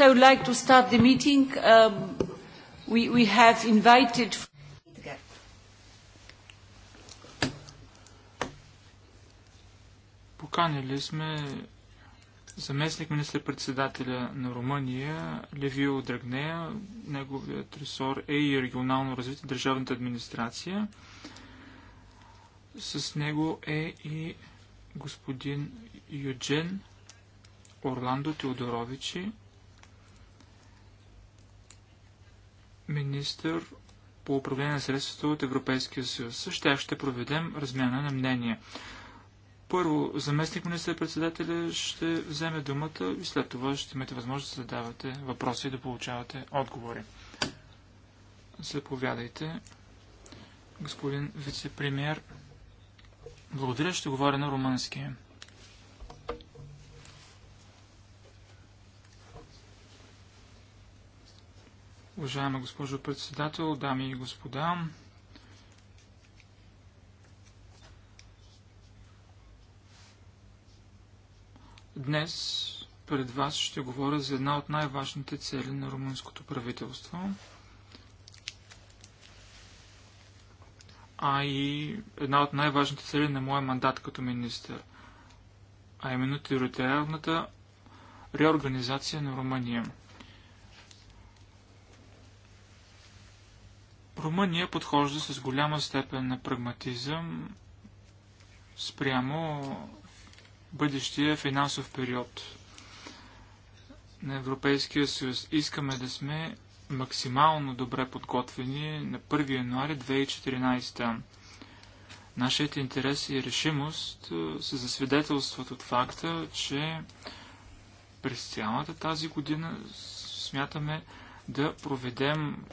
so like to start the meeting. Um, we, we have invited... Поканили сме заместник министър-председателя на Румъния Левио Драгнея, неговият ресор е и регионално развитие държавната администрация. С него е и господин Юджен Орландо Теодоровичи, министър по управление на средствата от Европейския съюз. С тях ще проведем размяна на мнения. Първо, заместник министър-председателя ще вземе думата и след това ще имате възможност да задавате въпроси и да получавате отговори. Заповядайте, господин вице-премьер. Благодаря, ще говоря на румънския. Уважаема госпожо председател, дами и господа, днес пред вас ще говоря за една от най-важните цели на румънското правителство, а и една от най-важните цели на моя мандат като министър, а именно териториалната реорганизация на Румъния. Румъния подхожда с голяма степен на прагматизъм спрямо бъдещия финансов период на Европейския съюз. Искаме да сме максимално добре подготвени на 1 януари 2014. Нашият интерес и решимост е, се засвидетелстват от факта, че през цялата тази година смятаме да проведем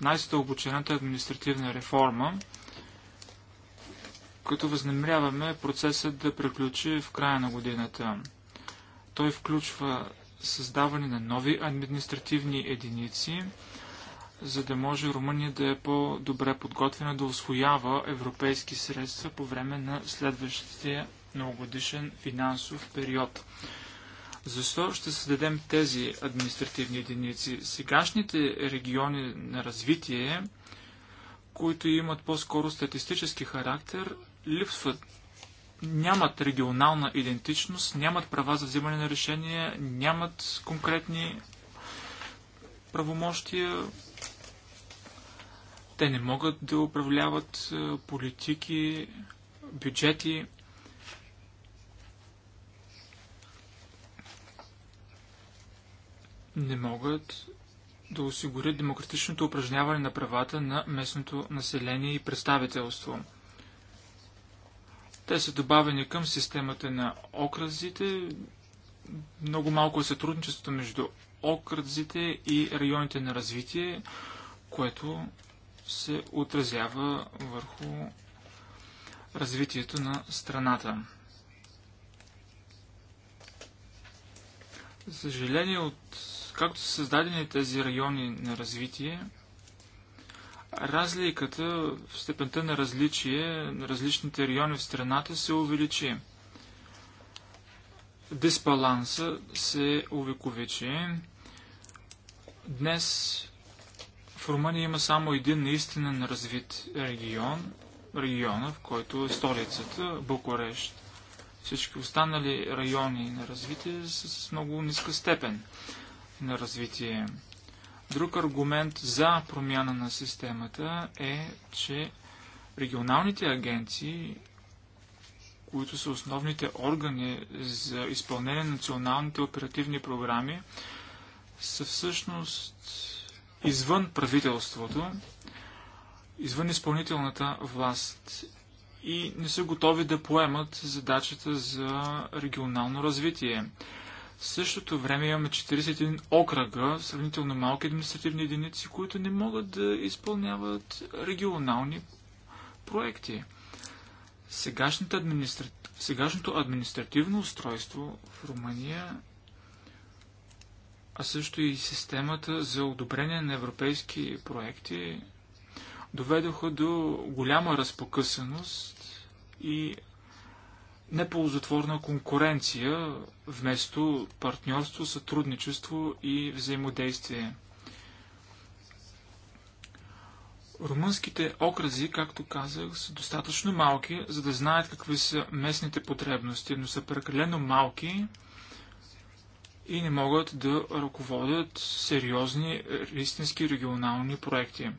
най-задълбочената административна реформа, като възнамеряваме процесът да приключи в края на годината. Той включва създаване на нови административни единици, за да може Румъния да е по-добре подготвена да освоява европейски средства по време на следващия многогодишен финансов период. Защо ще създадем тези административни единици? Сегашните региони на развитие, които имат по-скоро статистически характер, липсват нямат регионална идентичност, нямат права за взимане на решения, нямат конкретни правомощия. Те не могат да управляват политики, бюджети. не могат да осигурят демократичното упражняване на правата на местното население и представителство. Те са добавени към системата на окразите. Много малко е сътрудничеството между окразите и районите на развитие, което се отразява върху развитието на страната. За съжаление от Както са създадени тези райони на развитие, разликата в степента на различие на различните райони в страната се увеличи. Дисбаланса се увековечи. Днес в Румъния има само един наистина развит регион, региона, в който е столицата, Букурещ. Всички останали райони на развитие са с много ниска степен на развитие. Друг аргумент за промяна на системата е, че регионалните агенции, които са основните органи за изпълнение на националните оперативни програми, са всъщност извън правителството, извън изпълнителната власт и не са готови да поемат задачата за регионално развитие. В същото време имаме 41 окръга, сравнително малки административни единици, които не могат да изпълняват регионални проекти. Администра... Сегашното административно устройство в Румъния, а също и системата за одобрение на европейски проекти, доведоха до голяма разпокъсаност и неползотворна конкуренция вместо партньорство, сътрудничество и взаимодействие. Румънските окрази, както казах, са достатъчно малки, за да знаят какви са местните потребности, но са прекалено малки и не могат да ръководят сериозни истински регионални проекти.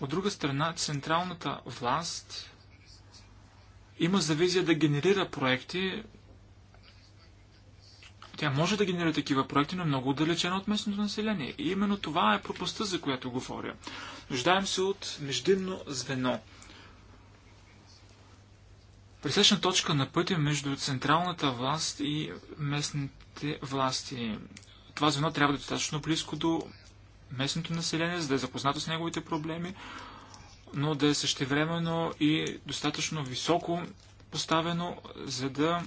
От друга страна, централната власт има за визия да генерира проекти. Тя може да генерира такива проекти, но много отдалечена от местното население. И именно това е пропаста, за която говоря. Нуждаем се от междинно звено. Пресечна точка на пътя между централната власт и местните власти. Това звено трябва да е достатъчно близко до местното население, за да е запознато с неговите проблеми, но да е същевременно и достатъчно високо поставено, за да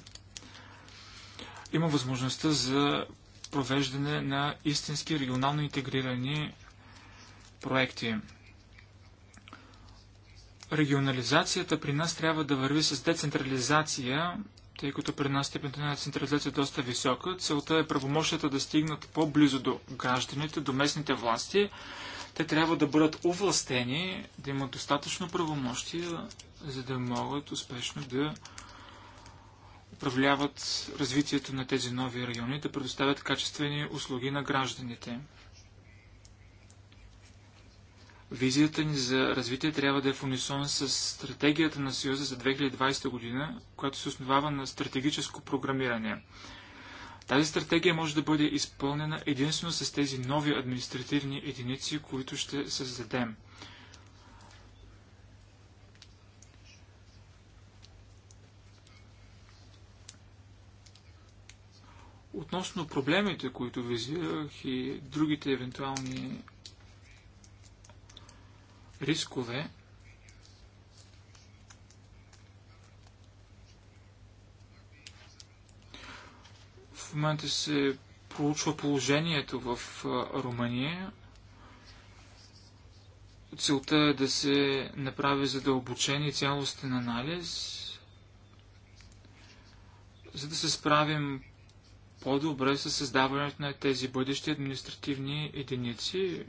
има възможността за провеждане на истински регионално интегрирани проекти. Регионализацията при нас трябва да върви с децентрализация, тъй като при нас степента на децентрализация е доста висока. Целта е правомощията да стигнат по-близо до гражданите, до местните власти, те трябва да бъдат овластени, да имат достатъчно правомощия, за да могат успешно да управляват развитието на тези нови райони, да предоставят качествени услуги на гражданите. Визията ни за развитие трябва да е в унисон с стратегията на Съюза за 2020 година, която се основава на стратегическо програмиране. Тази стратегия може да бъде изпълнена единствено с тези нови административни единици, които ще създадем. Относно проблемите, които визирах и другите евентуални рискове, в момента се проучва положението в Румъния. Целта е да се направи задълбочен и цялостен анализ, за да се справим по-добре с създаването на тези бъдещи административни единици,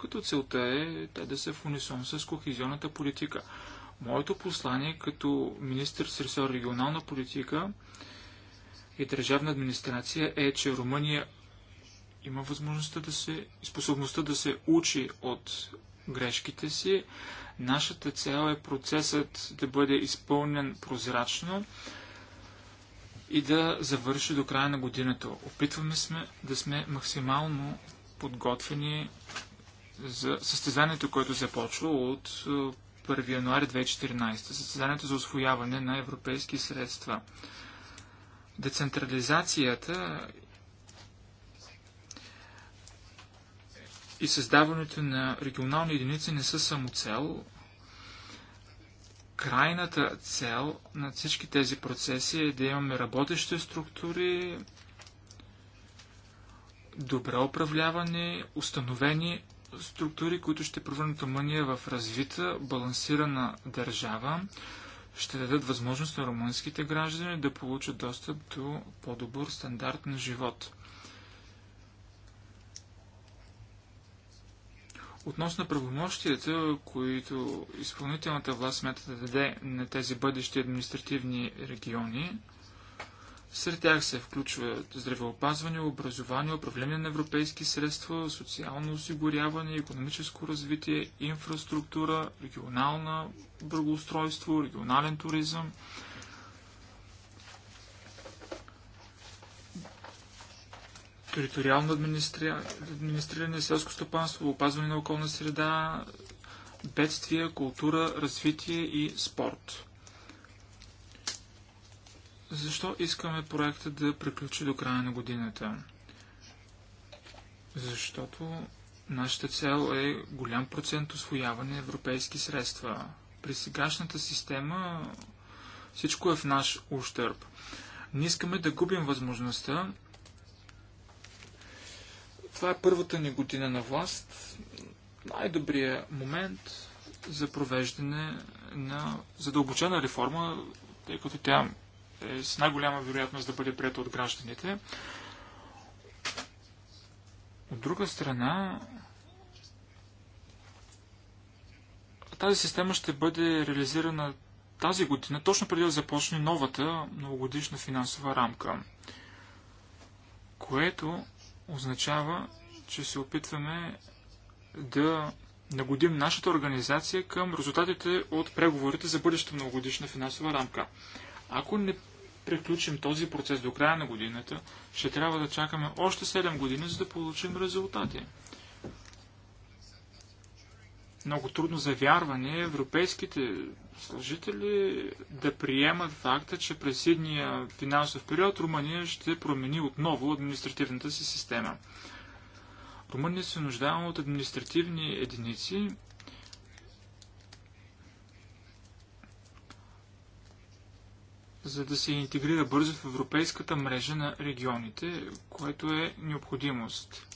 като целта е те да се в унисон с кохезионната политика. Моето послание като министр с ресор регионална политика и държавна администрация е, че Румъния има възможността да се, способността да се учи от грешките си. Нашата цел е процесът да бъде изпълнен прозрачно и да завърши до края на годината. Опитваме сме да сме максимално подготвени за състезанието, което започва от 1 е, януари 2014, състезанието за освояване на европейски средства. Децентрализацията и създаването на регионални единици не са само цел. Крайната цел на всички тези процеси е да имаме работещи структури, добре управлявани, установени структури, които ще превърнат Румъния в развита, балансирана държава, ще дадат възможност на румънските граждани да получат достъп до по-добър стандарт на живот. Относно правомощията, които изпълнителната власт смята да даде на тези бъдещи административни региони, сред тях се включват здравеопазване, образование, управление на европейски средства, социално осигуряване, економическо развитие, инфраструктура, регионално благоустройство, регионален туризъм. териториално администри... администриране, селско стопанство, опазване на околна среда, бедствия, култура, развитие и спорт. Защо искаме проекта да приключи до края на годината? Защото нашата цел е голям процент освояване на европейски средства. При сегашната система всичко е в наш ущърп. Не искаме да губим възможността. Това е първата ни година на власт. Най-добрият момент за провеждане на задълбочена реформа, тъй като тя е с най-голяма вероятност да бъде прието от гражданите. От друга страна, тази система ще бъде реализирана тази година, точно преди да започне новата многогодишна финансова рамка, което означава, че се опитваме да нагодим нашата организация към резултатите от преговорите за бъдеща многогодишна финансова рамка. Ако не приключим този процес до края на годината, ще трябва да чакаме още 7 години, за да получим резултати. Много трудно за вярване европейските служители да приемат факта, че през едния финансов период Румъния ще промени отново административната си система. Румъния се нуждава от административни единици, за да се интегрира бързо в европейската мрежа на регионите, което е необходимост.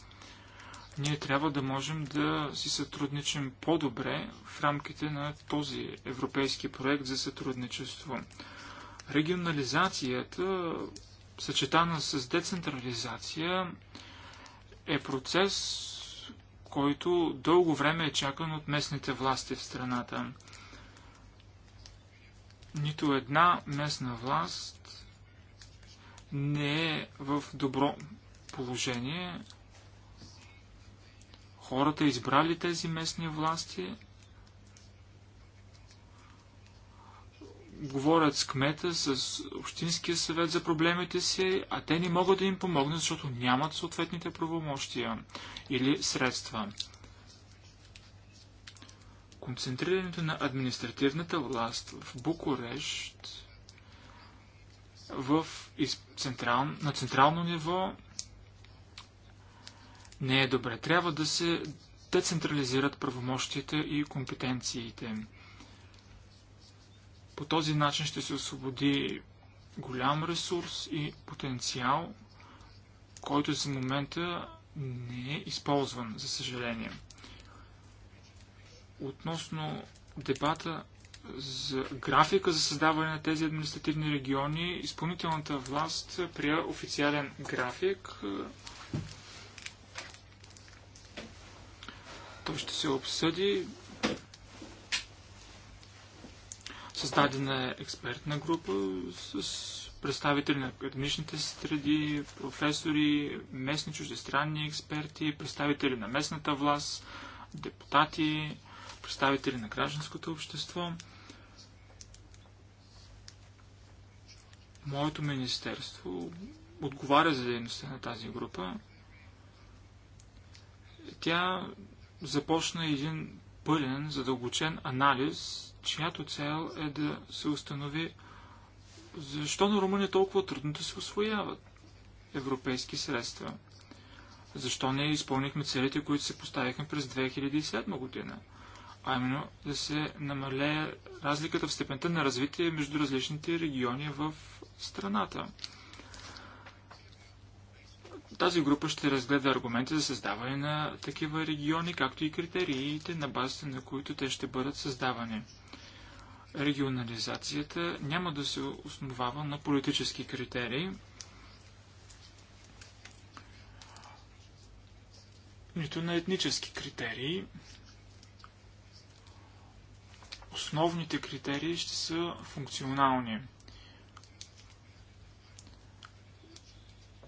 Ние трябва да можем да си сътрудничим по-добре в рамките на този европейски проект за сътрудничество. Регионализацията, съчетана с децентрализация, е процес, който дълго време е чакан от местните власти в страната. Нито една местна власт не е в добро положение. Хората избрали тези местни власти, говорят с кмета, с Общинския съвет за проблемите си, а те не могат да им помогнат, защото нямат съответните правомощия или средства. Концентрирането на административната власт в Букурещ в централ, на централно ниво не е добре. Трябва да се децентрализират правомощите и компетенциите. По този начин ще се освободи голям ресурс и потенциал, който за момента не е използван, за съжаление относно дебата за графика за създаване на тези административни региони, изпълнителната власт прия официален график. Той ще се обсъди. Създадена е експертна група с представители на академичните среди, професори, местни чуждестранни експерти, представители на местната власт, депутати, представители на гражданското общество. Моето министерство отговаря за дейността на тази група. Тя започна един пълен, задълбочен анализ, чиято цел е да се установи защо на Румъния толкова трудно да се освояват европейски средства. Защо не изпълнихме целите, които се поставихме през 2007 година? а именно да се намалее разликата в степента на развитие между различните региони в страната. Тази група ще разгледа аргументи за създаване на такива региони, както и критериите, на базата на които те ще бъдат създавани. Регионализацията няма да се основава на политически критерии, нито на етнически критерии, основните критерии ще са функционални.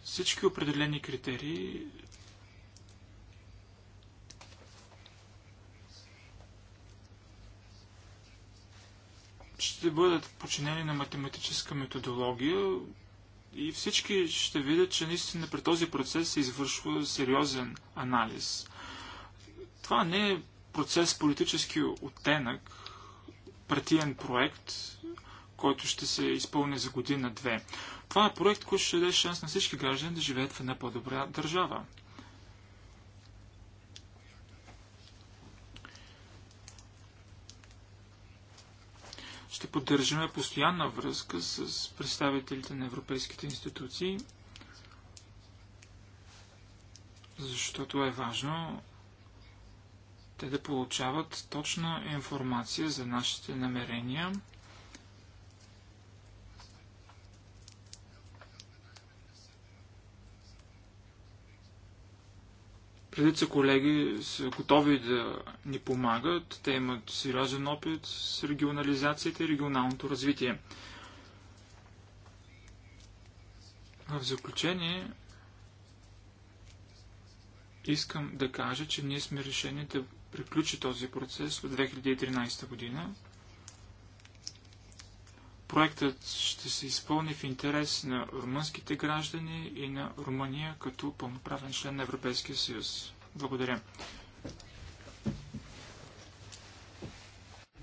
Всички определени критерии ще бъдат подчинени на математическа методология и всички ще видят, че наистина при този процес се извършва сериозен анализ. Това не е процес политически оттенък, партиен проект, който ще се изпълни за година-две. Това е проект, който ще даде шанс на всички граждани да живеят в една по-добра държава. Ще поддържаме постоянна връзка с представителите на европейските институции, защото е важно те да получават точна информация за нашите намерения. Предица колеги са готови да ни помагат. Те имат сериозен опит с регионализацията и регионалното развитие. В заключение, искам да кажа, че ние сме решени да приключи този процес в 2013 година. Проектът ще се изпълни в интерес на румънските граждани и на Румъния като пълноправен член на Европейския съюз. Благодаря.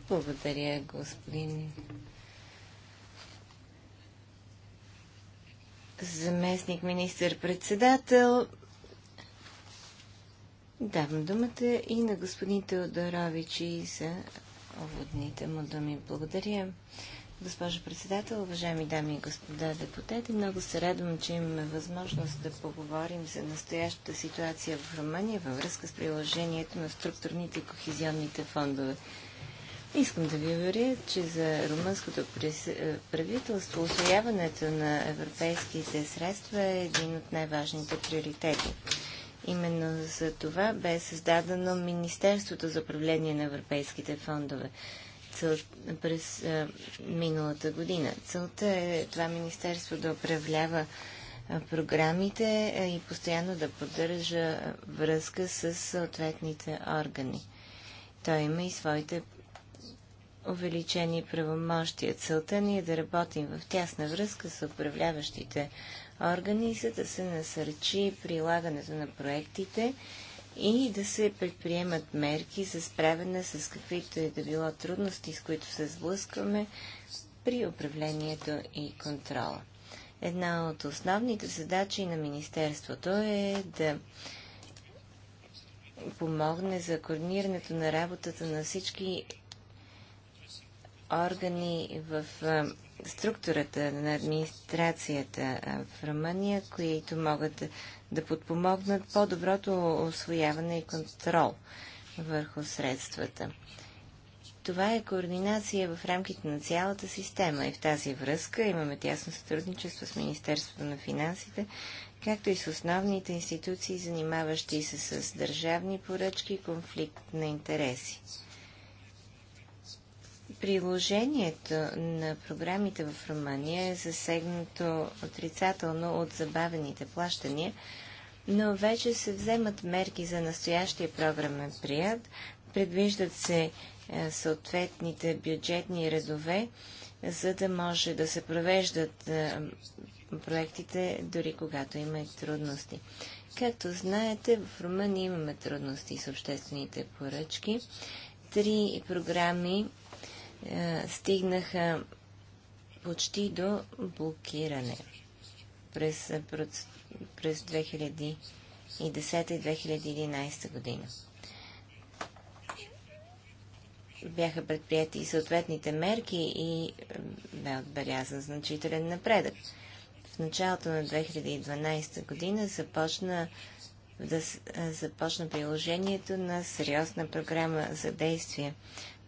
Благодаря, господин заместник министър-председател. Давам думата и на господин Теодорович и за уводните му думи. Благодаря. Госпожо председател, уважаеми дами и господа депутати, много се радвам, че имаме възможност да поговорим за настоящата ситуация в Румъния във връзка с приложението на структурните и кохезионните фондове. Искам да ви уверя, че за румънското е, правителство освояването на европейските средства е един от най-важните приоритети. Именно за това бе създадено Министерството за управление на европейските фондове цъл... през а, миналата година. Целта е това Министерство да управлява програмите и постоянно да поддържа връзка с съответните органи. Той има и своите увеличени правомощия. Целта ни е да работим в тясна връзка с управляващите органи, за да се насърчи прилагането на проектите и да се предприемат мерки за справяне с каквито и да било трудности, с които се сблъскваме при управлението и контрола. Една от основните задачи на Министерството е да помогне за координирането на работата на всички органи в структурата на администрацията в Румъния, които могат да, да подпомогнат по-доброто освояване и контрол върху средствата. Това е координация в рамките на цялата система и в тази връзка имаме тясно сътрудничество с Министерството на финансите, както и с основните институции, занимаващи се с държавни поръчки и конфликт на интереси. Приложението на програмите в Румъния е засегнато отрицателно от забавените плащания, но вече се вземат мерки за настоящия програмен прият. Предвиждат се е, съответните бюджетни редове, за да може да се провеждат е, проектите, дори когато има и трудности. Както знаете, в Румъния имаме трудности с обществените поръчки. Три програми е, стигнаха почти до блокиране през, е, през 2010 и 2011 година. Бяха предприяти и съответните мерки и е, бе отбелязан значителен напредък. В началото на 2012 година започна да започна приложението на сериозна програма за действие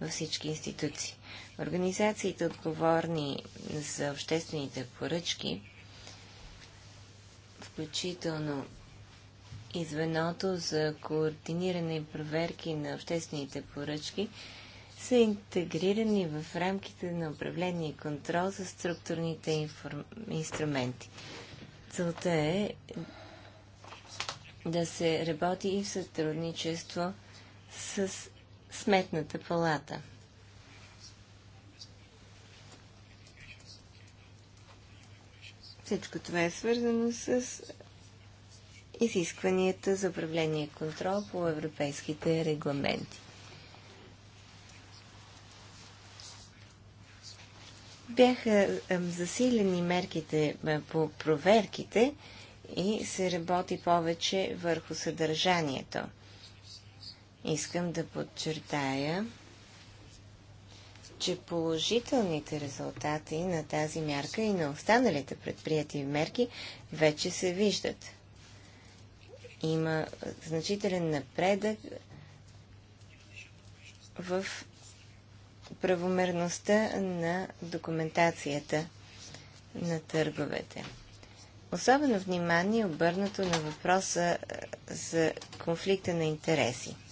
във всички институции. Организациите, отговорни за обществените поръчки, включително извеното за координиране и проверки на обществените поръчки, са интегрирани в рамките на управление и контрол за структурните информ... инструменти. Целта е да се работи и в сътрудничество с Сметната палата. Всичко това е свързано с изискванията за управление и контрол по европейските регламенти. Бяха засилени мерките по проверките и се работи повече върху съдържанието. Искам да подчертая, че положителните резултати на тази мярка и на останалите предприяти мерки вече се виждат. Има значителен напредък в правомерността на документацията на търговете. Особено внимание е обърнато на въпроса е, за конфликта на интереси –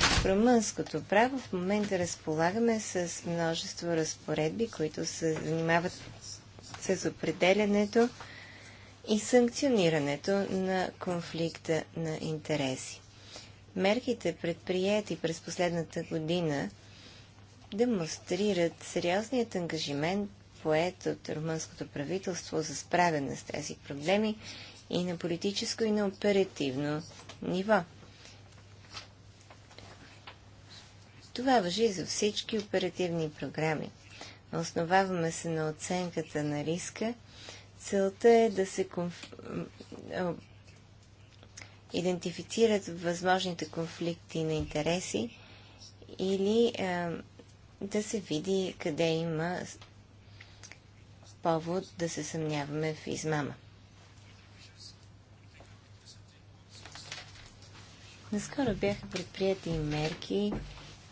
в румънското право в момента разполагаме с множество разпоредби, които се занимават с определянето и санкционирането на конфликта на интереси. Мерките, предприяти през последната година, демонстрират сериозният ангажимент, поет от румънското правителство за справяне с тези проблеми и на политическо и на оперативно ниво. Това въжи за всички оперативни програми. Основаваме се на оценката на риска. Целта е да се конф... идентифицират възможните конфликти на интереси или а, да се види къде има повод да се съмняваме в измама. Наскоро бяха предприяти мерки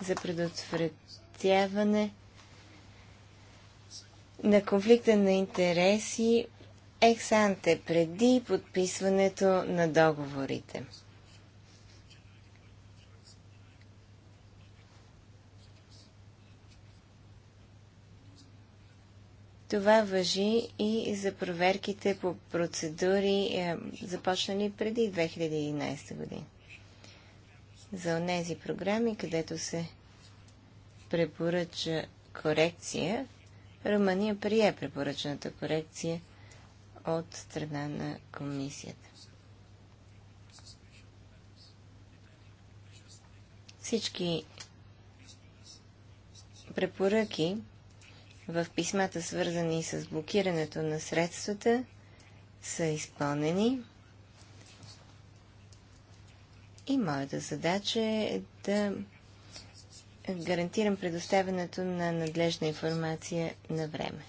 за предотвратяване на конфликта на интереси ексанте преди подписването на договорите. Това въжи и за проверките по процедури, е, започнали преди 2011 година за тези програми, където се препоръча корекция. Румъния прие препоръчената корекция от страна на комисията. Всички препоръки в писмата, свързани с блокирането на средствата, са изпълнени. И моята задача е да гарантирам предоставянето на надлежна информация на време.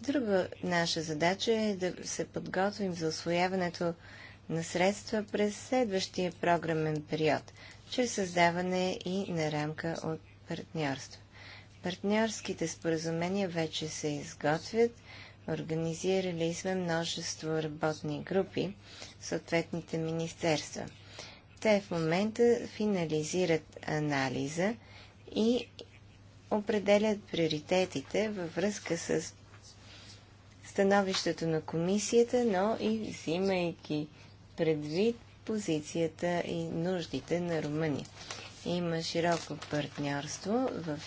Друга наша задача е да се подготвим за освояването на средства през следващия програмен период, чрез създаване и на рамка от партньорство. Партньорските споразумения вече се изготвят Организирали сме множество работни групи в съответните министерства. Те в момента финализират анализа и определят приоритетите във връзка с становището на комисията, но и взимайки предвид позицията и нуждите на Румъния. Има широко партньорство в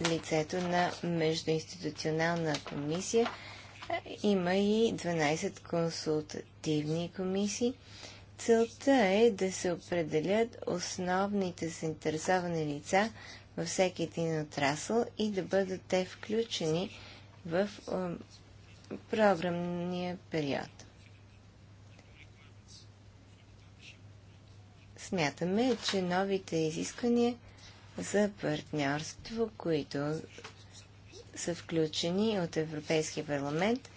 лицето на Междуинституционална комисия. Има и 12 консултативни комисии. Целта е да се определят основните заинтересовани лица във всеки един отрасъл и да бъдат те включени в програмния период. Смятаме, че новите изисквания за партньорство, които са включени от Европейския парламент,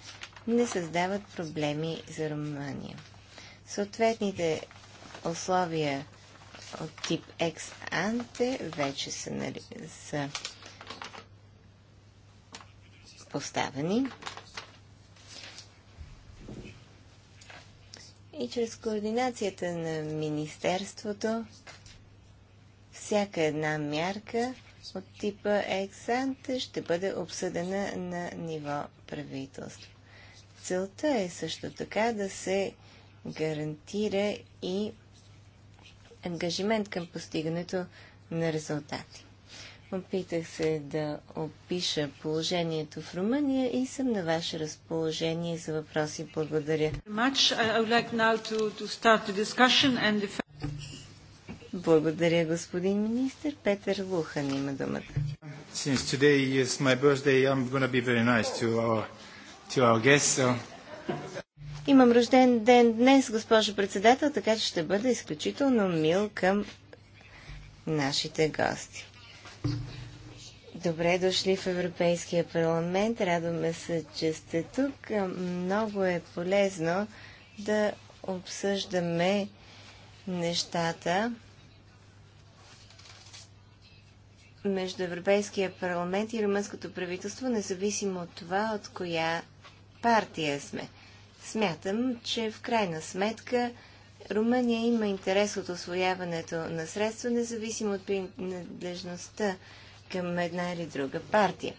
не създават проблеми за Румъния. Съответните условия от тип ex-ante вече са, нали, са поставени. И чрез координацията на Министерството всяка една мярка от типа ексанта ще бъде обсъдена на ниво правителство. Целта е също така да се гарантира и ангажимент към постигането на резултати. Опитах се да опиша положението в Румъния и съм на ваше разположение за въпроси. Благодаря. Благодаря, господин министр. Петър Лухан има думата. Since today is my birthday, I'm gonna be very nice to our, to our guests. So... Имам рожден ден днес, госпожо председател, така че ще бъда изключително мил към нашите гости. Добре дошли в Европейския парламент. Радваме се, че сте тук. Много е полезно да обсъждаме нещата, между Европейския парламент и румънското правителство, независимо от това, от коя партия сме. Смятам, че в крайна сметка Румъния има интерес от освояването на средства, независимо от принадлежността към една или друга партия.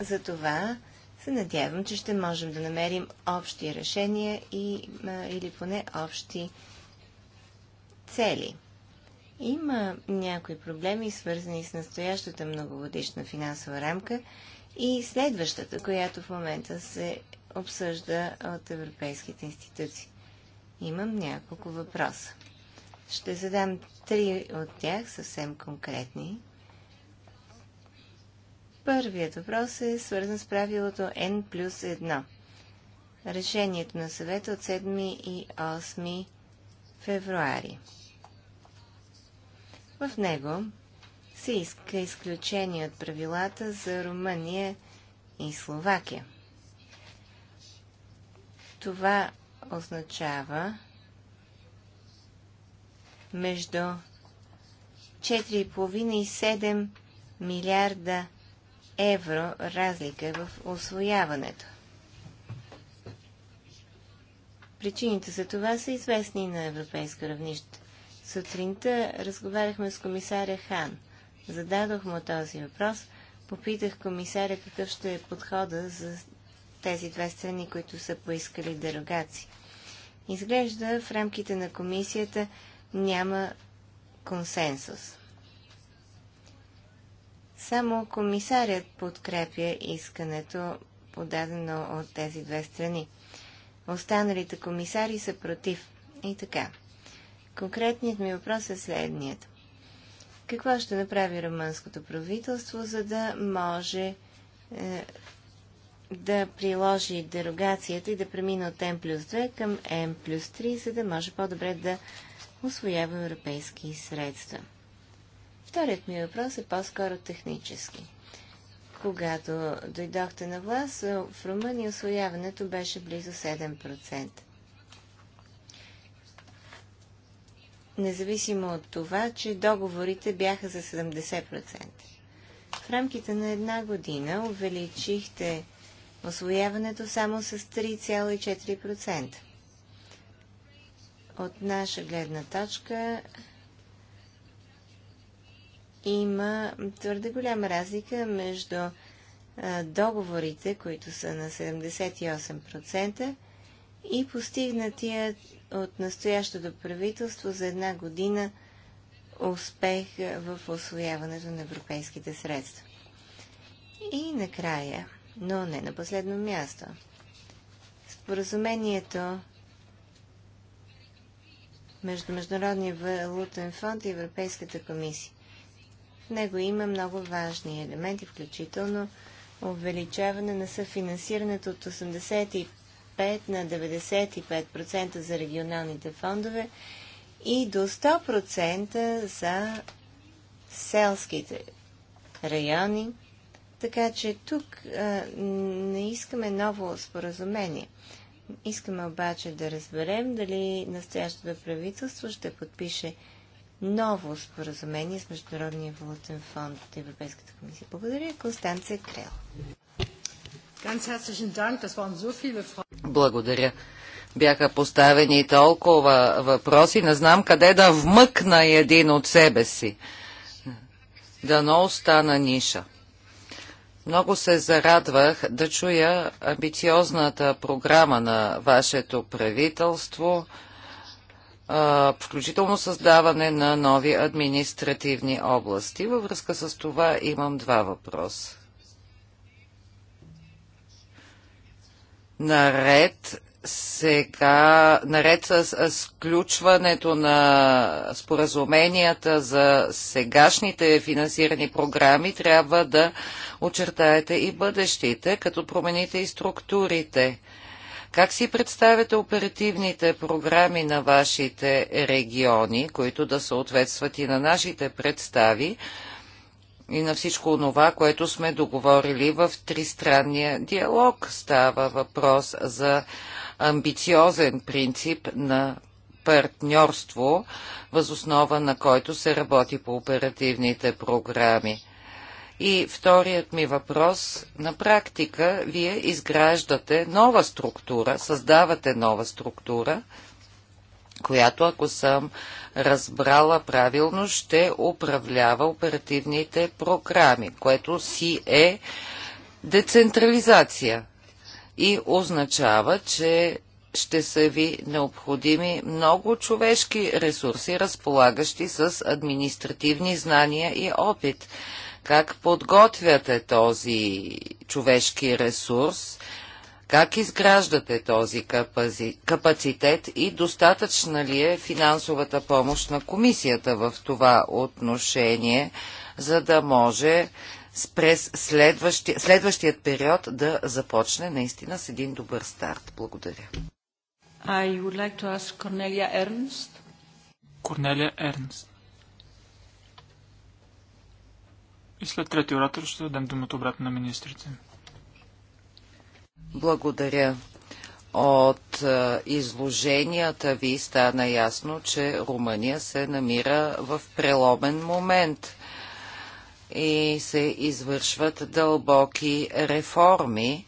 Затова се надявам, че ще можем да намерим общи решения и, или поне общи цели. Има някои проблеми, свързани с настоящата многогодишна финансова рамка и следващата, която в момента се обсъжда от европейските институции. Имам няколко въпроса. Ще задам три от тях съвсем конкретни. Първият въпрос е свързан с правилото N плюс 1. Решението на съвета от 7 и 8 февруари. В него се иска изключение от правилата за Румъния и Словакия. Това означава между 4,5 и 7 милиарда евро разлика в освояването. Причините за това са известни на европейско равнище. Сутринта разговаряхме с комисаря Хан. Зададох му този въпрос. Попитах комисаря какъв ще е подхода за тези две страни, които са поискали дерогации. Изглежда в рамките на комисията няма консенсус. Само комисарят подкрепя искането, подадено от тези две страни. Останалите комисари са против. И така. Конкретният ми въпрос е следният. Какво ще направи румънското правителство, за да може е, да приложи дерогацията и да премине от М плюс 2 към М плюс 3, за да може по-добре да освоява европейски средства? Вторият ми въпрос е по-скоро технически. Когато дойдохте на власт, в Румъния освояването беше близо 7%. независимо от това, че договорите бяха за 70%. В рамките на една година увеличихте освояването само с 3,4%. От наша гледна точка има твърде голяма разлика между договорите, които са на 78% и постигнатия от настоящото правителство за една година успех в освояването на европейските средства. И накрая, но не на последно място, споразумението между Международния валутен фонд и Европейската комисия. В него има много важни елементи, включително увеличаване на съфинансирането от 85 75 на 95% за регионалните фондове и до 100% за селските райони. Така че тук а, не искаме ново споразумение. Искаме обаче да разберем дали настоящото правителство ще подпише ново споразумение с Международния валутен фонд от Европейската комисия. Благодаря, Констанция Крел. Благодаря. Бяха поставени толкова въпроси, не знам къде да вмъкна един от себе си. Дано остана ниша. Много се зарадвах да чуя амбициозната програма на вашето правителство, включително създаване на нови административни области. Във връзка с това имам два въпроса. наред сега, наред с сключването на споразуменията за сегашните финансирани програми, трябва да очертаете и бъдещите, като промените и структурите. Как си представяте оперативните програми на вашите региони, които да съответстват и на нашите представи, и на всичко това, което сме договорили в тристранния диалог. Става въпрос за амбициозен принцип на партньорство, възоснова на който се работи по оперативните програми. И вторият ми въпрос. На практика вие изграждате нова структура, създавате нова структура – която, ако съм разбрала правилно, ще управлява оперативните програми, което си е децентрализация и означава, че ще са ви необходими много човешки ресурси, разполагащи с административни знания и опит. Как подготвяте този човешки ресурс? Как изграждате този капацитет и достатъчна ли е финансовата помощ на комисията в това отношение, за да може през следващия, следващият период да започне наистина с един добър старт? Благодаря. I would like to ask Cornelia Ernst. Cornelia Ernst. И след трети оратор ще дадем думата обратно на министрите. Благодаря. От е, изложенията ви стана ясно, че Румъния се намира в преломен момент и се извършват дълбоки реформи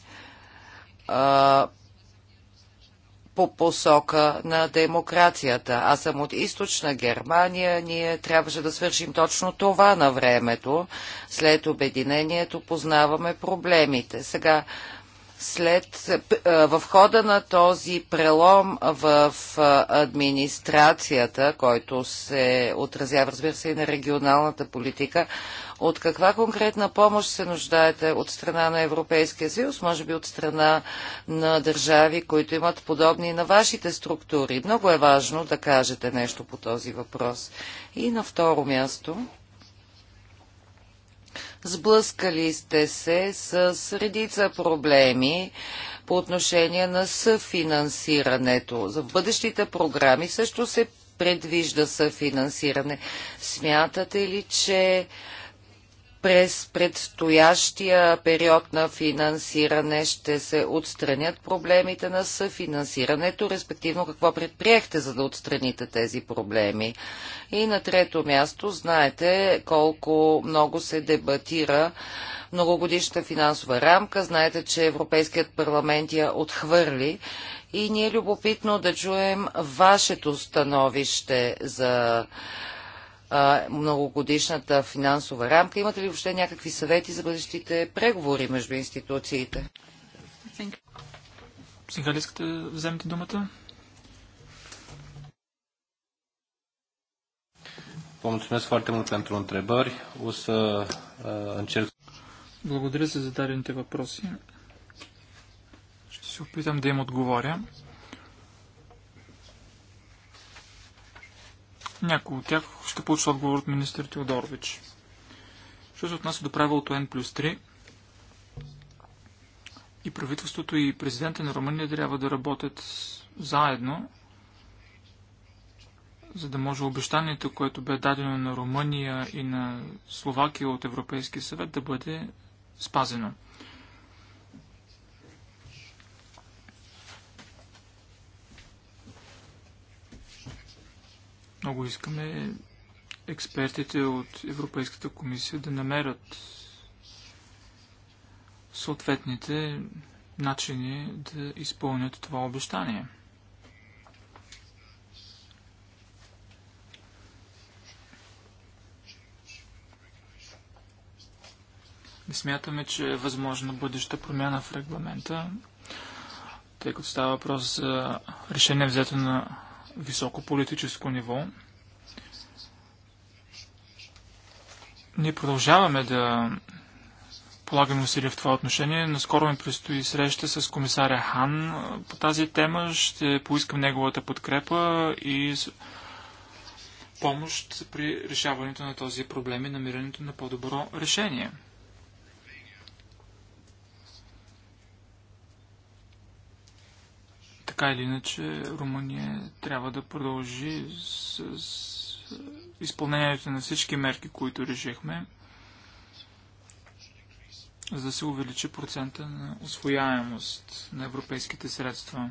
а, е, по посока на демокрацията. Аз съм от източна Германия. Ние трябваше да свършим точно това на времето. След обединението познаваме проблемите. Сега след, в хода на този прелом в администрацията, който се отразява, разбира се, и на регионалната политика, от каква конкретна помощ се нуждаете от страна на Европейския съюз, може би от страна на държави, които имат подобни на вашите структури? Много е важно да кажете нещо по този въпрос. И на второ място. Сблъскали сте се с редица проблеми по отношение на съфинансирането. За бъдещите програми също се предвижда съфинансиране. Смятате ли, че през предстоящия период на финансиране ще се отстранят проблемите на съфинансирането, респективно какво предприехте, за да отстраните тези проблеми. И на трето място, знаете колко много се дебатира многогодишната финансова рамка. Знаете, че Европейският парламент я отхвърли и ни е любопитно да чуем вашето становище за многогодишната финансова рамка. Имате ли въобще някакви съвети за бъдещите преговори между институциите? Сега ли искате да вземете думата? mulțumesc foarte mult pentru întrebări. O să uh, încerc. Благодаря за зададените въпроси. Ще се опитам да им отговоря. Някои от тях ще получат отговор от министър Теодорович. Що се отнася до правилото N плюс 3, и правителството и президента на Румъния трябва да работят заедно, за да може обещанието, което бе дадено на Румъния и на Словакия от Европейския съвет, да бъде спазено. Много искаме експертите от Европейската комисия да намерят съответните начини да изпълнят това обещание. Не смятаме, че е възможна бъдеща промяна в регламента, тъй като става въпрос за решение взето на високо политическо ниво. Ние продължаваме да полагаме усилия в това отношение. Наскоро ми предстои среща с комисаря Хан по тази тема. Ще поискам неговата подкрепа и помощ при решаването на този проблем и намирането на по-добро решение. Така или иначе, Румъния трябва да продължи с, с изпълнението на всички мерки, които решихме, за да се увеличи процента на освояемост на европейските средства.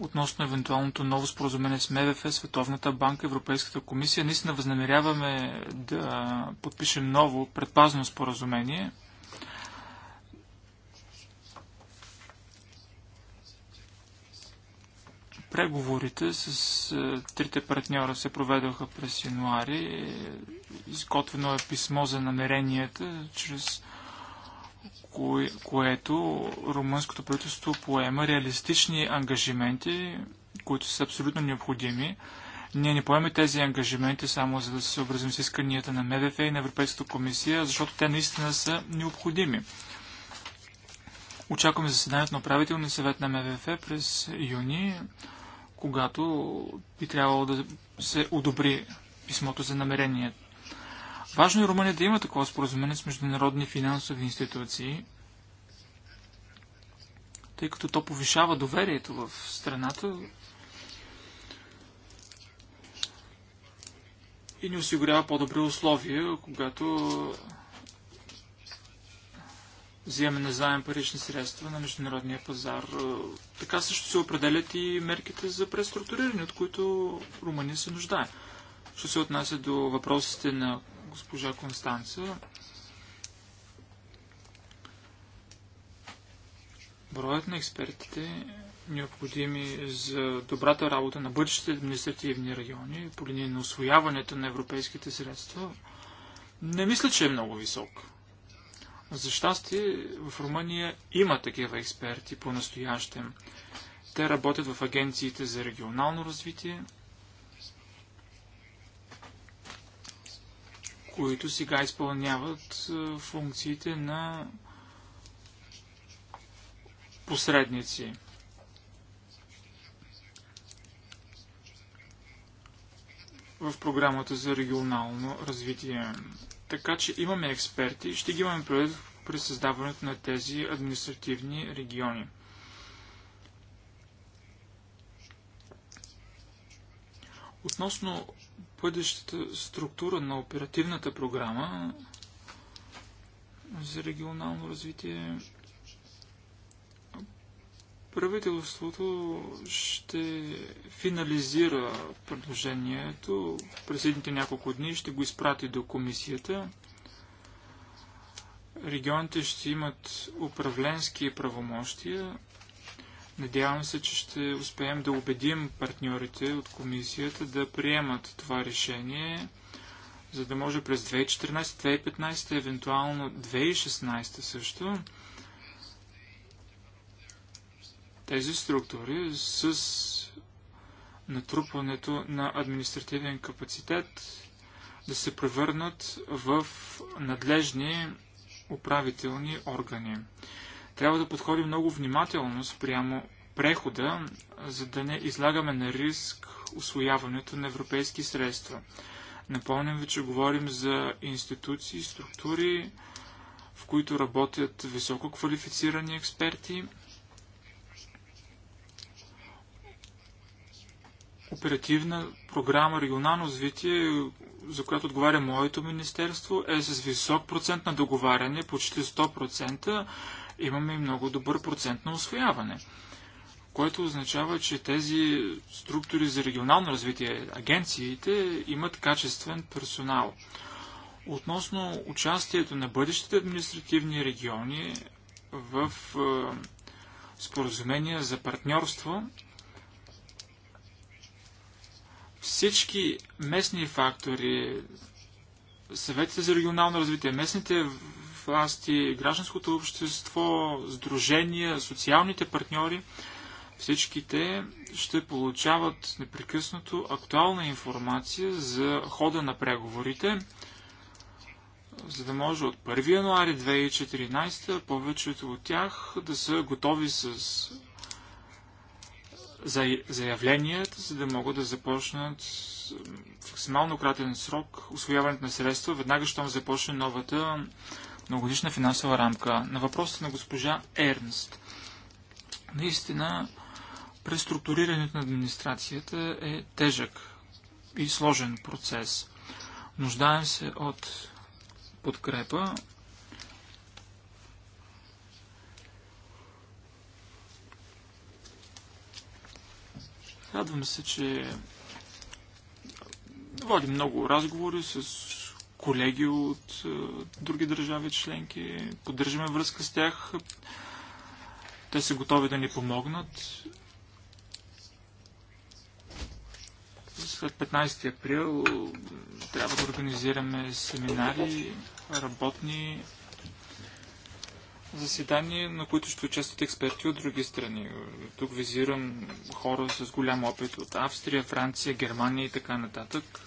относно евентуалното ново споразумение с МВФ, Световната банка, Европейската комисия. Наистина възнамеряваме да подпишем ново предпазно споразумение. Преговорите с е, трите партньора се проведоха през януари. Изготвено е писмо за намеренията, чрез кое, което румънското правителство поема реалистични ангажименти, които са абсолютно необходими. Ние не поемаме тези ангажименти само за да се съобразим с исканията на МВФ и на Европейската комисия, защото те наистина са необходими. Очакваме заседанието на управителния съвет на МВФ през юни когато би трябвало да се одобри писмото за намерение. Важно е Румъния да има такова споразумение с международни финансови институции, тъй като то повишава доверието в страната и ни осигурява по-добри условия, когато взимаме заем парични средства на международния пазар. Е, така също се определят и мерките за преструктуриране, от които Румъния се нуждае. Що се отнася до въпросите на госпожа Констанца, броят на експертите, необходими за добрата работа на бъдещите административни райони по линия на освояването на европейските средства, не мисля, че е много висок. За щастие, в Румъния има такива експерти по-настоящем. Те работят в агенциите за регионално развитие, които сега изпълняват функциите на посредници. в програмата за регионално развитие. Така че имаме експерти и ще ги имаме предвид при създаването на тези административни региони. Относно бъдещата структура на оперативната програма за регионално развитие, правителството ще финализира предложението през едните няколко дни, ще го изпрати до комисията. Регионите ще имат управленски правомощия. Надявам се, че ще успеем да убедим партньорите от комисията да приемат това решение, за да може през 2014, 2015, евентуално 2016 също тези структури с натрупването на административен капацитет да се превърнат в надлежни управителни органи. Трябва да подходим много внимателно спрямо прехода, за да не излагаме на риск освояването на европейски средства. Напомням ви, че говорим за институции, структури, в които работят високо квалифицирани експерти – Оперативна програма регионално развитие, за която отговаря моето министерство, е с висок процент на договаряне, почти 100%. Имаме и много добър процент на освояване което означава, че тези структури за регионално развитие, агенциите, имат качествен персонал. Относно участието на бъдещите административни региони в е, споразумения за партньорство, всички местни фактори, съветите за регионално развитие, местните власти, гражданското общество, сдружения, социалните партньори, всички те ще получават непрекъснато актуална информация за хода на преговорите, за да може от 1 януари 2014 повечето от тях да са готови с заявленията, за да могат да започнат в максимално кратен срок освояването на средства, веднага щом започне новата многогодишна финансова рамка. На въпросът на госпожа Ернст. Наистина, преструктурирането на администрацията е тежък и сложен процес. Нуждаем се от подкрепа Радвам се, че водим много разговори с колеги от е, други държави членки. Поддържаме връзка с тях. Те са готови да ни помогнат. След 15 април трябва да организираме семинари, работни заседания, на които ще участват експерти от други страни. Тук визирам хора с голям опит от Австрия, Франция, Германия и така нататък.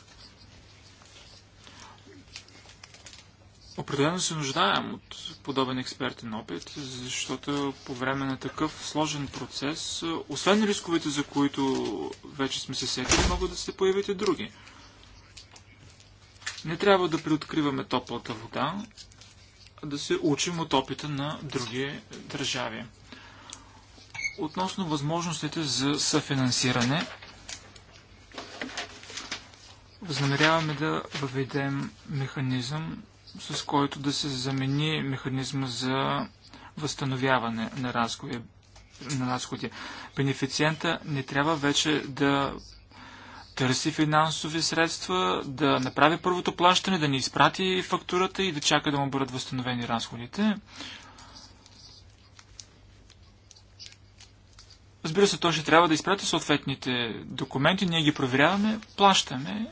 Определено се нуждаем от подобен експертен опит, защото по време на такъв сложен процес, освен рисковете, за които вече сме се сетили, могат да се появят и други. Не трябва да приоткриваме топлата вода, да се учим от опита на други държави. Относно възможностите за съфинансиране, възнамеряваме да въведем механизъм, с който да се замени механизма за възстановяване на разходи. Бенефициента не трябва вече да търси финансови средства, да направи първото плащане, да ни изпрати фактурата и да чака да му бъдат възстановени разходите. Разбира се, той ще трябва да изпрати съответните документи, ние ги проверяваме, плащаме.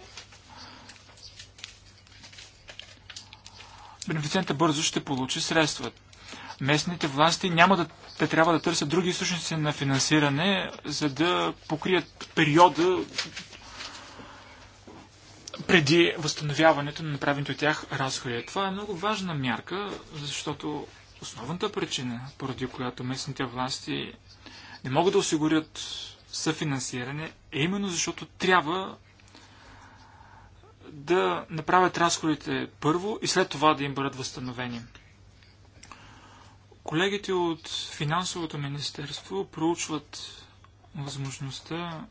Бенефициента бързо ще получи средства. Местните власти няма да те трябва да търсят други източници на финансиране, за да покрият периода, преди възстановяването на направените от тях разходи. Това е много важна мярка, защото основната причина, поради която местните власти не могат да осигурят съфинансиране, е именно защото трябва да направят разходите първо и след това да им бъдат възстановени. Колегите от финансовото министерство проучват възможността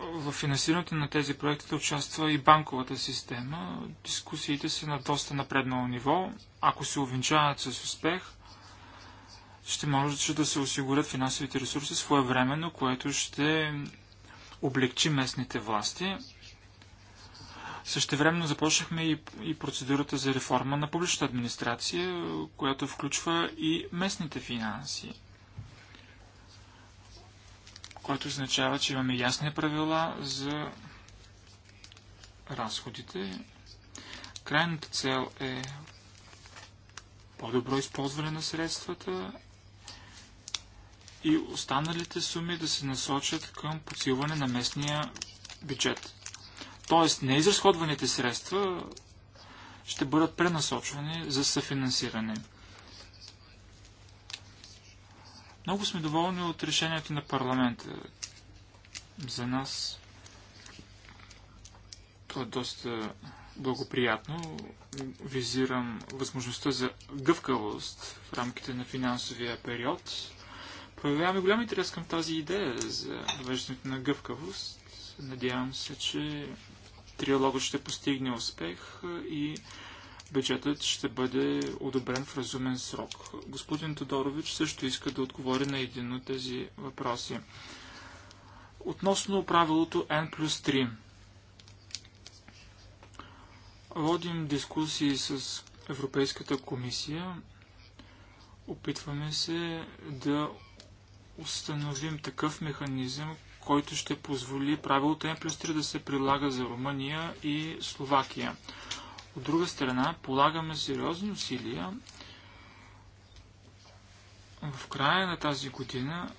в финансирането на тези проекти участва и банковата система. Дискусиите са на доста напреднало ниво. Ако се увенчават с успех, ще може да се осигурят финансовите ресурси своевременно, което ще облегчи местните власти. Същевременно започнахме и, и процедурата за реформа на публичната администрация, която включва и местните финанси което означава, че имаме ясни правила за разходите. Крайната цел е по-добро използване на средствата и останалите суми да се насочат към подсилване на местния бюджет. Тоест, неизразходваните средства ще бъдат пренасочвани за съфинансиране. Много сме доволни от решението на парламента. За нас то е доста благоприятно. Визирам възможността за гъвкавост в рамките на финансовия период. Проявяваме голям интерес към тази идея за въвеждането на гъвкавост. Надявам се, че триалогът ще постигне успех и бюджетът ще бъде одобрен в разумен срок. Господин Тодорович също иска да отговори на един от тези въпроси. Относно правилото N плюс 3. Водим дискусии с Европейската комисия. Опитваме се да установим такъв механизъм, който ще позволи правилото N плюс 3 да се прилага за Румъния и Словакия. От друга страна, полагаме сериозни усилия в края на тази година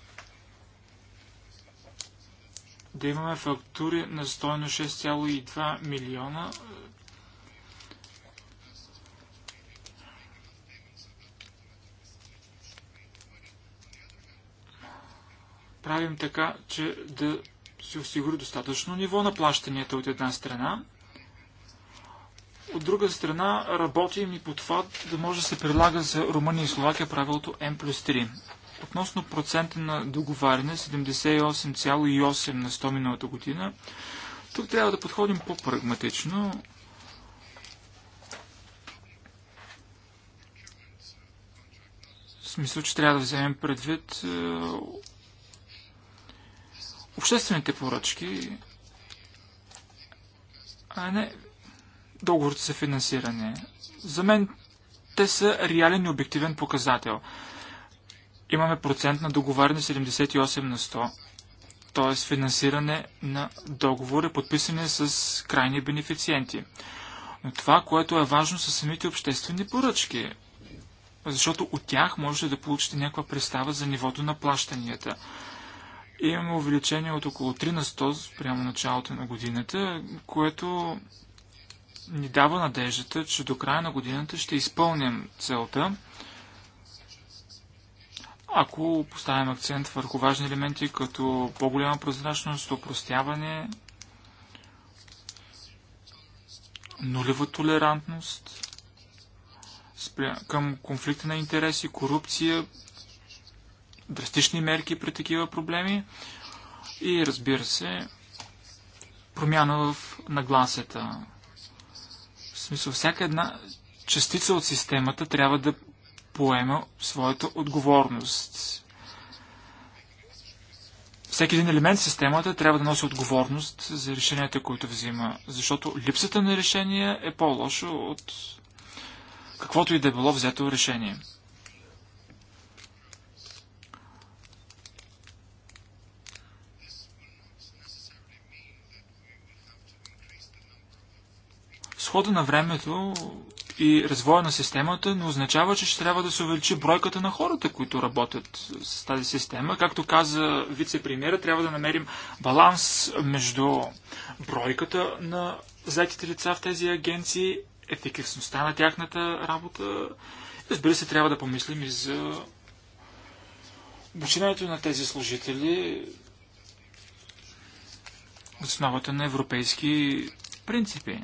да имаме фактури на стойно 6,2 милиона правим така, че да се осигури достатъчно ниво на плащанията от една страна от друга страна, работим и по това да може да се предлага за Румъния и Словакия правилото N плюс 3. Относно процента на договаряне 78,8 на 100 миналата година, тук трябва да подходим по-прагматично. В смисъл, че трябва да вземем предвид е, обществените поръчки, а не договорите за финансиране. За мен те са реален и обективен показател. Имаме процент на договаряне 78 на 100, т.е. финансиране на договори, подписани с крайни бенефициенти. Но това, което е важно, са самите обществени поръчки, защото от тях можете да получите някаква представа за нивото на плащанията. Имаме увеличение от около 3 на 100 прямо началото на годината, което ни дава надеждата, че до края на годината ще изпълним целта, ако поставим акцент върху важни елементи, като по-голяма прозрачност, опростяване, нулева толерантност към конфликта на интереси, корупция, драстични мерки при такива проблеми и разбира се, промяна в нагласата смисъл, всяка една частица от системата трябва да поема своята отговорност. Всеки един елемент в системата трябва да носи отговорност за решенията, които взима, защото липсата на решение е по-лошо от каквото и да е било взето решение. хода на времето и развоя на системата не означава, че ще трябва да се увеличи бройката на хората, които работят с тази система. Както каза вице-премьера, трябва да намерим баланс между бройката на заетите лица в тези агенции, ефикасността на тяхната работа. Разбира се, трябва да помислим и за обучението на тези служители основата на европейски принципи.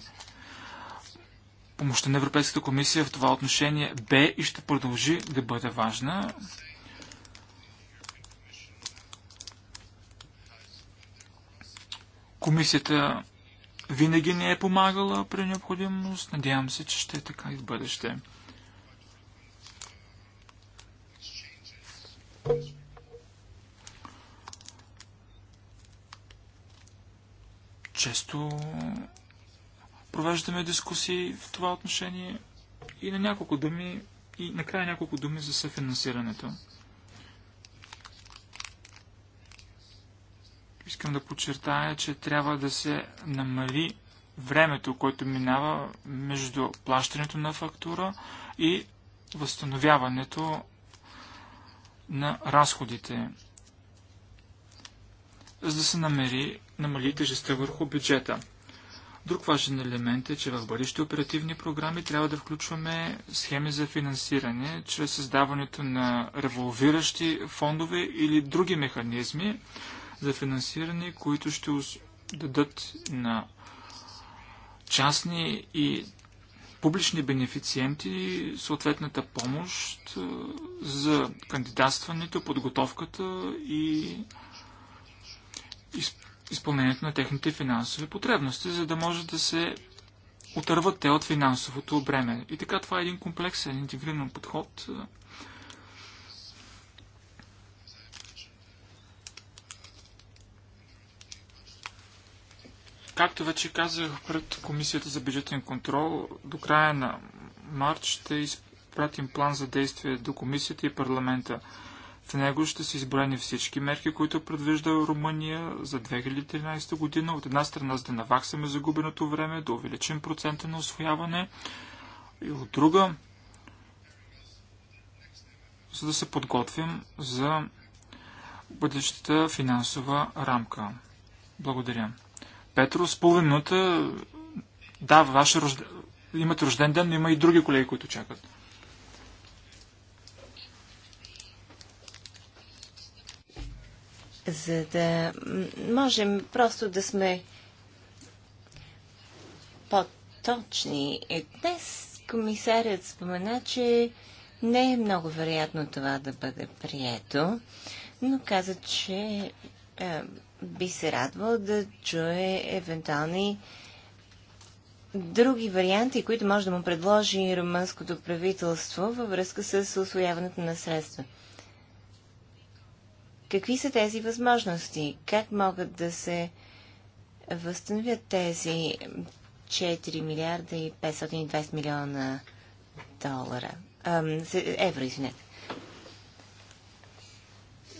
Помощта на Европейската комисия в това отношение бе и ще продължи да бъде важна. Комисията винаги не е помагала при необходимост. Надявам се, че ще е така и в бъдеще. Често провеждаме дискусии в това отношение и на няколко думи, и накрая няколко думи за съфинансирането. Искам да подчертая, че трябва да се намали времето, което минава между плащането на фактура и възстановяването на разходите, за да се намери, намали тежестта върху бюджета. Друг важен елемент е, че в бъдещите оперативни програми трябва да включваме схеми за финансиране чрез създаването на револвиращи фондове или други механизми за финансиране, които ще дадат на частни и публични бенефициенти съответната помощ за кандидатстването, подготовката и изпълнението изпълнението на техните финансови потребности, за да може да се отърват те от финансовото бреме. И така това е един комплексен, интегриран подход. Както вече казах пред Комисията за бюджетен контрол, до края на март ще изпратим план за действие до Комисията и парламента. В него ще са изброени всички мерки, които предвижда Румъния за 2013 година. От една страна, за да наваксаме загубеното време, да увеличим процента на освояване и от друга, за да се подготвим за бъдещата финансова рамка. Благодаря. Петро, с половин минута, да, ваше рожд... имате рожден ден, но има и други колеги, които чакат. за да можем просто да сме по-точни. Е, днес комисарят спомена, че не е много вероятно това да бъде прието, но каза, че е, би се радвал да чуе евентуални други варианти, които може да му предложи румънското правителство във връзка с освояването на средства. Какви са тези възможности? Как могат да се възстановят тези 4 милиарда и 520 милиона долара? Ам, евро, извинете.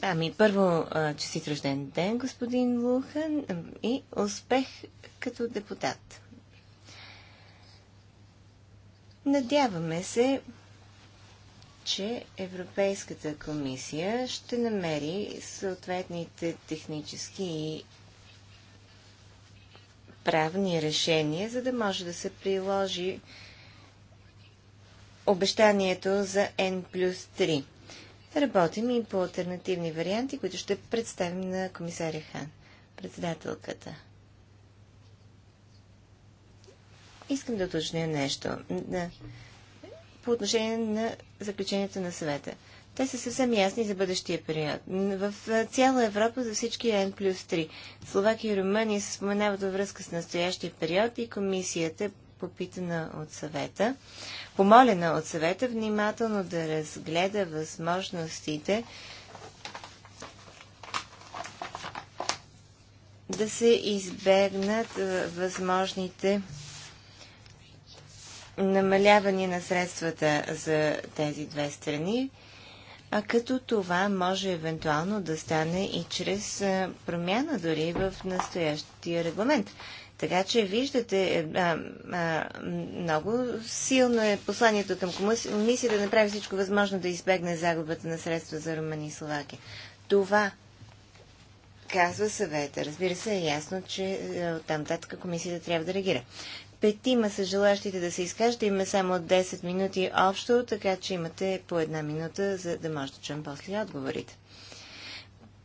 Ами, първо, честит рожден ден, господин Лухан, и успех като депутат. Надяваме се че Европейската комисия ще намери съответните технически и правни решения, за да може да се приложи обещанието за N плюс 3. Работим и по альтернативни варианти, които ще представим на комисаря Хан, председателката. Искам да уточня нещо. По отношение на заключенията на съвета. Те са съвсем ясни за бъдещия период. В цяла Европа за всички е N плюс 3. Словакия и Румъния се споменават във връзка с настоящия период и комисията, попитана от съвета, помолена от съвета внимателно да разгледа възможностите да се избегнат възможните намаляване на средствата за тези две страни, а като това може евентуално да стане и чрез промяна дори в настоящия регламент. Така че виждате, е, а, а, много силно е посланието към комисията да направи всичко възможно да избегне загубата на средства за Румъния и Словакия. Това казва съвета. Разбира се, е ясно, че е, оттам татка комисията трябва да реагира петима са желащите да се изкажат. Има само 10 минути общо, така че имате по една минута, за да може да чуем после отговорите.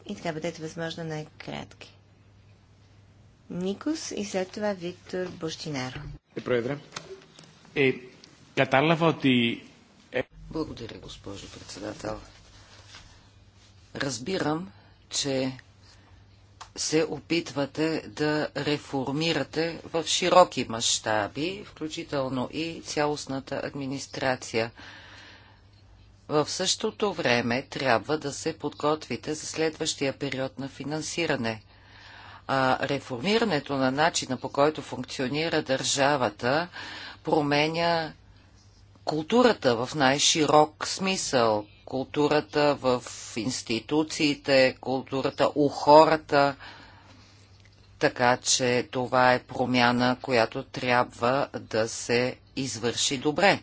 И така бъдете възможно най-кратки. Никос и след това Виктор Бощинаро. Е, е Каталава ти... Е- Благодаря, госпожо председател. Разбирам, че се опитвате да реформирате в широки мащаби, включително и цялостната администрация. В същото време трябва да се подготвите за следващия период на финансиране. А реформирането на начина по който функционира държавата променя културата в най-широк смисъл, културата в институциите, културата у хората, така че това е промяна, която трябва да се извърши добре.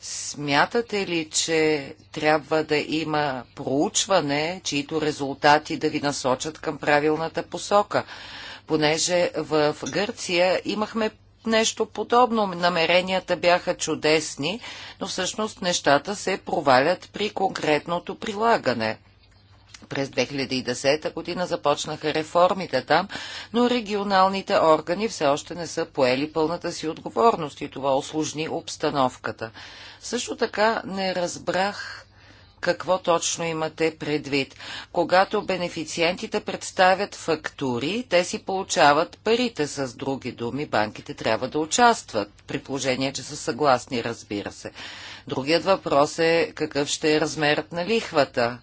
Смятате ли, че трябва да има проучване, чието резултати да ви насочат към правилната посока? Понеже в Гърция имахме нещо подобно. Намеренията бяха чудесни, но всъщност нещата се провалят при конкретното прилагане. През 2010 година започнаха реформите там, но регионалните органи все още не са поели пълната си отговорност и това осложни обстановката. Също така не разбрах какво точно имате предвид. Когато бенефициентите представят фактури, те си получават парите с други думи. Банките трябва да участват, при положение, че са съгласни, разбира се. Другият въпрос е какъв ще е размерът на лихвата.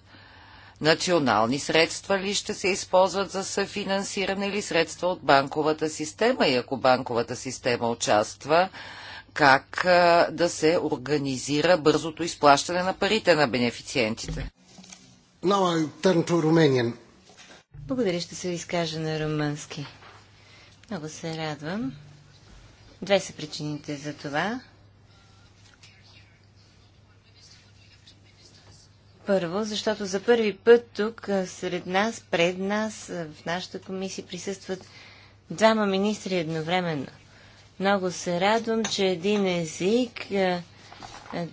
Национални средства ли ще се използват за съфинансиране или средства от банковата система? И ако банковата система участва, как да се организира бързото изплащане на парите на бенефициентите. Благодаря, ще се изкажа на румънски. Много се радвам. Две са причините за това. Първо, защото за първи път тук сред нас, пред нас, в нашата комисия присъстват двама министри едновременно. Много се радвам, че един език е, е,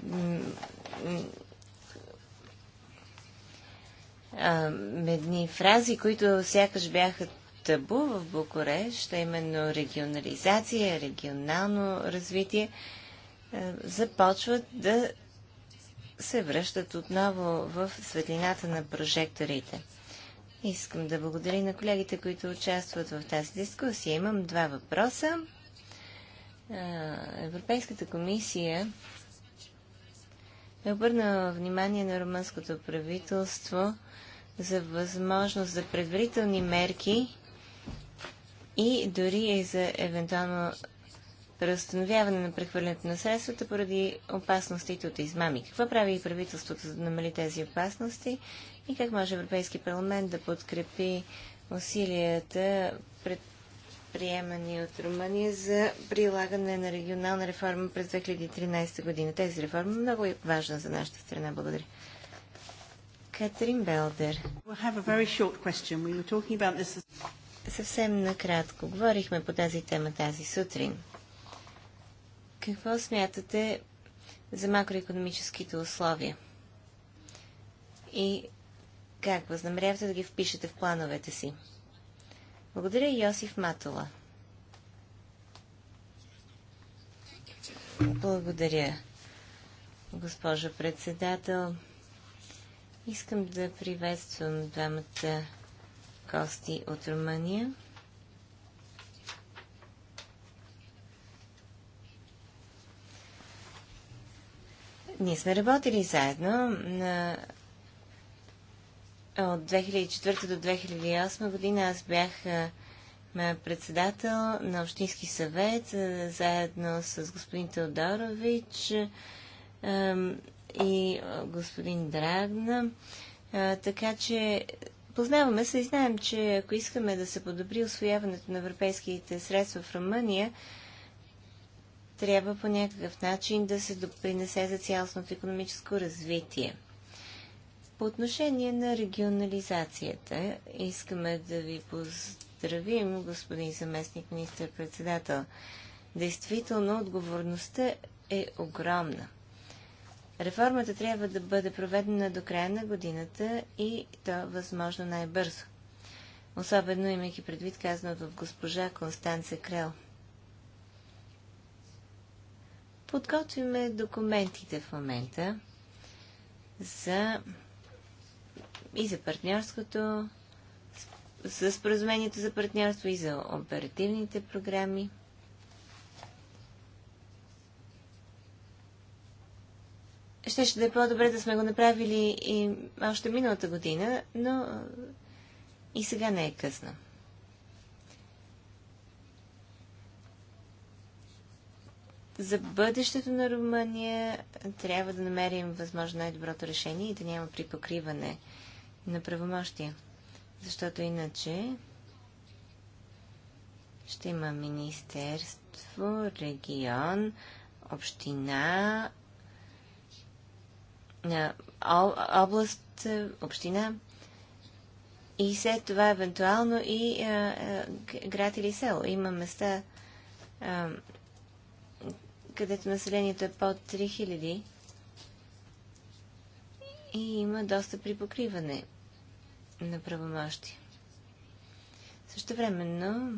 е, едни фрази, които сякаш бяха табу в Букурещ, а именно регионализация, регионално развитие, започват да се връщат отново в светлината на прожекторите. Искам да благодаря на колегите, които участват в тази дискусия. Имам два въпроса. Европейската комисия е обърнала внимание на румънското правителство за възможност за предварителни мерки и дори и за евентуално преустановяване на прехвърлянето на средствата поради опасностите от измами. Какво прави и правителството за да намали тези опасности и как може Европейски парламент да подкрепи усилията приемани от Румъния за прилагане на регионална реформа през 2013 година. Тези реформа е много е важна за нашата страна. Благодаря. Катрин Белдер. We'll this... Съвсем накратко. Говорихме по тази тема тази сутрин. Какво смятате за макроекономическите условия? И как възнамерявате да ги впишете в плановете си? Благодаря, Йосиф Матола. Благодаря, госпожа председател. Искам да приветствам двамата гости от Румъния. Ние сме работили заедно на от 2004 до 2008 година аз бях председател на Общински съвет, заедно с господин Теодорович и господин Драгна. Така че познаваме се и знаем, че ако искаме да се подобри освояването на европейските средства в Румъния, трябва по някакъв начин да се допринесе за цялостното економическо развитие. По отношение на регионализацията, искаме да ви поздравим, господин заместник министър-председател. Действително, отговорността е огромна. Реформата трябва да бъде проведена до края на годината и то възможно най-бързо. Особено имайки предвид казаното от госпожа Констанца Крел. Подготвиме документите в момента за и за партньорското, с поразумението за партньорство и за оперативните програми. Ще ще да е по-добре да сме го направили и още миналата година, но и сега не е късно. За бъдещето на Румъния трябва да намерим възможно най-доброто решение и да няма припокриване на правомощия. Защото иначе ще има министерство, регион, община, област, община и след това евентуално и град или село. Има места, където населението е под 3000 и има доста припокриване на правомощи. Също времено,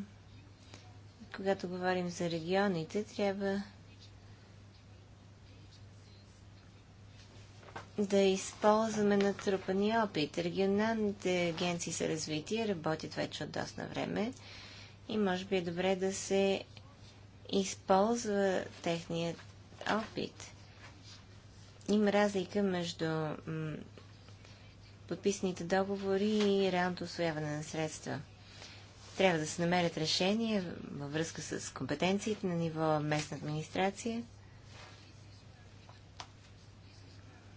когато говорим за регионите, трябва да използваме натрупани опит. Регионалните агенции за развитие работят вече от доста време и може би е добре да се използва техният опит. Има разлика между подписаните договори и реалното освояване на средства. Трябва да се намерят решения във връзка с компетенциите на ниво местна администрация,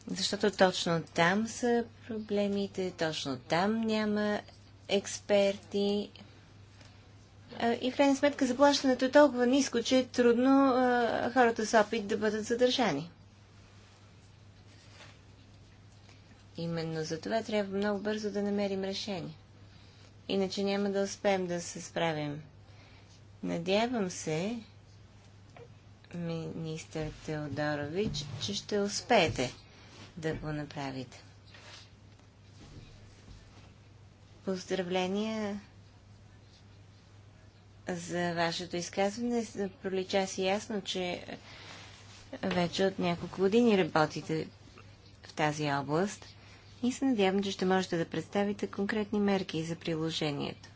защото точно там са проблемите, точно там няма експерти. И в крайна сметка заплащането е толкова ниско, че е трудно хората с опит да бъдат задържани. Именно за това трябва много бързо да намерим решение. Иначе няма да успеем да се справим. Надявам се, министър Теодорович, че ще успеете да го направите. Поздравления за вашето изказване. Пролича си ясно, че вече от няколко години работите в тази област и се надявам, че ще можете да представите конкретни мерки за приложението.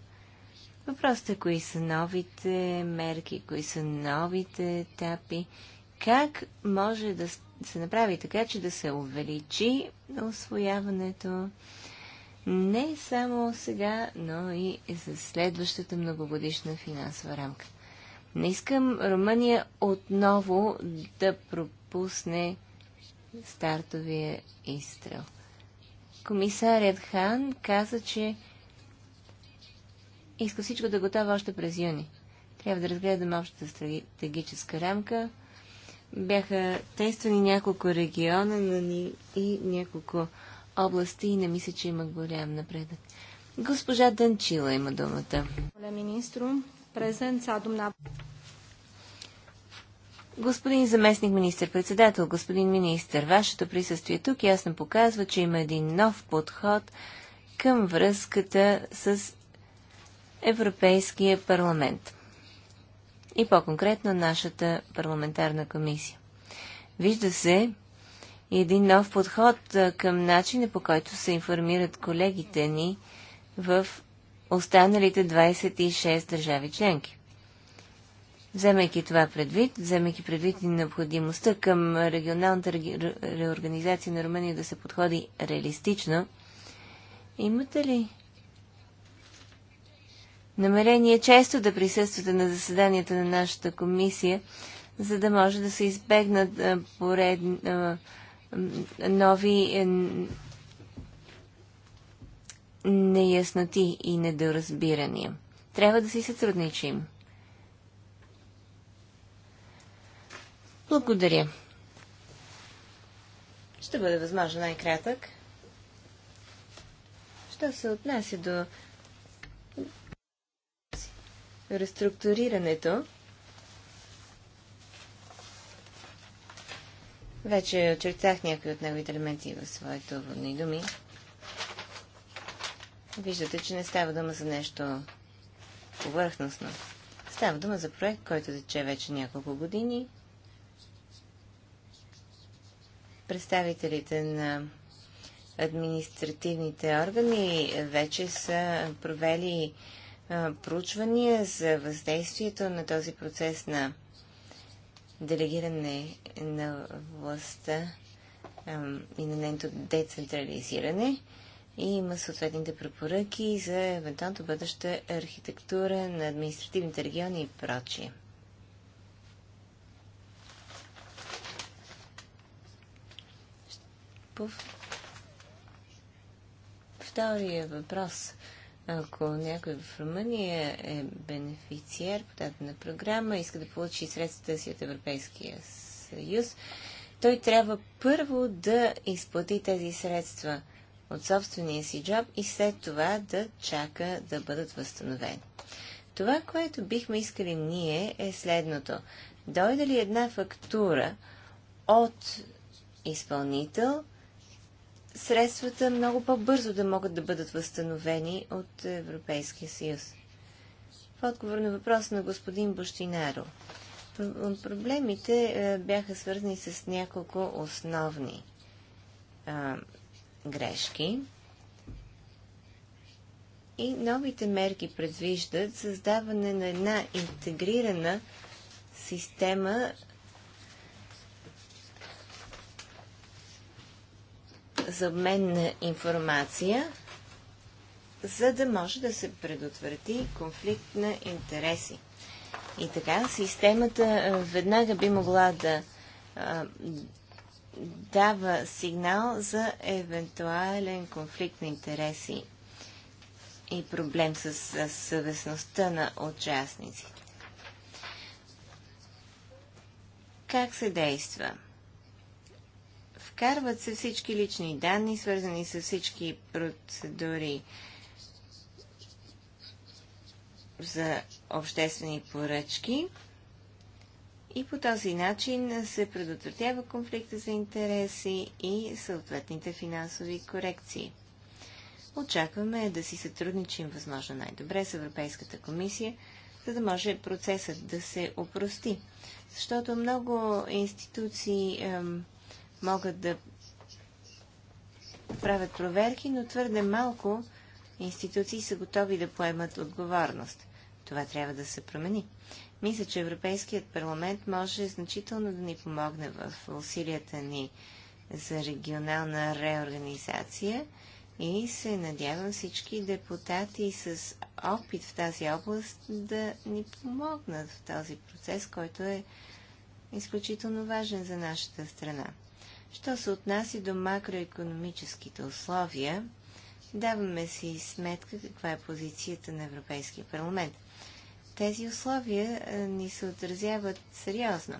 Въпросът е кои са новите мерки, кои са новите етапи, как може да се направи така, че да се увеличи освояването не само сега, но и за следващата многогодишна финансова рамка. Не искам Румъния отново да пропусне стартовия изстрел комисарят Хан каза, че иска всичко да е готова още през юни. Трябва да разгледаме общата стратегическа рамка. Бяха тествани няколко региона ни и няколко области и не мисля, че има голям напредък. Госпожа Данчила има думата. Господин заместник министр-председател, господин министр, вашето присъствие тук ясно показва, че има един нов подход към връзката с Европейския парламент и по-конкретно нашата парламентарна комисия. Вижда се един нов подход към начина по който се информират колегите ни в останалите 26 държави членки. Вземайки това предвид, вземайки предвид и необходимостта към регионалната реорганизация на Румъния да се подходи реалистично, имате ли намерение често да присъствате на заседанията на нашата комисия, за да може да се избегнат поред, нови е, неясноти и недоразбирания. Трябва да си сътрудничим. Благодаря. Ще бъде възможно най-кратък. Що се отнася до реструктурирането, вече очертах някои от неговите елементи в своите водни думи. Виждате, че не става дума за нещо повърхностно. Става дума за проект, който тече вече няколко години представителите на административните органи вече са провели проучвания за въздействието на този процес на делегиране на властта и на нейното децентрализиране и има съответните препоръки за евентуалната бъдеща архитектура на административните региони и прочие. По втория въпрос, ако някой в Румъния е бенефициер по дадена програма, иска да получи средствата си от Европейския съюз, той трябва първо да изплати тези средства от собствения си джоб и след това да чака да бъдат възстановени. Това, което бихме искали ние е следното. Дойде ли една фактура от изпълнител, средствата много по-бързо да могат да бъдат възстановени от Европейския съюз. В отговор на въпрос на господин Бощинаро, проблемите е, бяха свързани с няколко основни а, грешки. И новите мерки предвиждат създаване на една интегрирана система за обмен на информация, за да може да се предотврати конфликт на интереси. И така системата веднага би могла да а, дава сигнал за евентуален конфликт на интереси и проблем с, с съвестността на участниците. Как се действа? Вкарват се всички лични данни, свързани с всички процедури за обществени поръчки и по този начин се предотвратява конфликта за интереси и съответните финансови корекции. Очакваме да си сътрудничим възможно най-добре с Европейската комисия, за да може процесът да се опрости. Защото много институции ем, могат да правят проверки, но твърде малко институции са готови да поемат отговорност. Това трябва да се промени. Мисля, че Европейският парламент може значително да ни помогне в усилията ни за регионална реорганизация и се надявам всички депутати с опит в тази област да ни помогнат в този процес, който е изключително важен за нашата страна. Що се отнася до макроекономическите условия, даваме си сметка каква е позицията на Европейския парламент. Тези условия е, ни се отразяват сериозно.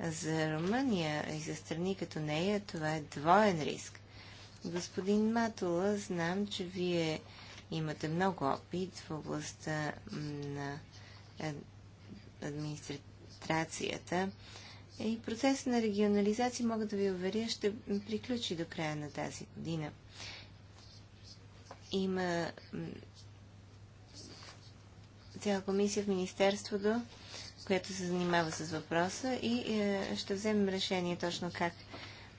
За Румъния и за страни като нея това е двоен риск. Господин Матола, знам, че вие имате много опит в областта на е, администрацията е, и процесът на регионализация, мога да ви уверя, ще приключи до края на тази година. Има цяла комисия в Министерството, която се занимава с въпроса и е, ще вземем решение точно как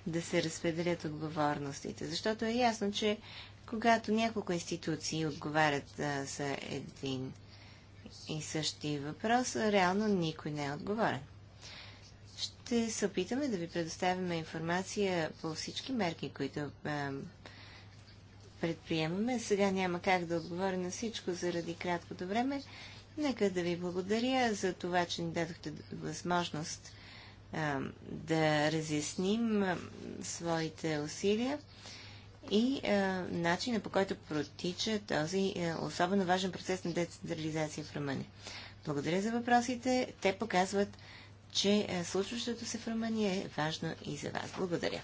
да се разпределят отговорностите. Защото е ясно, че когато няколко институции отговарят за един и същи въпрос, реално никой не е отговорен ще се опитаме да ви предоставяме информация по всички мерки, които а, предприемаме. Сега няма как да отговоря на всичко заради краткото време. Нека да ви благодаря за това, че ни дадохте възможност а, да разясним а, своите усилия и а, начина по който протича този а, е, особено важен процес на децентрализация в Румъния. Благодаря за въпросите. Те показват че е, случващото се в Румъния е важно и за вас. Благодаря.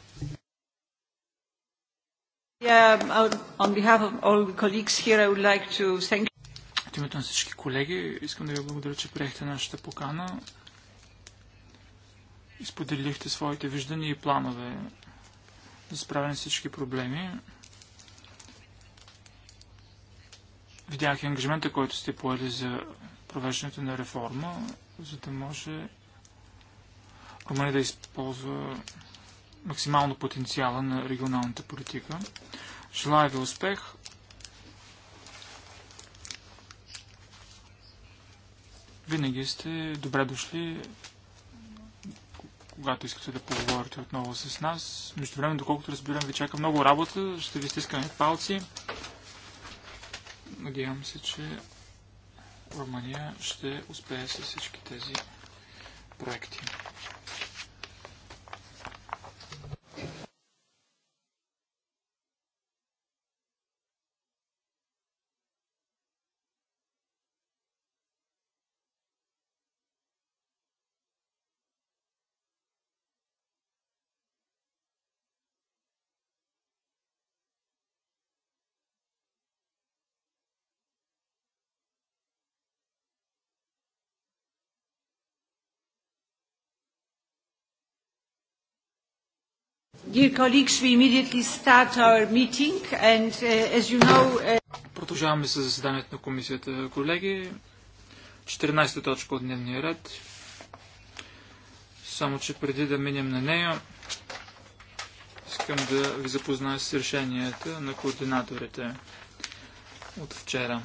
От името на всички колеги искам да ви благодаря, че приехте нашата покана. Изподелихте своите виждания и планове за справяне с всички проблеми. Видях и ангажимента, който сте поели за провеждането на реформа, за да може Румъния да използва максимално потенциала на регионалната политика. Желая ви успех! Винаги сте добре дошли, когато искате да поговорите отново с нас. Между време, доколкото разбирам, ви чака много работа. Ще ви стискаме палци. Надявам се, че Румъния ще успее с всички тези проекти. Uh, uh, Продължаваме с заседанието на комисията, колеги. 14 точка от дневния ред. Само, че преди да минем на нея, искам да ви запозная с решенията на координаторите от вчера.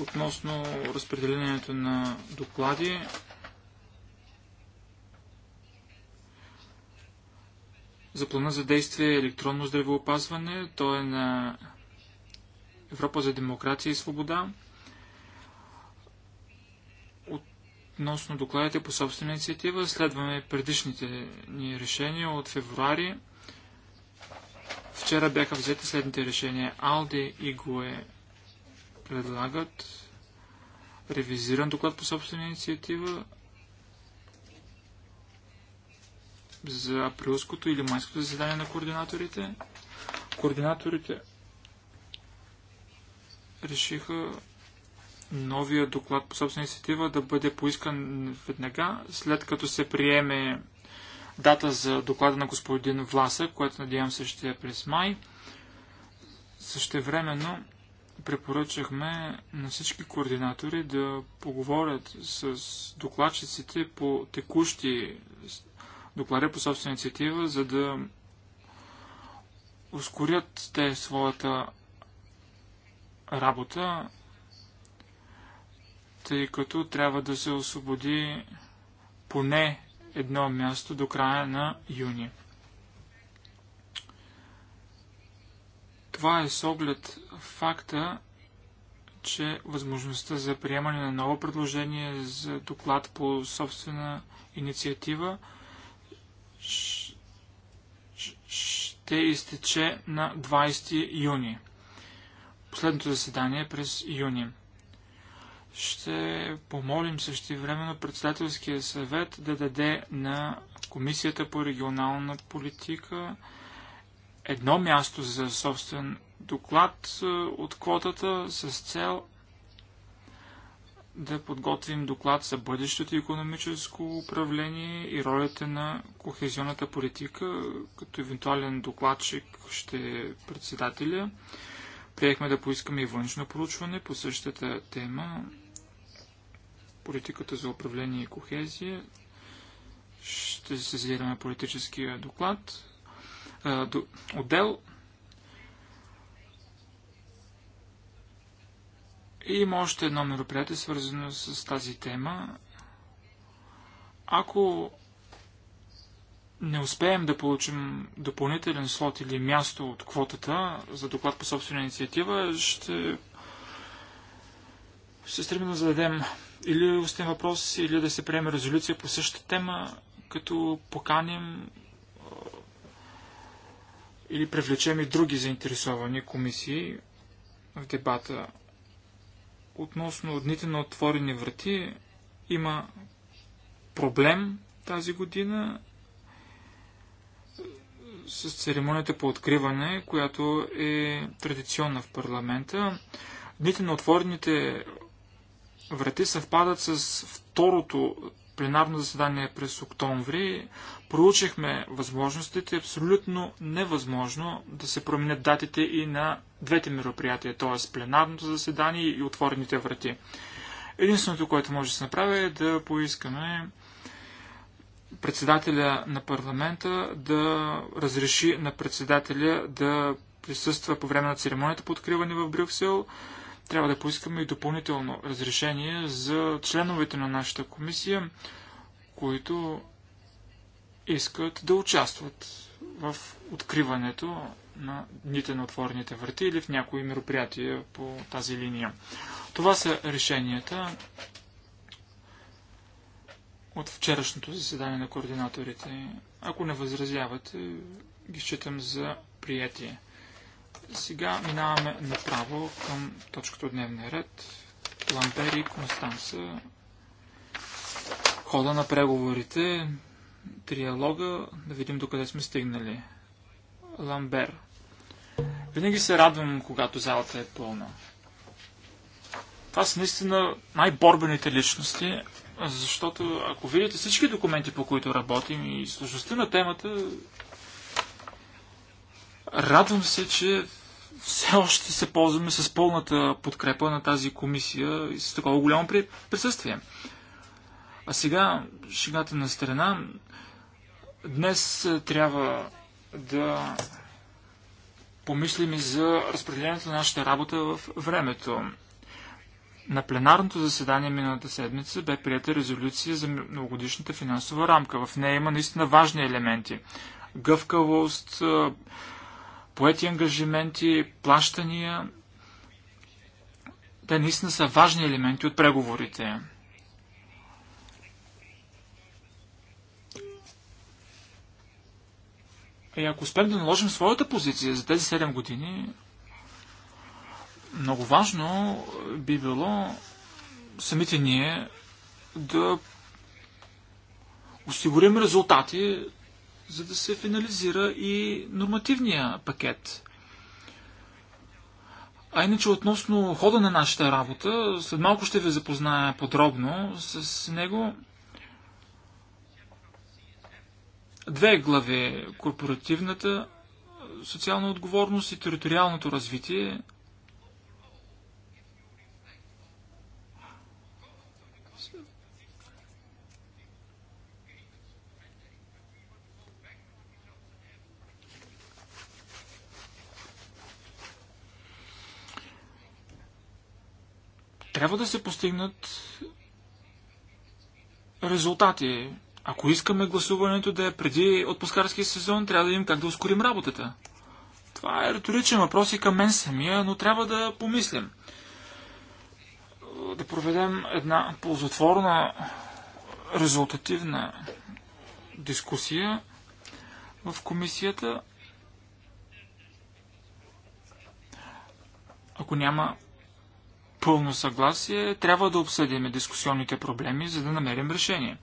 Относно разпределението на доклади, за плана за действие е електронно здравеопазване. Той е на Европа за демокрация и свобода. Относно докладите по собствена инициатива, следваме предишните ни решения от февруари. Вчера бяха взети следните решения. Алде и Гуе предлагат ревизиран доклад по собствена инициатива за априлското или майското заседание на координаторите. Координаторите решиха новия доклад по собствена инициатива да бъде поискан веднага, след като се приеме дата за доклада на господин Власа, което надявам се ще е през май. Същевременно препоръчахме на всички координатори да поговорят с докладчиците по текущи докладя по собствена инициатива, за да ускорят те своята работа, тъй като трябва да се освободи поне едно място до края на юни. Това е с оглед факта, че възможността за приемане на ново предложение за доклад по собствена инициатива – ще изтече на 20 юни. Последното заседание е през юни. Ще помолим същевременно председателския съвет да даде на Комисията по регионална политика едно място за собствен доклад е, от квотата с цел да подготвим доклад за бъдещето економическо управление и ролята на кохезионната политика, като евентуален докладчик ще е председателя. Приехме да поискаме и външно проучване по същата тема. Политиката за управление и кохезия. Ще сезираме политическия доклад. Отдел И има още едно мероприятие, свързано с тази тема. Ако не успеем да получим допълнителен слот или място от квотата за доклад по собствена инициатива, ще се стремим да зададем или устен въпрос, или да се приеме резолюция по същата тема, като поканим или привлечем и други заинтересовани комисии в дебата Относно дните на отворени врати, има проблем тази година с церемонията по откриване, която е традиционна в парламента. Дните на отворените врати съвпадат с второто пленарно заседание през октомври, проучихме възможностите. Абсолютно невъзможно да се променят датите и на двете мероприятия, т.е. пленарното заседание и отворените врати. Единственото, което може да се направи е да поискаме председателя на парламента да разреши на председателя да присъства по време на церемонията по откриване в Брюксел, трябва да поискаме и допълнително разрешение за членовете на нашата комисия, които искат да участват в откриването на дните на отворените врати или в някои мероприятия по тази линия. Това са решенията от вчерашното заседание на координаторите. Ако не възразявате, ги считам за приятие. И сега минаваме направо към точката от дневния ред. Лампери и Констанца. Хода на преговорите, триалога, да видим докъде сме стигнали. Ламбер. Винаги се радвам, когато залата е пълна. Това са наистина най-борбените личности, защото ако видите всички документи, по които работим и сложността на темата, Радвам се, че все още се ползваме с пълната подкрепа на тази комисия и с такова голямо присъствие. А сега, шегата на страна, днес е, трябва да помислим и за разпределението на нашата работа в времето. На пленарното заседание миналата седмица бе прията резолюция за многогодишната финансова рамка. В нея има наистина важни елементи. Гъвкавост, е, поети ангажименти, плащания, те наистина са важни елементи от преговорите. И ако успеем да наложим своята позиция за тези 7 години, много важно би било самите ние да осигурим резултати за да се финализира и нормативния пакет. А иначе относно хода на нашата работа, след малко ще ви запозная подробно с него. Две глави корпоративната социална отговорност и териториалното развитие – Трябва да се постигнат резултати. Ако искаме гласуването да е преди отпускарския сезон, трябва да видим как да ускорим работата. Това е риторичен въпрос и към мен самия, но трябва да помислим. Да проведем една ползотворна, резултативна дискусия в комисията. Ако няма пълно съгласие, трябва да обсъдим дискусионните проблеми, за да намерим решение.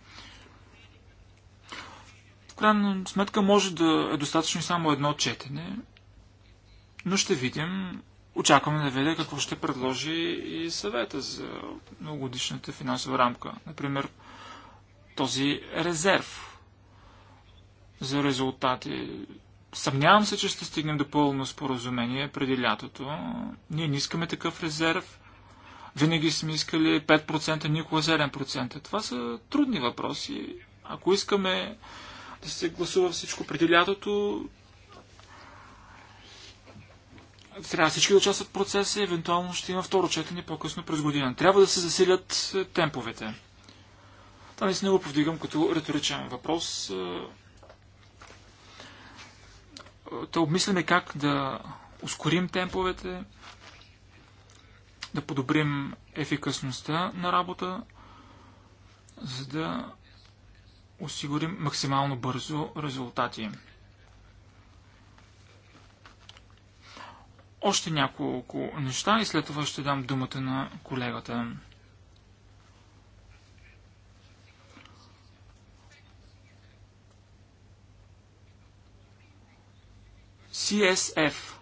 В крайна сметка може да е достатъчно само едно четене, но ще видим. Очакваме да видя какво ще предложи и съвета за многогодишната финансова рамка. Например, този резерв за резултати. Съмнявам се, че ще стигнем до пълно споразумение преди лятото. Ние не искаме такъв резерв. Винаги сме искали 5%, никога 7%. Това са трудни въпроси. Ако искаме да се гласува всичко преди лятото, трябва всички да участват в процеса и евентуално ще има второ четене по-късно през година. Трябва да се засилят е, темповете. Това наистина го повдигам като риторичен въпрос. Та е, е, обмисляме как да ускорим темповете, да подобрим ефикасността на работа, за да осигурим максимално бързо резултати. Още няколко неща и след това ще дам думата на колегата. CSF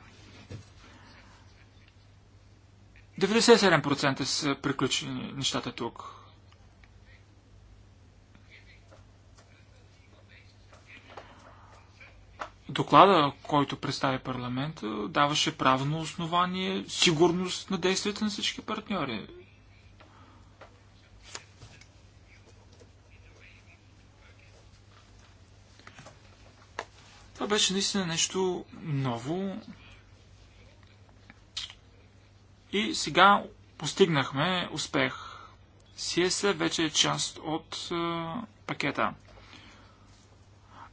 97% са приключени нещата тук. Доклада, който представи парламент, даваше правно основание, сигурност на действията на всички партньори. Това беше наистина нещо ново, и сега постигнахме успех. CSS е вече е част от е, пакета.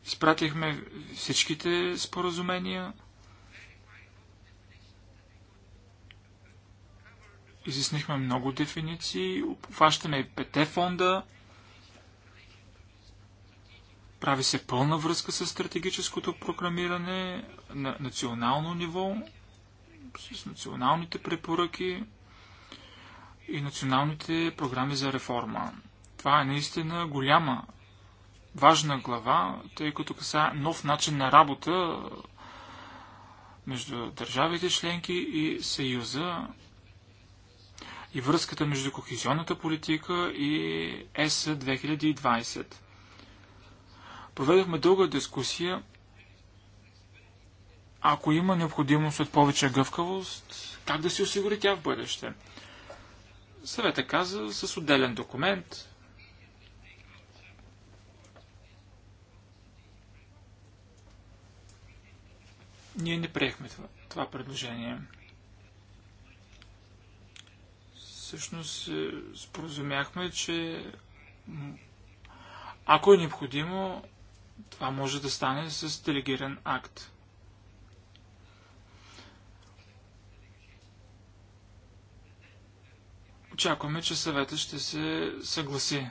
Изпратихме всичките споразумения. Изяснихме много дефиниции. Обхващаме и пете фонда. Прави се пълна връзка с стратегическото програмиране на национално ниво с националните препоръки и националните програми за реформа. Това е наистина голяма, важна глава, тъй като каса нов начин на работа между държавите членки и Съюза и връзката между кохезионната политика и ЕС 2020. Проведохме дълга дискусия ако има необходимост от повече гъвкавост, как да се осигури тя в бъдеще? Съвета каза с отделен документ. Ние не приехме това, това предложение. Всъщност е, споразумяхме, че ако е необходимо, това може да стане с делегиран акт. Очакваме, че съвета ще се съгласи.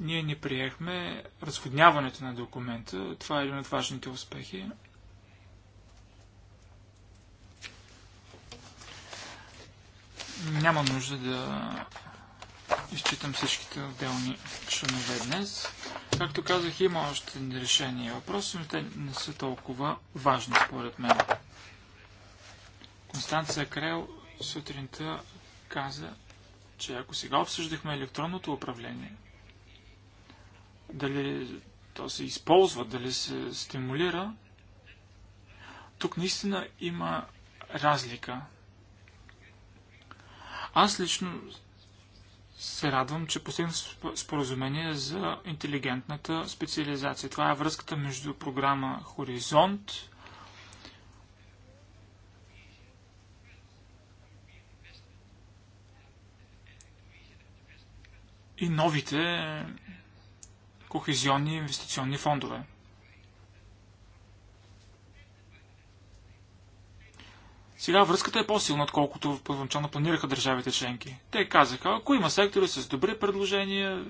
Ние не приехме разходняването на документа. Това е един от важните успехи. Няма нужда да изчитам всичките отделни членове днес. Както казах, има още решение въпроси, но те не са толкова важни, според мен. Констанция Крел сутринта каза, че ако сега обсъждахме електронното управление, дали то се използва, дали се стимулира, тук наистина има разлика. Аз лично се радвам, че постигна споразумение за интелигентната специализация. Това е връзката между програма Хоризонт и новите е, кохезионни инвестиционни фондове. Сега връзката е по-силна, отколкото първоначално планираха държавите членки. Те казаха, ако има сектори с добри предложения,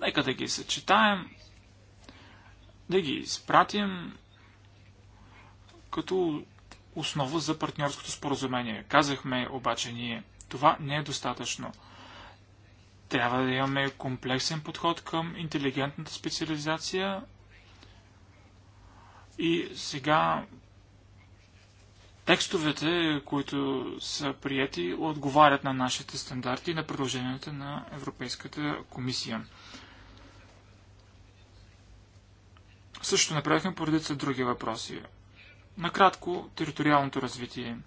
нека да ги съчетаем, да ги изпратим като основа за партньорското споразумение. Казахме обаче ние, това не е достатъчно. Трябва да имаме комплексен подход към интелигентната специализация. И сега Текстовете, които са прияти, отговарят на нашите стандарти и на предложенията на Европейската комисия. Също направихме поредица други въпроси. Накратко, териториалното развитие.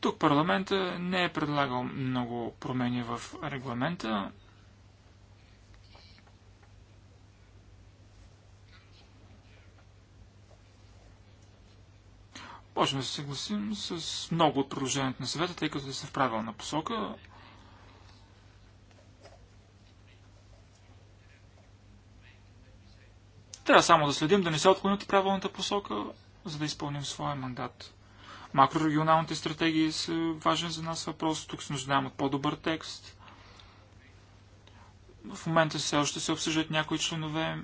Тук парламента не е предлагал много промени в регламента. Можем да се съгласим с много от продължението на съвета, тъй като да са в правилна посока. Трябва само да следим да не се отклоним от правилната посока, за да изпълним своя мандат. Макрорегионалните стратегии са важен за нас въпрос. Тук се нуждаем от по-добър текст. В момента все още се обсъждат някои членове.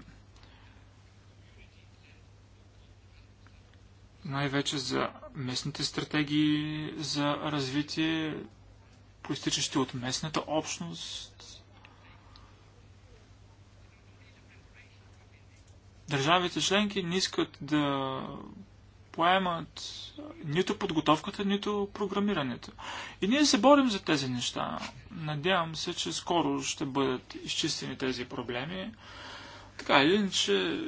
най-вече за местните стратегии за развитие, проистичащи от местната общност. Държавите членки не искат да поемат нито подготовката, нито програмирането. И ние се борим за тези неща. Надявам се, че скоро ще бъдат изчистени тези проблеми. Така или иначе,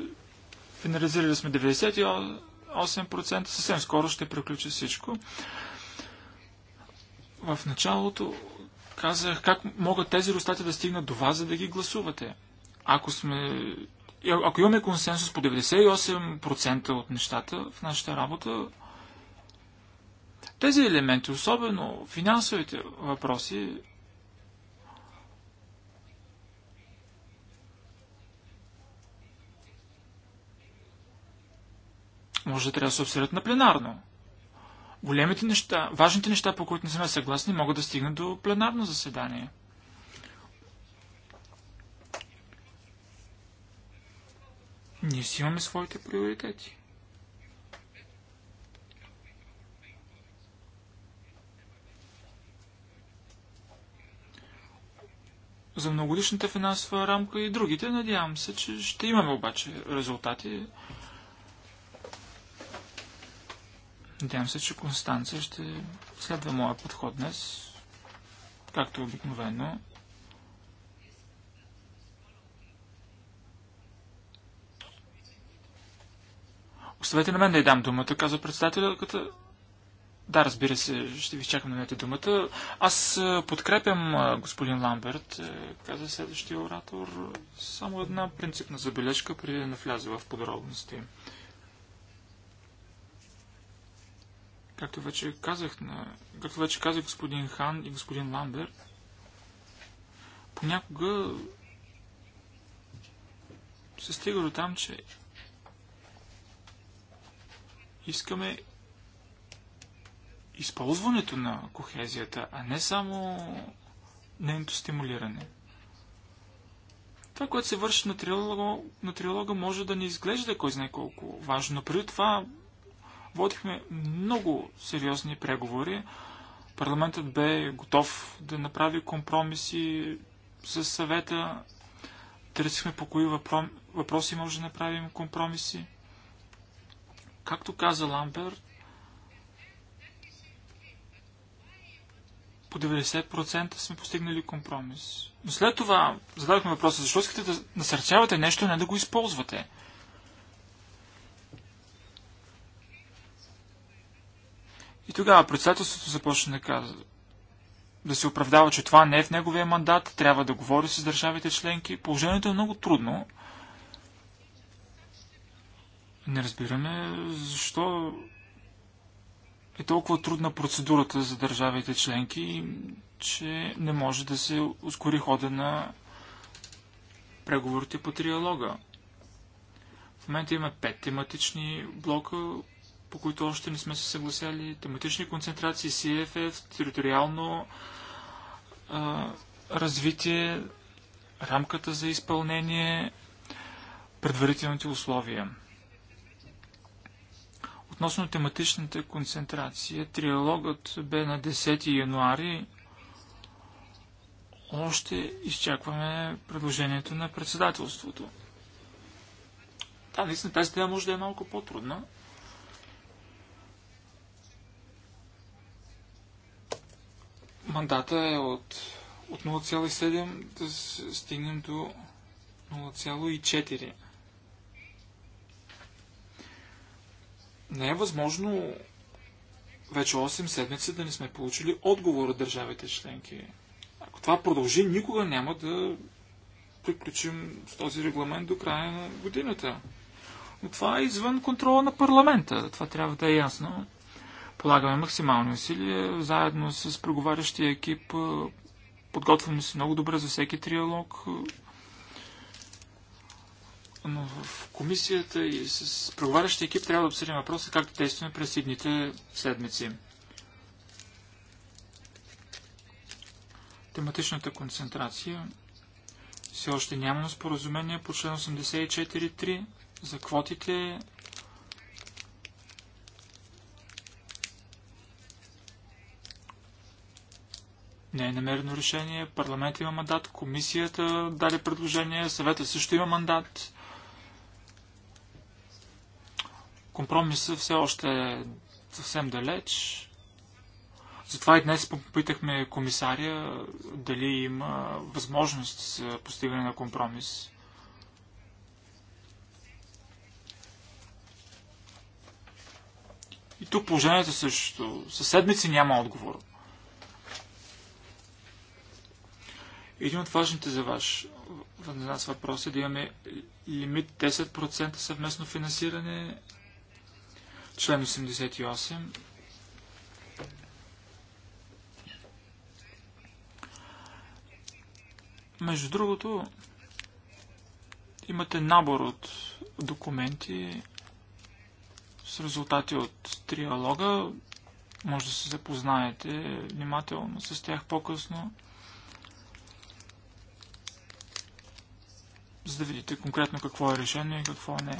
финализирали сме 98 8%. Съвсем скоро ще приключи всичко. В началото казах как могат тези ростати да стигнат до вас, за да ги гласувате. Ако сме ако имаме консенсус по 98% от нещата в нашата работа, тези елементи, особено финансовите въпроси, Може да трябва да се обсъдят на пленарно. Големите неща, важните неща, по които не сме съгласни, могат да стигнат до пленарно заседание. Ние си имаме своите приоритети. за многодишната финансова рамка и другите. Надявам се, че ще имаме обаче резултати Надявам се, че Констанция ще следва моя подход днес, както обикновено. Оставете на мен да й дам думата, каза председателката. Да, разбира се, ще ви чакам да дадете думата. Аз е, подкрепям е, господин Ламберт, е, каза следващия оратор. Само една принципна забележка, преди да навляза в подробности. Както вече казах, на... както вече казах господин Хан и господин Ламбер, понякога се стига до там, че искаме използването на кохезията, а не само нейното стимулиране. Това, което се върши на триалога, на триалога може да не изглежда кой знае колко важно, но преди това Водихме много сериозни преговори. Парламентът бе готов да направи компромиси с съвета. Търсихме по кои въпроси, може да направим компромиси. Както каза Ламберт, по 90% сме постигнали компромис. Но след това зададохме въпроса, защо искате да насърчавате нещо, а не да го използвате? И тогава председателството започна да казва, да се оправдава, че това не е в неговия мандат, трябва да говори с държавите членки. Положението е много трудно. Не разбираме защо е толкова трудна процедурата за държавите членки, че не може да се ускори хода на преговорите по триалога. В момента има пет тематични блока, по които още не сме се съгласяли, тематични концентрации, CFF, териториално а, развитие, рамката за изпълнение, предварителните условия. Относно тематичната концентрация, триалогът бе на 10 януари. Още изчакваме предложението на председателството. Да, наистина тази тема може да е малко по-трудна. Мандата е от, от 0,7 да стигнем до 0,4. Не е възможно вече 8 седмици да не сме получили отговор от държавите членки. Ако това продължи, никога няма да приключим с този регламент до края на годината. Но това е извън контрола на парламента. Това трябва да е ясно. Полагаме максимални усилия, заедно с преговарящия екип. Подготвяме се много добре за всеки триалог. Но в комисията и с преговарящия екип трябва да обсъдим въпроса как да действаме през идните седмици. Тематичната концентрация. Все още нямаме споразумение по член 84.3 за квотите не е намерено решение, парламент има мандат, комисията даде предложение, съвета също има мандат. Компромисът все още е съвсем далеч. Затова и днес попитахме комисария дали има възможност за постигане на компромис. И тук положението е също. Със седмици няма отговор. Един от важните за, ваш, за нас въпрос е да имаме лимит 10% съвместно финансиране, член 88. Между другото, имате набор от документи с резултати от триалога. Може да се запознаете внимателно с тях по-късно. за да видите конкретно какво е решено и какво не е.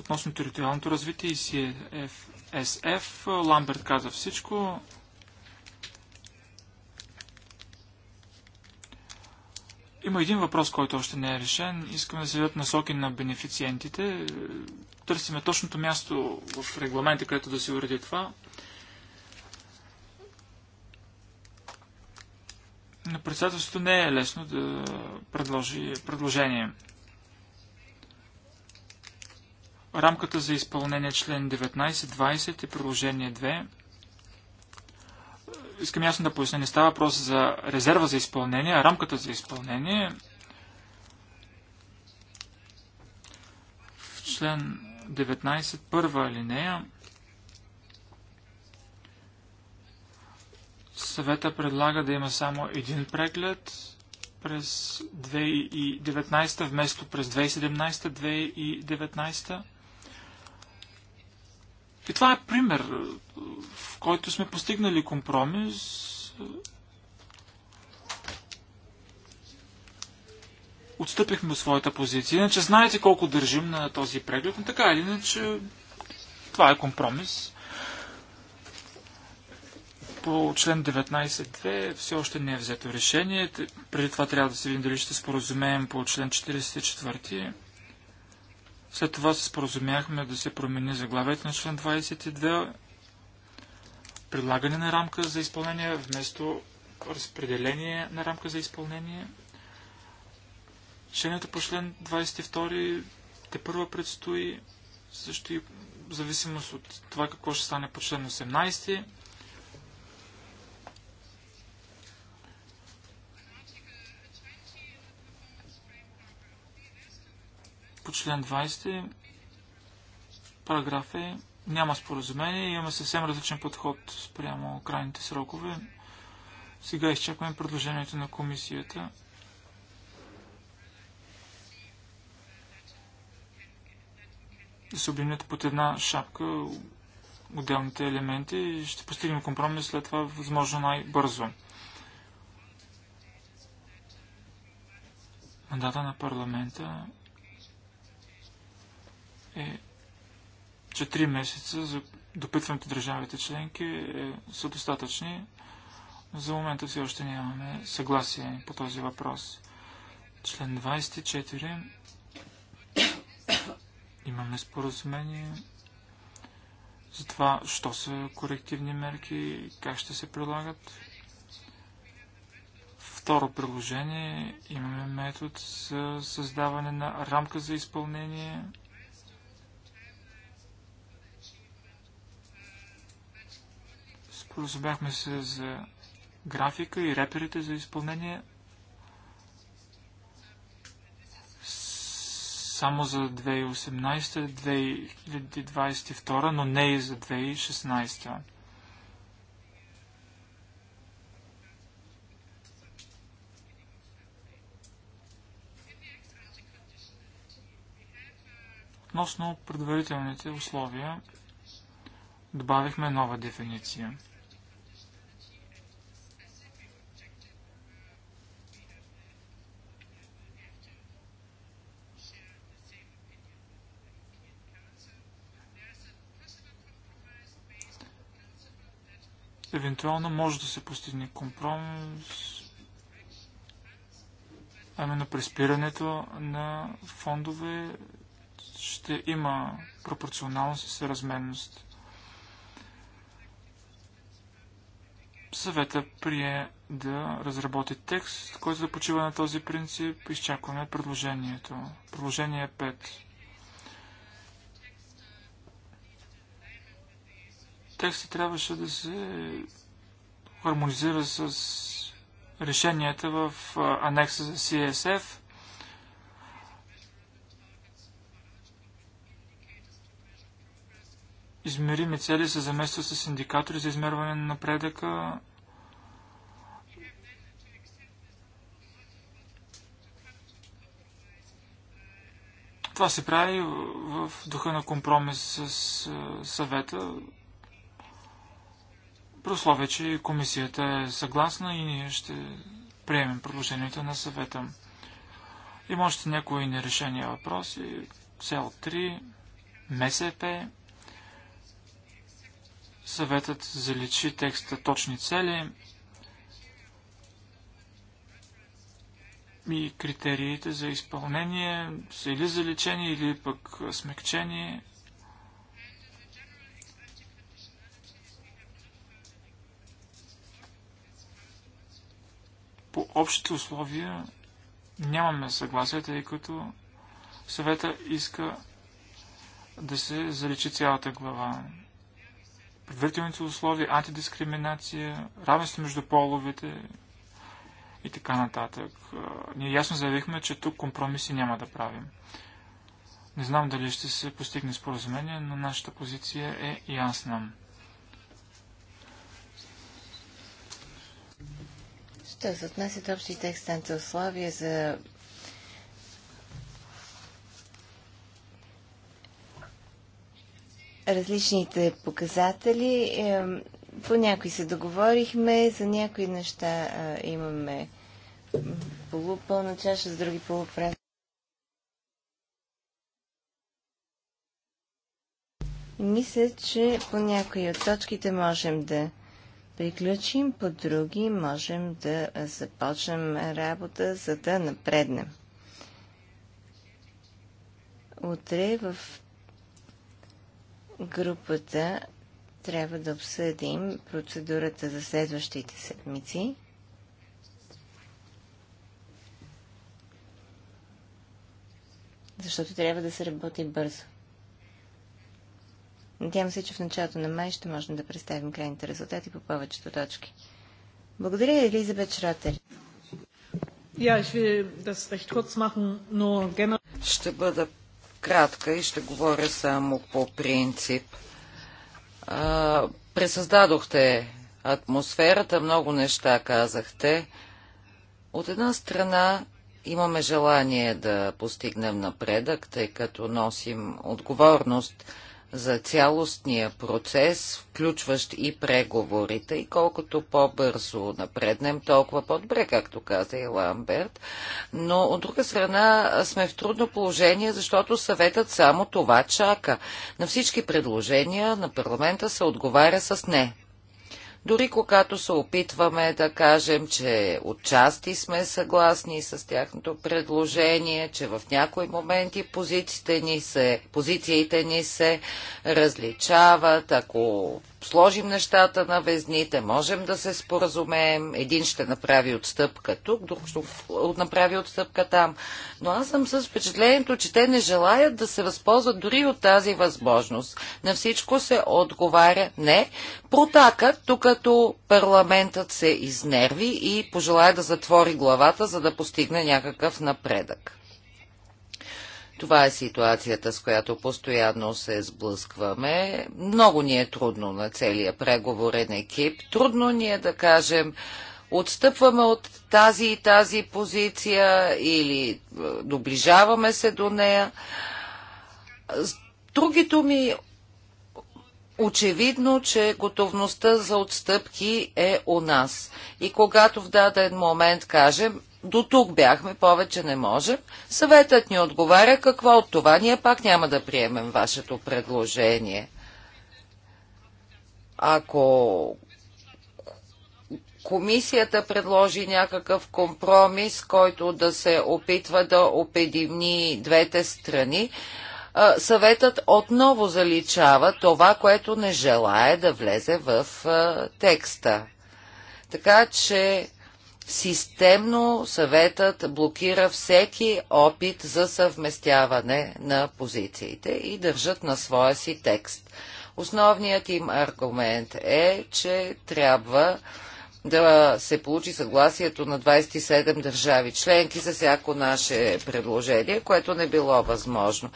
Относно териториалното развитие и CFSF, Ламберт каза всичко. Има един въпрос, който още не е решен. Искаме да се дадат насоки на бенефициентите. Търсиме точното място в регламента, където да се уреди това. на председателството не е лесно да предложи предложение. Рамката за изпълнение член 19-20 и приложение 2. Искам ясно да поясня, не става въпрос за резерва за изпълнение, а рамката за изпълнение в член 19 първа алинея Съвета предлага да има само един преглед през 2019 вместо през 2017-2019. И това е пример, в който сме постигнали компромис. Отстъпихме своята позиция. Иначе знаете колко държим на този преглед, но така или иначе това е компромис по член 19.2 все още не е взето решение. Преди това трябва да се видим дали ще споразумеем по член 44. След това се споразумяхме да се промени заглавието на член 22. Предлагане на рамка за изпълнение вместо разпределение на рамка за изпълнение. Решението по член 22 те първа предстои също и в зависимост от това какво ще стане по член 18. По член 20 параграф е няма споразумение, имаме съвсем различен подход спрямо крайните срокове. Сега изчакваме предложението на комисията. Да се обвинят под една шапка отделните елементи и ще постигнем компромис след това възможно най-бързо. Мандата на парламента е, че 3 месеца за допитването държавите членки е, са достатъчни. За момента все още нямаме съгласие по този въпрос. Член 24. Имаме споразумение за това, що са корективни мерки, как ще се прилагат. Второ приложение имаме метод за създаване на рамка за изпълнение – Поразумяхме се за графика и реперите за изпълнение. Само за 2018-2022, но не и за 2016. Относно предварителните условия, добавихме нова дефиниция – евентуално може да се постигне компромис, а именно при спирането на фондове ще има пропорционалност и съразменност. Съвета прие да разработи текст, който да почива на този принцип. Изчакваме предложението. Предложение 5. текстът трябваше да се хармонизира с решенията в анекса за CSF. Измерими цели се замества с индикатори за измерване на напредъка. Това се прави в духа на компромис с съвета. Прословие, че комисията е съгласна и ние ще приемем предложението на съвета. Има още някои нерешени въпроси. Цел 3, МСП. Съветът заличи текста точни цели и критериите за изпълнение са или заличени, или пък смекчени. По общите условия нямаме съгласие, тъй като съвета иска да се заличи цялата глава. Предварителните условия, антидискриминация, равенство между половете и така нататък. Ние ясно заявихме, че тук компромиси няма да правим. Не знам дали ще се постигне споразумение, но нашата позиция е ясна. Що се отнасят общите на условия за различните показатели, по някои се договорихме, за някои неща имаме полупълна чаша, с други полупразна. Мисля, че по някои от точките можем да приключим, по други можем да започнем работа, за да напреднем. Утре в групата трябва да обсъдим процедурата за следващите седмици. Защото трябва да се работи бързо. Надявам се, че в началото на май ще можем да представим крайните резултати по повечето точки. Благодаря, Елизабет Шротер. Ще бъда кратка и ще говоря само по принцип. пресъздадохте атмосферата, много неща казахте. От една страна имаме желание да постигнем напредък, тъй като носим отговорност за цялостния процес, включващ и преговорите. И колкото по-бързо напреднем, толкова по-добре, както каза и Ламберт. Но от друга страна сме в трудно положение, защото съветът само това чака. На всички предложения на парламента се отговаря с не. Дори когато се опитваме да кажем, че отчасти сме съгласни с тяхното предложение, че в някои моменти позициите ни се, позициите ни се различават, ако сложим нещата на везните, можем да се споразумеем, един ще направи отстъпка тук, друг ще направи отстъпка там. Но аз съм с впечатлението, че те не желаят да се възползват дори от тази възможност. На всичко се отговаря не, протакат, докато парламентът се изнерви и пожелая да затвори главата, за да постигне някакъв напредък. Това е ситуацията, с която постоянно се сблъскваме. Много ни е трудно на целия преговорен екип. Трудно ни е да кажем, отстъпваме от тази и тази позиция или е, доближаваме се до нея. Другито ми очевидно, че готовността за отстъпки е у нас. И когато в даден момент кажем, до тук бяхме, повече не можем. Съветът ни отговаря какво от това. Ние пак няма да приемем вашето предложение. Ако комисията предложи някакъв компромис, който да се опитва да опедимни двете страни, съветът отново заличава това, което не желая да влезе в текста. Така че Системно съветът блокира всеки опит за съвместяване на позициите и държат на своя си текст. Основният им аргумент е, че трябва да се получи съгласието на 27 държави членки за всяко наше предложение, което не било възможно.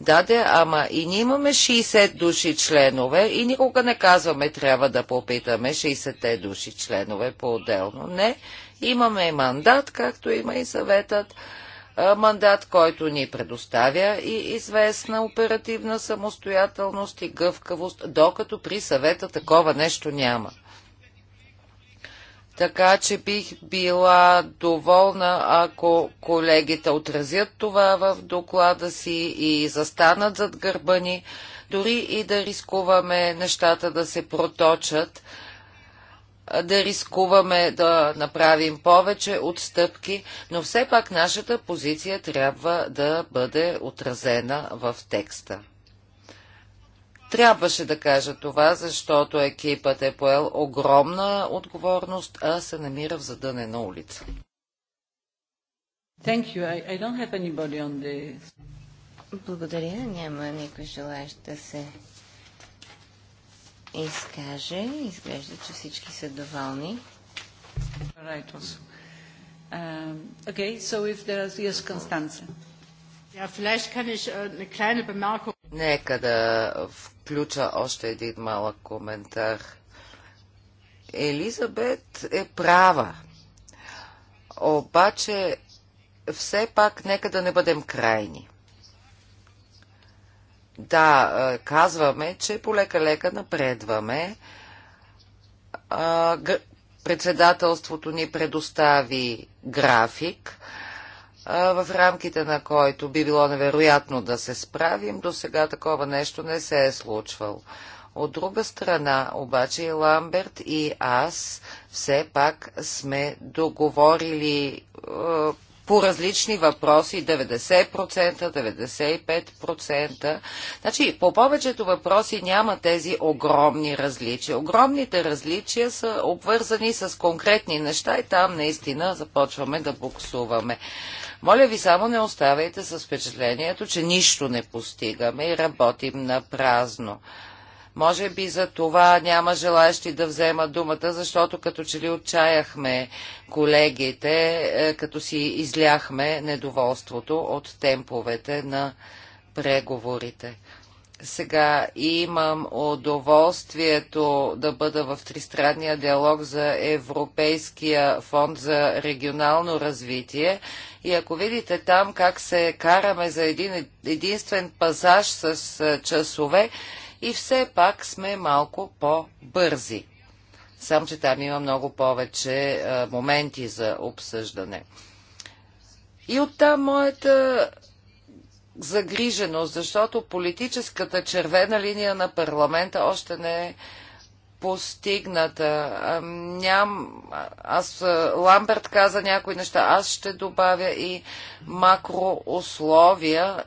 Да, да, ама и ние имаме 60 души членове и никога не казваме трябва да попитаме 60-те души членове по-отделно. Не, Имаме и мандат, както има и съветът, мандат, който ни предоставя и известна оперативна самостоятелност и гъвкавост, докато при съвета такова нещо няма. Така че бих била доволна, ако колегите отразят това в доклада си и застанат зад гърба ни, дори и да рискуваме нещата да се проточат да рискуваме да направим повече отстъпки, но все пак нашата позиция трябва да бъде отразена в текста. Трябваше да кажа това, защото екипът е поел огромна отговорност, а се намира в на улица. Thank you. I, I don't have anybody on the... Благодаря. Няма никой желаящ да се изкаже. Изглежда, че всички са доволни. Right Uh, okay, so if there is, yes, Constanze. Ja, vielleicht kann ich äh, eine kleine Bemerkung. Нека да включа още един малък коментар. Елизабет е права. Обаче, все пак, нека да не бъдем крайни. Да, е, казваме, че полека-лека напредваме. Председателството ни предостави график, е, в рамките на който би било невероятно да се справим. До сега такова нещо не се е случвало. От друга страна, обаче и Ламберт и аз все пак сме договорили е, по различни въпроси 90%, 95%. Значи по повечето въпроси няма тези огромни различия. Огромните различия са обвързани с конкретни неща и там наистина започваме да буксуваме. Моля ви само не оставайте с впечатлението, че нищо не постигаме и работим на празно. Може би за това няма желаящи да взема думата, защото като че ли отчаяхме колегите, е, като си изляхме недоволството от темповете на преговорите. Сега имам удоволствието да бъда в тристранния диалог за Европейския фонд за регионално развитие. И ако видите там как се караме за един единствен пазаж с е, часове, и все пак сме малко по-бързи. Само, че там има много повече а, моменти за обсъждане. И оттам моята загриженост, защото политическата червена линия на парламента още не е постигната. А, ням, аз, Ламберт каза някои неща, аз ще добавя и макроусловия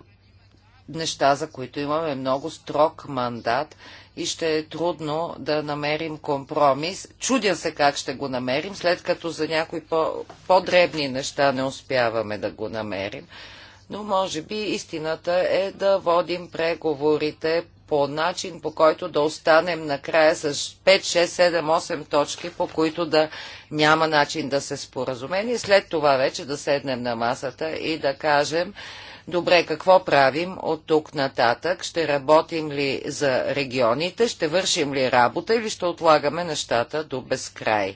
неща, за които имаме много строг мандат и ще е трудно да намерим компромис. Чудя се как ще го намерим, след като за някои по- по-дребни неща не успяваме да го намерим. Но може би истината е да водим преговорите по начин, по който да останем накрая с 5, 6, 7, 8 точки, по които да няма начин да се споразумени. След това вече да седнем на масата и да кажем, Добре, какво правим от тук нататък? Ще работим ли за регионите? Ще вършим ли работа или ще отлагаме нещата до безкрай?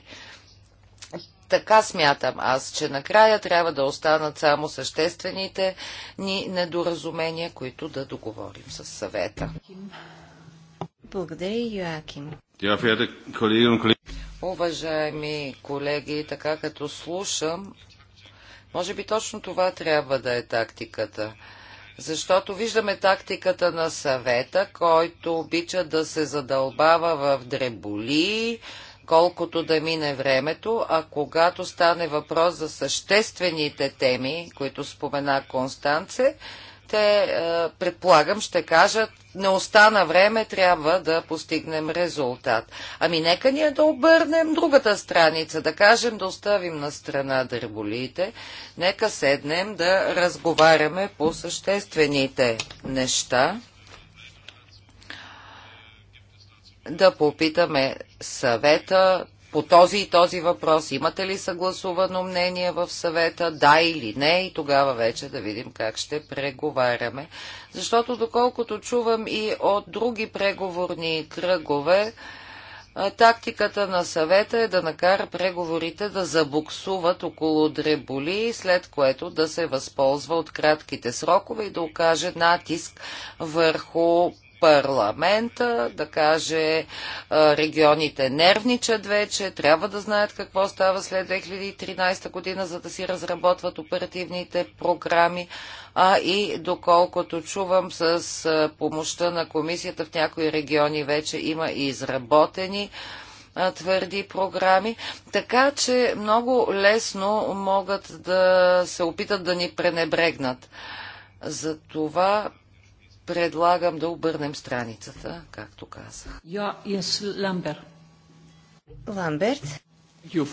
Така смятам аз, че накрая трябва да останат само съществените ни недоразумения, които да договорим с съвета. Благодаря, Йоаким. Уважаеми колеги, така като слушам може би точно това трябва да е тактиката. Защото виждаме тактиката на съвета, който обича да се задълбава в дреболи, колкото да мине времето, а когато стане въпрос за съществените теми, които спомена Констанце, те, е, предполагам, ще кажат, не остана време, трябва да постигнем резултат. Ами нека ние да обърнем другата страница, да кажем, да оставим на страна дърболите, нека седнем да разговаряме по съществените неща, да попитаме съвета, по този и този въпрос, имате ли съгласувано мнение в съвета, да или не, и тогава вече да видим как ще преговаряме. Защото доколкото чувам и от други преговорни кръгове, тактиката на съвета е да накара преговорите да забуксуват около дреболи, след което да се възползва от кратките срокове и да окаже натиск върху парламента, да каже регионите нервничат вече, трябва да знаят какво става след 2013 година, за да си разработват оперативните програми, а и доколкото чувам с помощта на комисията в някои региони вече има и изработени твърди програми, така че много лесно могат да се опитат да ни пренебрегнат. Затова Предлагам да обърнем страницата, както казах. Я, yes, Lambert. Ламберт. Uh,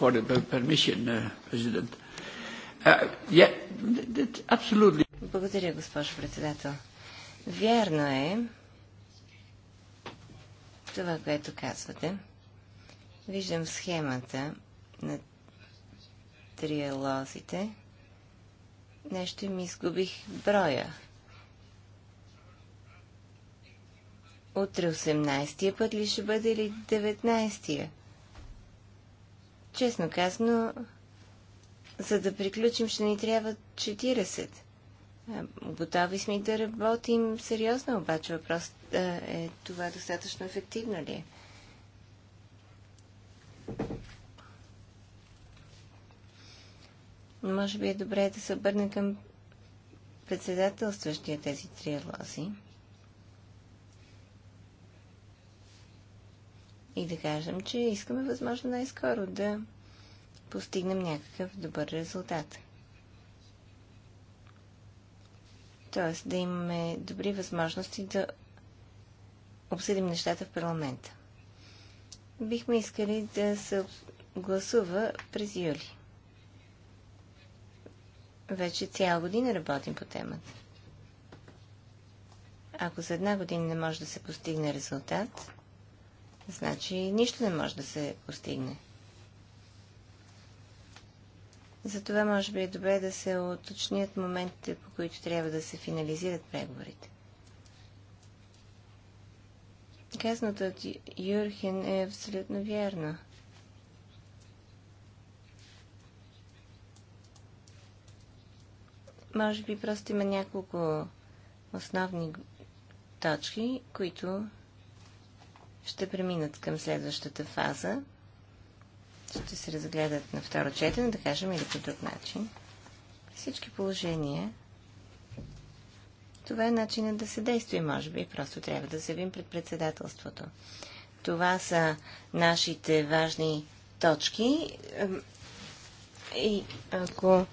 uh, yeah, absolutely... Благодаря, госпожо председател. Вярно е това, което казвате. Виждам схемата на триалозите. Нещо ми изгубих броя. Утре 18-я път ли ще бъде или 19-я? Честно казано, за да приключим ще ни трябва 40. Готови сме да работим сериозно, обаче въпросът е това достатъчно ефективно ли е? Може би е добре да се обърне към председателстващия тези три лози. и да кажем, че искаме възможно най-скоро да постигнем някакъв добър резултат. Тоест да имаме добри възможности да обсъдим нещата в парламента. Бихме искали да се гласува през юли. Вече цяла година работим по темата. Ако за една година не може да се постигне резултат, значи нищо не може да се постигне. Затова може би е добре да се уточнят моментите, по които трябва да се финализират преговорите. Казаното от Юрхен е абсолютно вярно. Може би просто има няколко основни точки, които ще преминат към следващата фаза. Ще се разгледат на второ четене, да кажем, или по друг начин. Всички положения. Това е начинът да се действи и може би просто трябва да се вим пред председателството. Това са нашите важни точки. И ако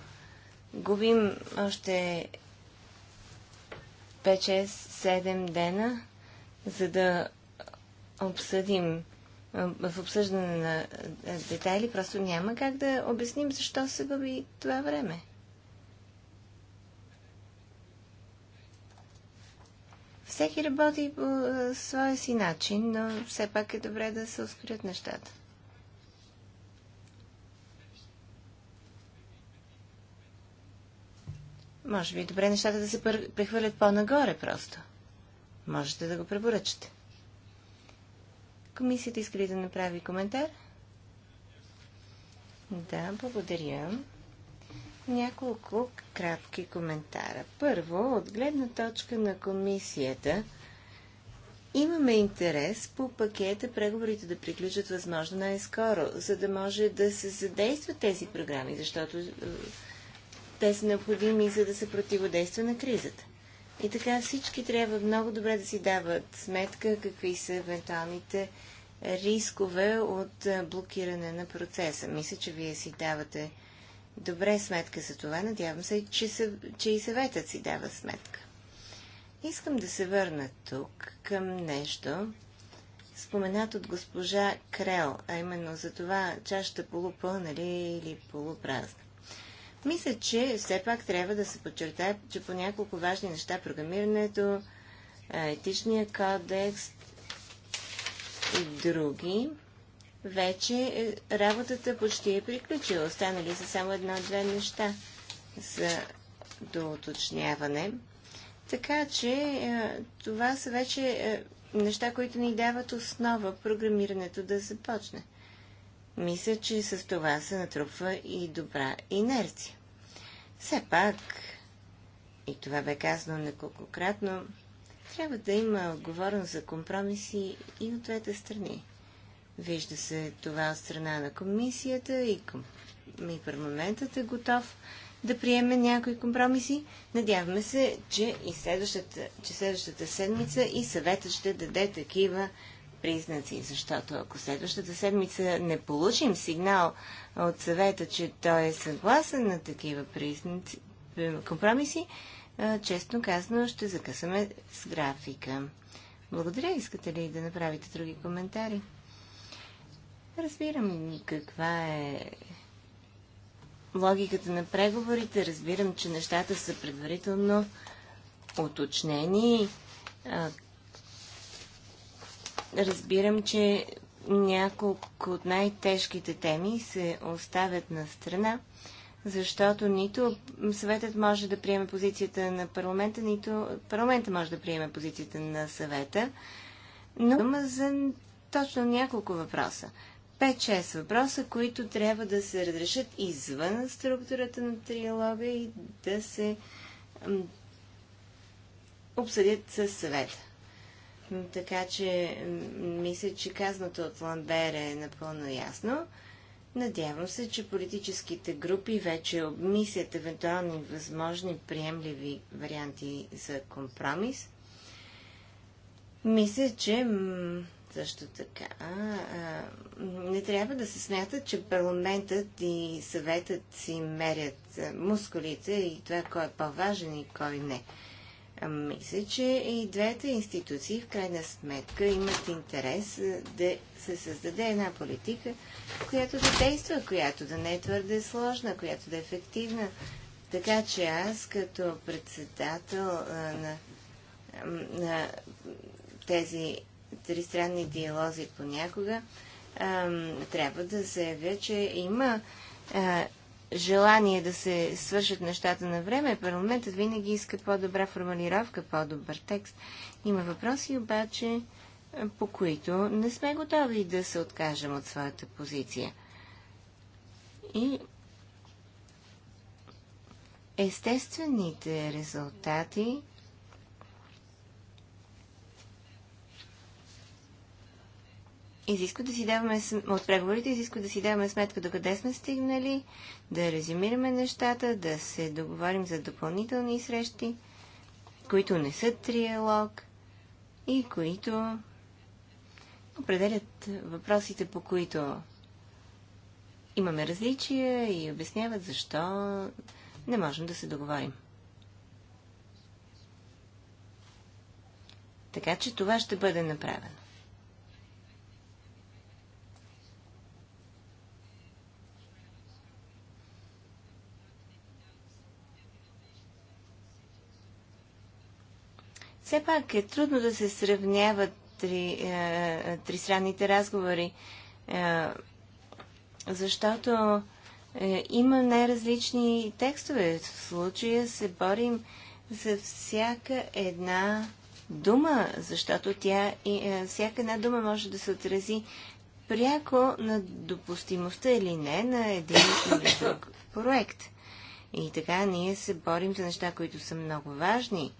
губим още 5-6-7 дена, за да обсъдим в обсъждане на детайли, просто няма как да обясним защо се губи това време. Всеки работи по своя си начин, но все пак е добре да се ускорят нещата. Може би е добре нещата да се прехвърлят по-нагоре просто. Можете да го препоръчате. Комисията иска ли да направи коментар? Да, благодаря. Няколко кратки коментара. Първо, от гледна точка на комисията, имаме интерес по пакета преговорите да приключат възможно най-скоро, за да може да се задействат тези програми, защото е, те са необходими за да се противодейства на кризата. И така всички трябва много добре да си дават сметка какви са евентуалните рискове от блокиране на процеса. Мисля, че вие си давате добре сметка за това. Надявам се, че, съ... че и съветът си дава сметка. Искам да се върна тук към нещо, споменат от госпожа Крел, а именно за това чашата полупълна ли е или полупразна. Мисля, че все пак трябва да се подчертае, че по няколко важни неща, програмирането, е, етичния кодекс и други, вече е, работата почти е приключила. Останали са само едно-две неща за доуточняване. Така че е, това са вече неща, които ни дават основа програмирането да започне. Мисля, че с това се натрупва и добра инерция. Все пак, и това бе казано неколкократно, трябва да има отговорност за компромиси и от двете страни. Вижда се това от страна на комисията и, към... и парламентът е готов да приеме някои компромиси. Надяваме се, че и следващата, че следващата седмица и съветът ще даде такива признаци, защото ако следващата седмица не получим сигнал от съвета, че той е съгласен на такива признаци, компромиси, честно казано ще закъсаме с графика. Благодаря. Искате ли да направите други коментари? Разбирам каква е логиката на преговорите. Разбирам, че нещата са предварително уточнени разбирам, че няколко от най-тежките теми се оставят на страна, защото нито съветът може да приеме позицията на парламента, нито парламента може да приеме позицията на съвета. Но има за точно няколко въпроса. 5-6 въпроса, които трябва да се разрешат извън структурата на триалога и да се обсъдят със съвета. Така че мисля, че казаното от Ламбере е напълно ясно. Надявам се, че политическите групи вече обмислят евентуални възможни приемливи варианти за компромис. Мисля, че също така а, не трябва да се смята, че парламентът и съветът си мерят мускулите и това кой е по-важен и кой не. Мисля, че и двете институции в крайна сметка имат интерес да се създаде една политика, която да действа, която да не е твърде сложна, която да е ефективна. Така че аз като председател на, на тези тристранни диалози понякога трябва да заявя, че има желание да се свършат нещата на време, парламентът винаги иска по-добра формулировка, по-добър текст. Има въпроси обаче, е, по които не сме готови да се откажем от своята позиция. И естествените резултати изисква да си даваме, от преговорите изисква да си даваме сметка до къде сме стигнали, да резюмираме нещата, да се договорим за допълнителни срещи, които не са триалог и които определят въпросите, по които имаме различия и обясняват защо не можем да се договорим. Така че това ще бъде направено. Все пак е трудно да се сравняват три, е, тристранните разговори, е, защото е, има най-различни текстове. В случая се борим за всяка една дума, защото тя и, е, всяка една дума може да се отрази пряко на допустимостта или не на един или друг проект. И така ние се борим за неща, които са много важни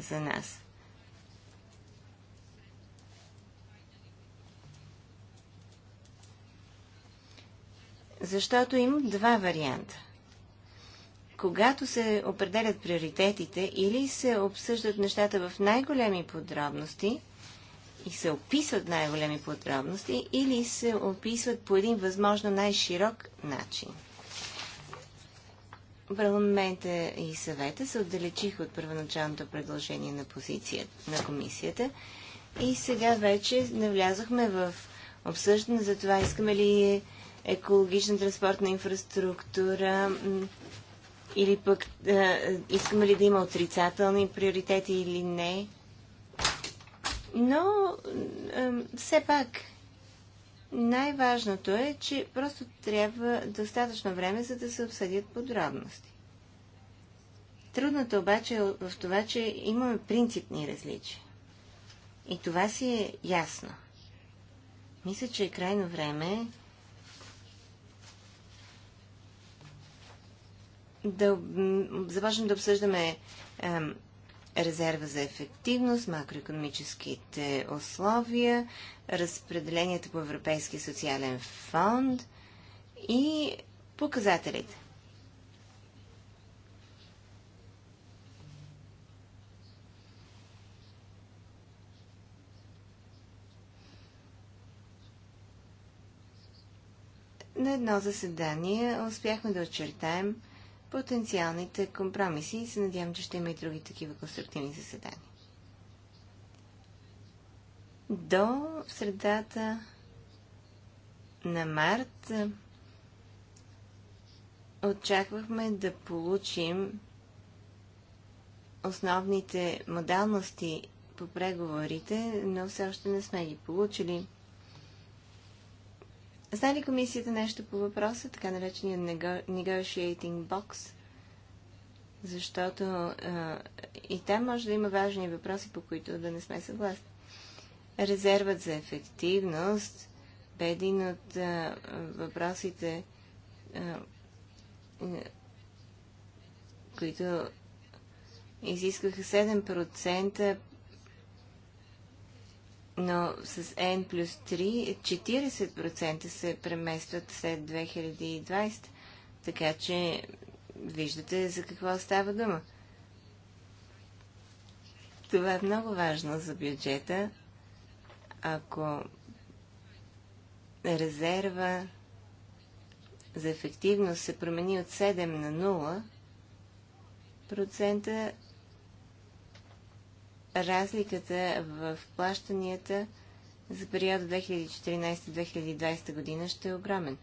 за нас. Защото има два варианта. Когато се определят приоритетите или се обсъждат нещата в най-големи подробности и се описват най-големи подробности, или се описват по един възможно най-широк начин. Парламента и съвета се отдалечиха от първоначалното предложение на позиция на комисията и сега вече навлязохме в обсъждане за това искаме ли екологична транспортна инфраструктура или пък искаме ли да има отрицателни приоритети или не. Но все пак най-важното е, че просто трябва достатъчно време, за да се обсъдят подробности. Трудното обаче е в това, че имаме принципни различия. И това си е ясно. Мисля, че е крайно време да започнем да обсъждаме резерва за ефективност, макроекономическите условия, разпределението по Европейския социален фонд и показателите. На едно заседание успяхме да очертаем потенциалните компромиси и се надявам, че ще има и други такива конструктивни заседания. До средата на март очаквахме да получим основните модалности по преговорите, но все още не сме ги получили. Знае ли комисията нещо по въпроса, така наречения negotiating box? Защото а, и там може да има важни въпроси, по които да не сме съгласни. Резервът за ефективност бе един от а, въпросите, а, които изискаха 7% но с N плюс 3 40% се преместват след 2020. Така че виждате за какво става дума. Това е много важно за бюджета. Ако резерва за ефективност се промени от 7 на 0%, разликата в плащанията за периода 2014-2020 година ще е огромен.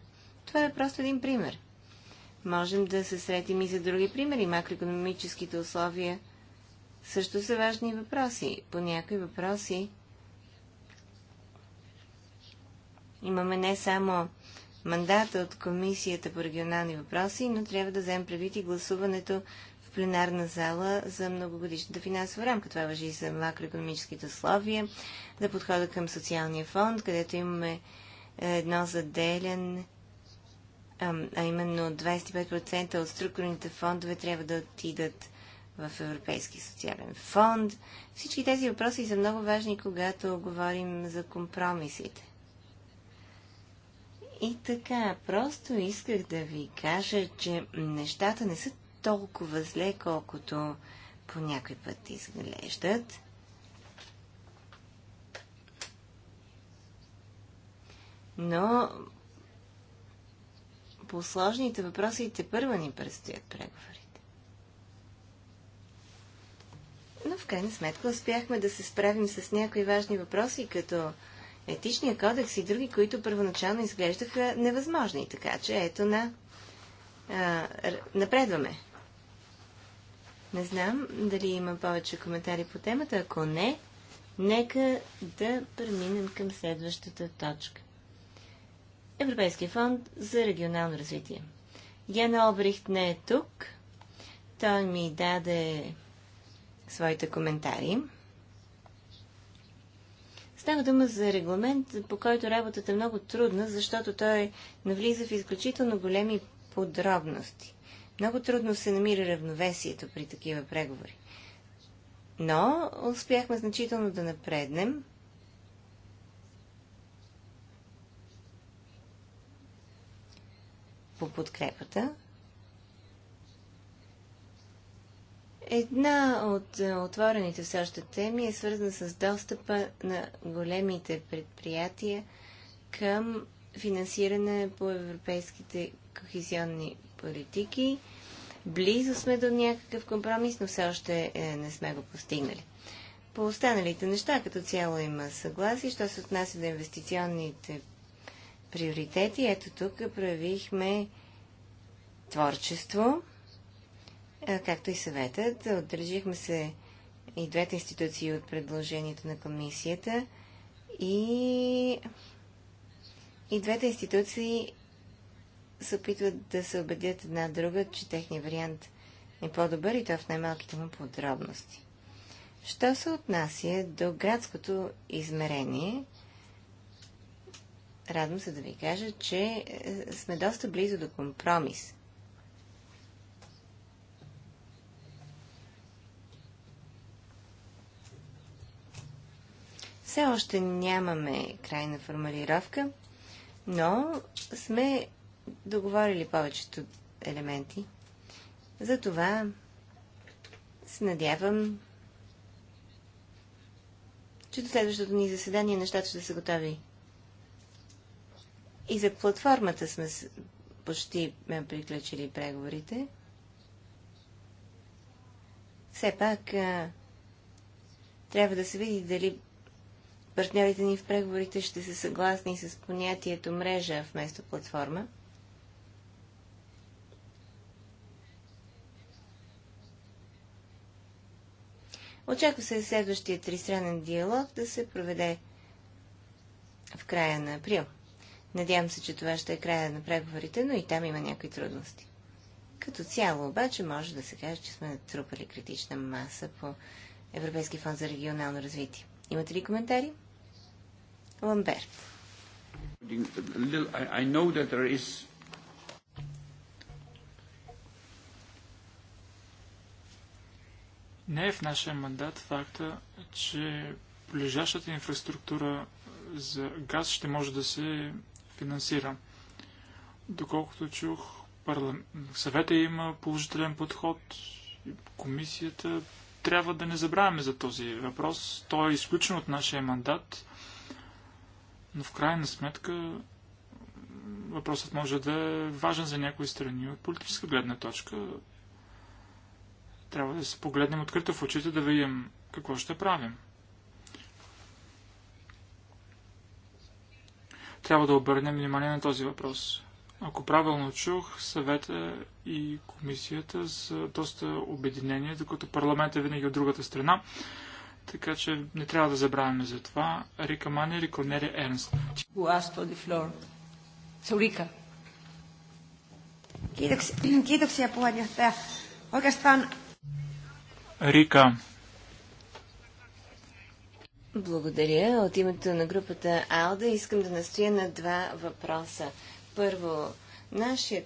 Това е просто един пример. Можем да се сретим и за други примери. Макроекономическите условия също са важни въпроси. По някои въпроси имаме не само мандата от Комисията по регионални въпроси, но трябва да вземем предвид и гласуването пленарна зала за многогодишната финансова рамка. Това въжи и за макроекономическите условия, за подхода към социалния фонд, където имаме е, едно заделен, а именно 25% от структурните фондове трябва да отидат в Европейски социален фонд. Всички тези въпроси са много важни, когато говорим за компромисите. И така, просто исках да ви кажа, че нещата не са толкова зле, колкото по някой път изглеждат. Но по сложните въпроси те първа ни предстоят преговорите. Но в крайна сметка успяхме да се справим с някои важни въпроси, като етичния кодекс и други, които първоначално изглеждаха невъзможни. Така че ето на... А, напредваме. Не знам дали има повече коментари по темата. Ако не, нека да преминем към следващата точка. Европейския фонд за регионално развитие. Яна Обрихт не е тук. Той ми даде своите коментари. Става дума за регламент, по който работата е много трудна, защото той навлиза в изключително големи подробности. Много трудно се намира равновесието при такива преговори. Но успяхме значително да напреднем. По подкрепата. Една от е, отворените все още теми е свързана с достъпа на големите предприятия към финансиране по европейските кохезионни политики. Близо сме до някакъв компромис, но все още е, не сме го постигнали. По останалите неща като цяло има съгласие. Що се отнася до инвестиционните приоритети, ето тук проявихме творчество, както и съветът. Отдържихме се и двете институции от предложението на комисията и и двете институции се опитват да се убедят една друга, че техният вариант е по-добър и то в най-малките му подробности. Що се отнася до градското измерение, радвам се да ви кажа, че е, сме доста близо до компромис. Все още нямаме крайна формулировка, но сме договорили повечето елементи. Затова се надявам, че до следващото ни заседание нещата ще са готови. И за платформата сме почти ме приключили преговорите. Все пак трябва да се види дали партньорите ни в преговорите ще са съгласни с понятието мрежа вместо платформа. Очаква се следващия тристранен диалог да се проведе в края на април. Надявам се, че това ще е края на преговорите, но и там има някои трудности. Като цяло обаче може да се каже, че сме натрупали критична маса по Европейски фонд за регионално развитие. Имате ли коментари? Ламберт. I know that there is Не е в нашия мандат факта, че прилежащата инфраструктура за газ ще може да се финансира. Доколкото чух, парлам... съвета има положителен подход, комисията трябва да не забравяме за този въпрос. Той е изключен от нашия мандат, но в крайна сметка въпросът може да е важен за някои страни от политическа гледна точка. Трябва да се погледнем открито в очите, да видим какво ще правим. Трябва да обърнем внимание на този въпрос. Ако правилно чух, съвета и комисията са доста обединени, докато парламентът е винаги от другата страна. Така че не трябва да забравяме за това. Рика Манери, Корнелия Ернст. Kiitoksia, kiitoksia puheenjohtaja. Oikeastaan Рика. Благодаря. От името на групата АЛДА искам да настоя на два въпроса. Първо, нашият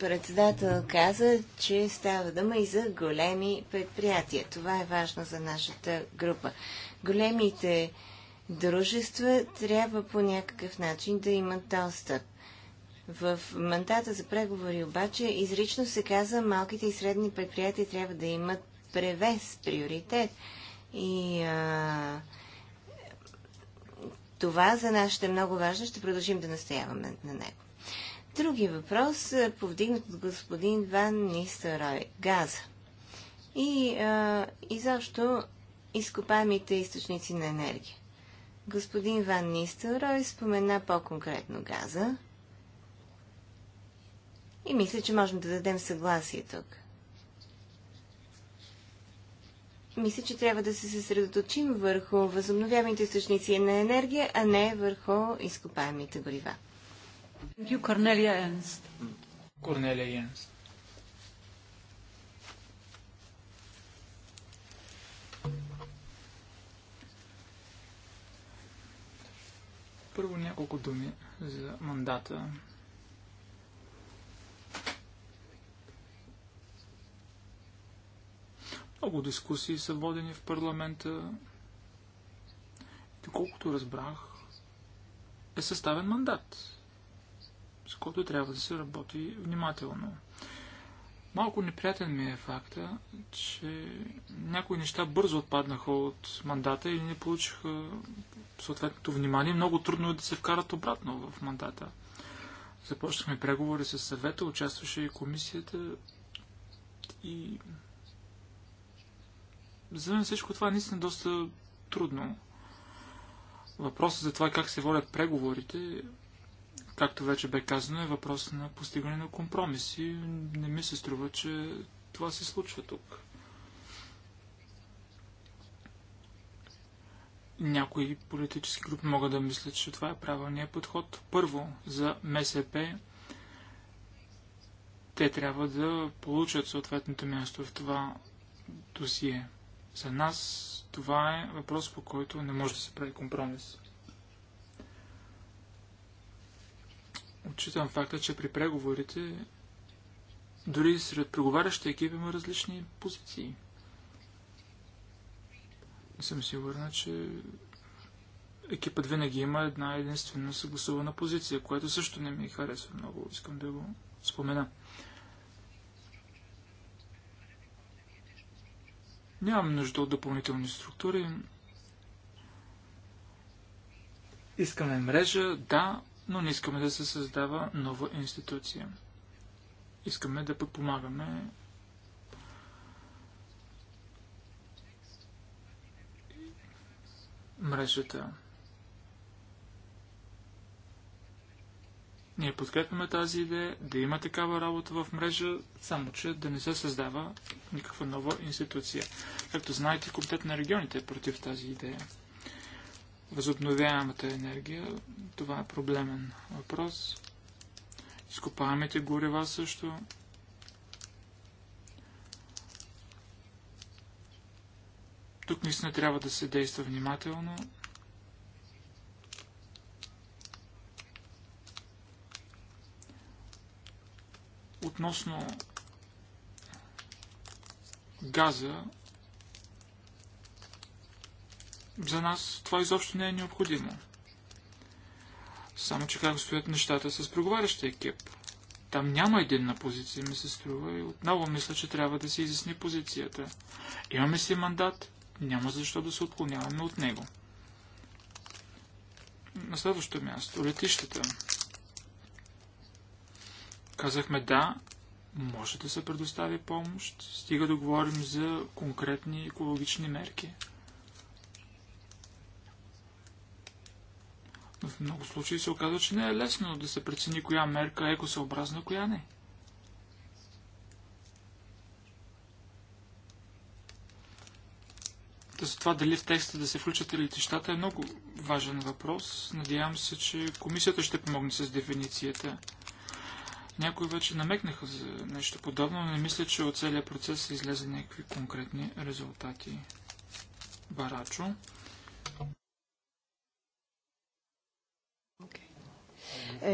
председател каза, че става дума и за големи предприятия. Това е важно за нашата група. Големите дружества трябва по някакъв начин да имат достъп. В мандата за преговори обаче изрично се каза, малките и средни предприятия трябва да имат превес, приоритет. И а, това за нас ще е много важно. Ще продължим да настояваме на него. Други въпрос, повдигнат от господин Ван Нистерой. Газа. И а, изобщо изкопаемите източници на енергия. Господин Ван Нистерой спомена по-конкретно газа. И мисля, че можем да дадем съгласие тук. мисля, че трябва да се съсредоточим върху възобновяемите източници на енергия, а не върху изкопаемите горива. Корнелия Енст. Корнелия Енст. Първо няколко думи за мандата Много дискусии са водени в парламента. Доколкото разбрах, е съставен мандат, с който трябва да се работи внимателно. Малко неприятен ми е факта, че някои неща бързо отпаднаха от мандата или не получиха съответното внимание. Много трудно е да се вкарат обратно в мандата. Започнахме преговори с съвета, участваше и комисията и за мен всичко това е наистина доста трудно. Въпросът за това как се водят преговорите, както вече бе казано, е въпрос на постигане на компромис и не ми се струва, че това се случва тук. Някои политически групи могат да мислят, че това е правилният подход. Първо, за МСП те трябва да получат съответното място в това досие. За нас това е въпрос, по който не може да се прави компромис. Отчитам факта, че при преговорите, дори сред преговарящите екипи има различни позиции. Не съм сигурна, че екипът винаги има една единствена съгласувана позиция, което също не ми харесва много, искам да го спомена. Нямаме нужда от допълнителни структури. Искаме мрежа, да, но не искаме да се създава нова институция. Искаме да подпомагаме мрежата. Ние подкрепяме тази идея да има такава работа в мрежа, само че да не се създава никаква нова институция. Както знаете, Комитет на регионите е против тази идея. Възобновяемата енергия, това е проблемен въпрос. Изкопаемите горева също. Тук наистина трябва да се действа внимателно. Относно газа, за нас това изобщо не е необходимо. Само, че как стоят нещата с преговарящия екип. Там няма единна позиция, ми се струва, и отново мисля, че трябва да се изясни позицията. Имаме си мандат, няма защо да се отклоняваме от него. На следващото място, летищата. Казахме да, може да се предостави помощ, стига да говорим за конкретни екологични мерки. Но в много случаи се оказва, че не е лесно да се прецени коя мерка е екосъобразна, коя не. За това дали в текста да се включат или летищата е много важен въпрос. Надявам се, че комисията ще помогне с дефиницията. Някои вече намекнаха за нещо подобно, но не мисля, че от целият процес са излезе някакви конкретни резултати. Барачо.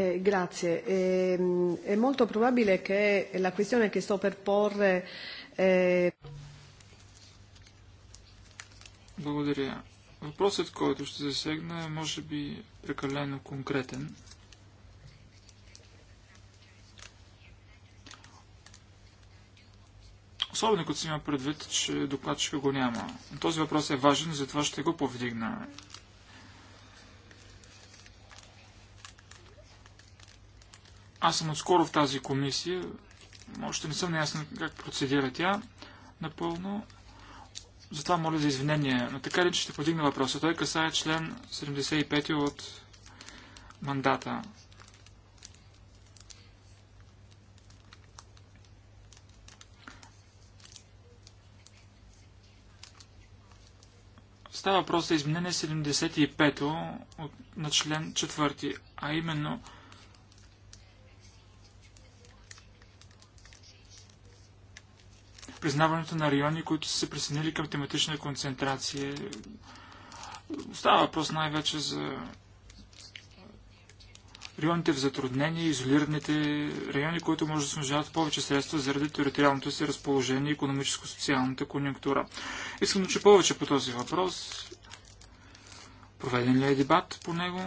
Eh, grazie. Eh, è molto probabile che la questione che sto per porre. Eh... Благодаря. Въпросът, който ще засегна, е може би прекалено конкретен. Особено като си има предвид, че докладчика го няма. Този въпрос е важен, затова ще го повдигна. Аз съм отскоро в тази комисия. Още не съм неясен как процедира тя напълно. Затова моля за извинение. Но така ли, че ще подигна въпроса? Той касае член 75 от мандата. Става въпрос за изменение 75 от, на член 4, а именно признаването на райони, които са се присъединили към тематична концентрация. Става въпрос най-вече за районите в затруднение, изолираните райони, които може да се нуждават повече средства заради териториалното си разположение и економическо-социалната конъюнктура. Искам да че повече по този въпрос. Проведен ли е дебат по него?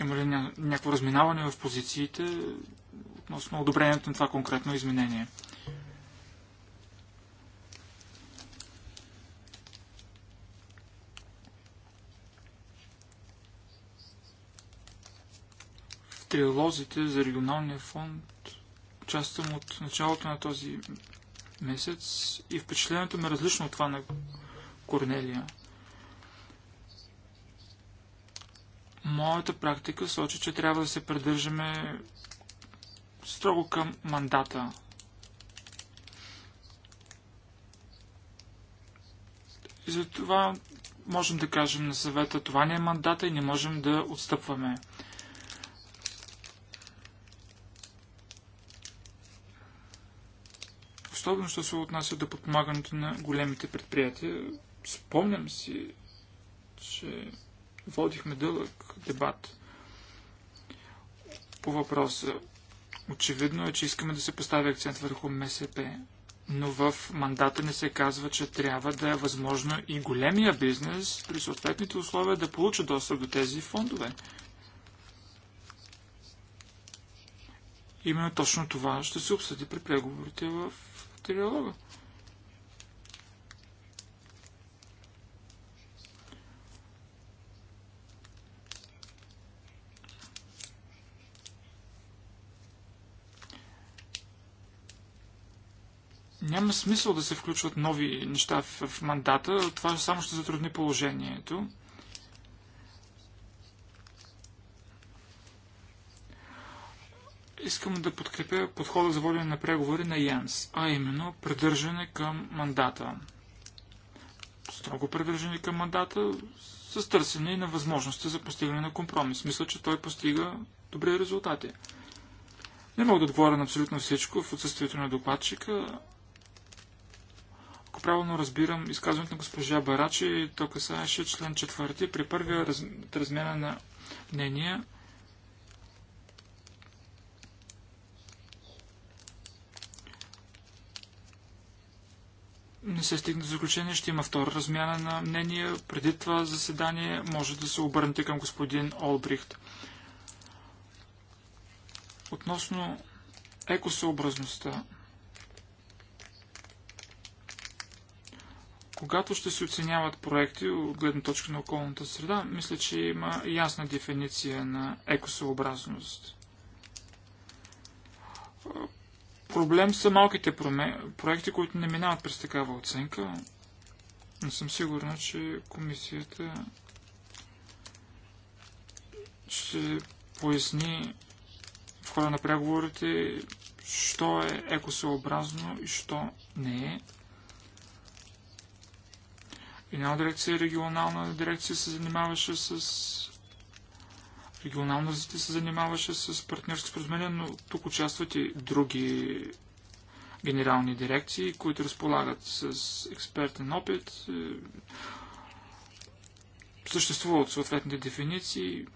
Има ли някакво разминаване в позициите относно одобрението на това конкретно изменение? трилозите за регионалния фонд. Участвам от началото на този месец и впечатлението ми е различно от това на Корнелия. Моята практика сочи, че трябва да се придържаме строго към мандата. И затова можем да кажем на съвета, това не е мандата и не можем да отстъпваме. особено що се отнася до подпомагането на големите предприятия. Спомням си, че водихме дълъг дебат по въпроса. Очевидно е, че искаме да се постави акцент върху МСП, но в мандата не се казва, че трябва да е възможно и големия бизнес при съответните условия да получи достъп до тези фондове. Именно точно това ще се обсъди при преговорите в триалога. Няма смисъл да се включват нови неща в мандата, това само ще затрудни положението. Искам да подкрепя подхода за водене на преговори на Янс, а именно придържане към мандата. Строго придържане към мандата с търсене на възможности за постигане на компромис. Мисля, че той постига добри резултати. Не мога да отговоря на абсолютно всичко в отсъствието на докладчика. Ако правилно разбирам, изказването на госпожа Барачи, то касаеше член 4 при първия размяна на мнения не се стигне до заключение, ще има втора размяна на мнения. Преди това заседание може да се обърнете към господин Олбрихт. Относно екосъобразността, когато ще се оценяват проекти от гледна точка на околната среда, мисля, че има ясна дефиниция на екосъобразност Проблем са малките проекти, които не минават през такава оценка. Не съм сигурна, че комисията ще поясни в хода на преговорите, що е екосъобразно и що не е. Една дирекция, регионална дирекция се занимаваше с Регионално развитие се занимаваше с партньорско споразумение, но тук участват и други генерални дирекции, които разполагат с експертен опит, е, съществуват съответните дефиниции,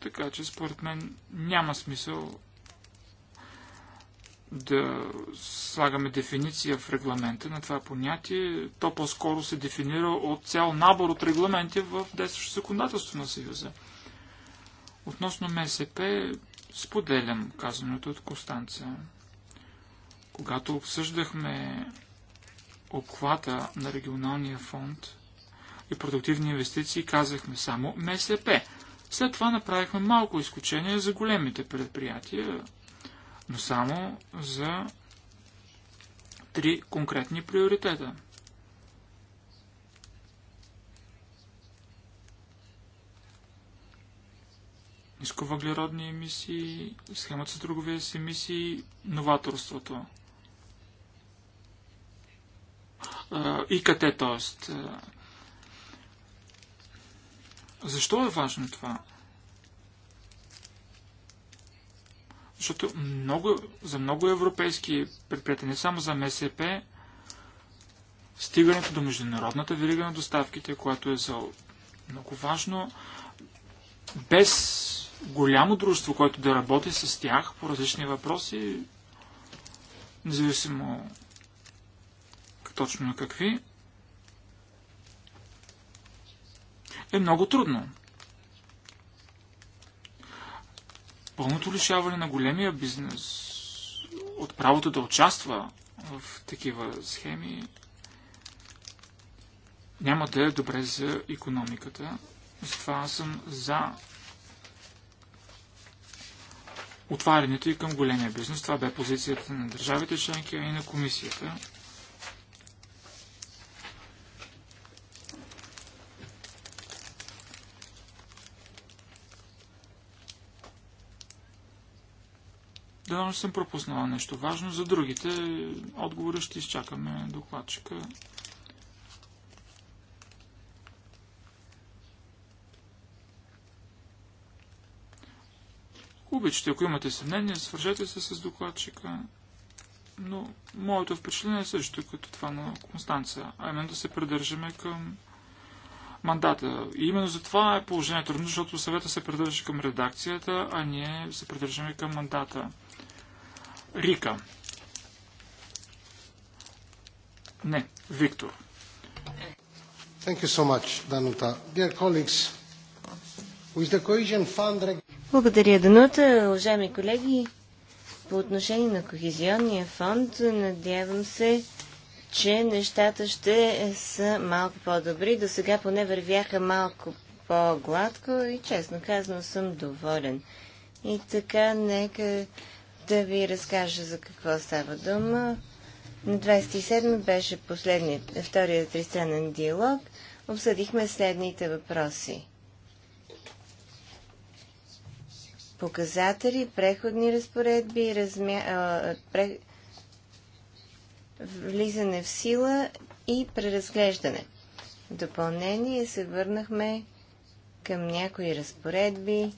така че според мен няма смисъл да слагаме дефиниция в регламента на това понятие. То по-скоро се дефинира от цял набор от регламенти в действащото законодателство на Съюза. Относно МСП, споделям казаното от Констанция. Когато обсъждахме обхвата на регионалния фонд и продуктивни инвестиции, казахме само МСП. След това направихме малко изключение за големите предприятия, но само за три конкретни приоритета. нисковъглеродни емисии, схемата с търговия с емисии, новаторството. ИКТ, т.е. Защо е важно това? Защото много, за много европейски предприятия, не само за МСП, стигането до международната верига на доставките, което е за много важно, без голямо дружество, което да работи с тях по различни въпроси, независимо точно на какви, е много трудно. Пълното лишаване на големия бизнес от правото да участва в такива схеми няма да е добре за економиката. Затова аз съм за отварянето и към големия бизнес. Това бе позицията на държавите членки и на комисията. Да, съм пропуснала нещо важно. За другите отговори ще изчакаме докладчика. Обичате, ако имате съмнение, свържете се с докладчика. Но моето впечатление е също като това на Констанция, а именно да се придържаме към мандата. И именно за това е положението защото съвета се придържа към редакцията, а ние се придържаме към мандата. Рика. Не, Виктор. So much, Fund... Благодаря, Данута. Уважаеми колеги, по отношение на Кохезионния фонд, надявам се, че нещата ще са малко по-добри. До сега поне вървяха малко по-гладко и честно казано съм доволен. И така, нека да ви разкажа за какво става дума. На 27 беше последният, втория тристранен диалог. Обсъдихме следните въпроси. Показатели, преходни разпоредби, размя... а, пре... влизане в сила и преразглеждане. В допълнение се върнахме към някои разпоредби,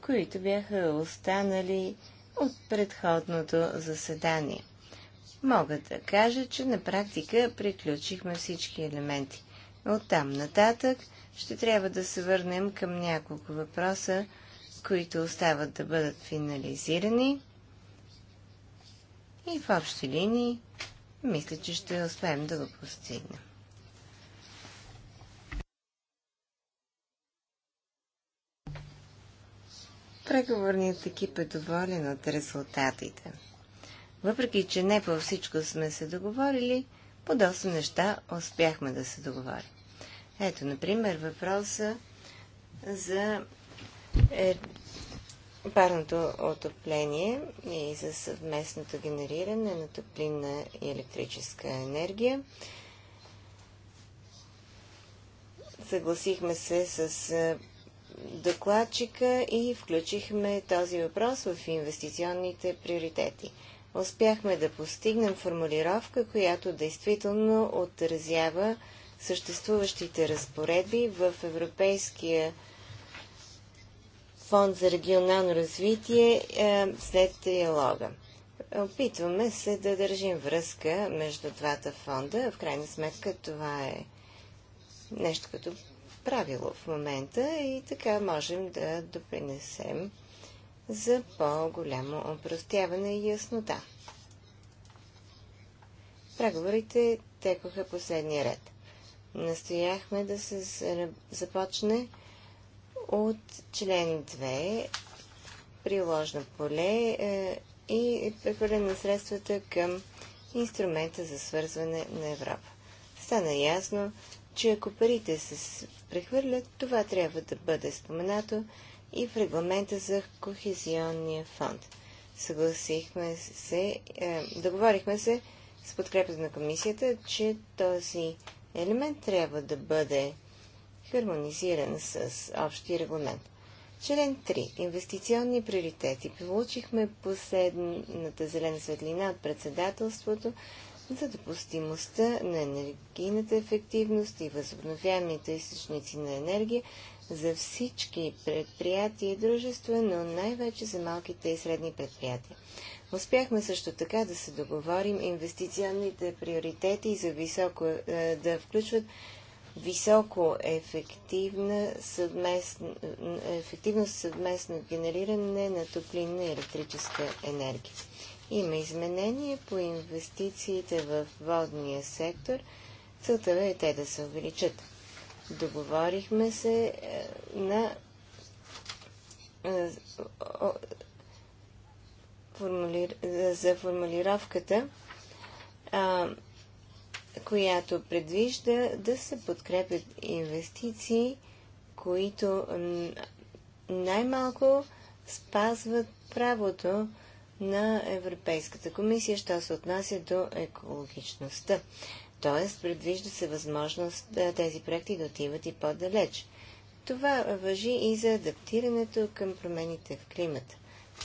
които бяха останали от предходното заседание. Мога да кажа, че на практика приключихме всички елементи. От там нататък ще трябва да се върнем към няколко въпроса, които остават да бъдат финализирани. И в общи линии мисля, че ще успеем да го постигнем. Преговорният екип е доволен от резултатите. Въпреки, че не по всичко сме се договорили, по доста неща успяхме да се договорим. Ето, например, въпроса за е, парното отопление и за съвместното генериране на топлинна и електрическа енергия. Съгласихме се с е, докладчика и включихме този въпрос в инвестиционните приоритети. Успяхме да постигнем формулировка, която действително отразява съществуващите разпоредби в Европейския фонд за регионално развитие е, след диалога. Опитваме се да държим връзка между двата фонда. В крайна сметка това е нещо като правило в момента и така можем да допринесем за по-голямо опростяване и яснота. Преговорите текоха последния ред. Настояхме да се започне от член 2, приложно поле е, и прехвърляне на средствата към инструмента за свързване на Европа. Стана ясно, че ако парите се прехвърлят, това трябва да бъде споменато и в регламента за Кохезионния фонд. Съгласихме се, е, договорихме се с подкрепата на комисията, че този елемент трябва да бъде хармонизиран с общия регламент. Член 3. Инвестиционни приоритети. Получихме последната зелена светлина от председателството за допустимостта на енергийната ефективност и възобновяемите източници на енергия за всички предприятия и дружества, но най-вече за малките и средни предприятия. Успяхме също така да се договорим инвестиционните приоритети за високо, е, да включват високо ефективна съвместно, ефективно съвместно генериране на топлинна и електрическа енергия. Има изменения по инвестициите в водния сектор. Целта е те да се увеличат. Договорихме се е, на е, за формулировката, която предвижда да се подкрепят инвестиции, които най-малко спазват правото на Европейската комисия, що се отнася до екологичността. Тоест, предвижда се възможност да е, тези проекти да отиват и по-далеч. Това въжи и за адаптирането към промените в климата.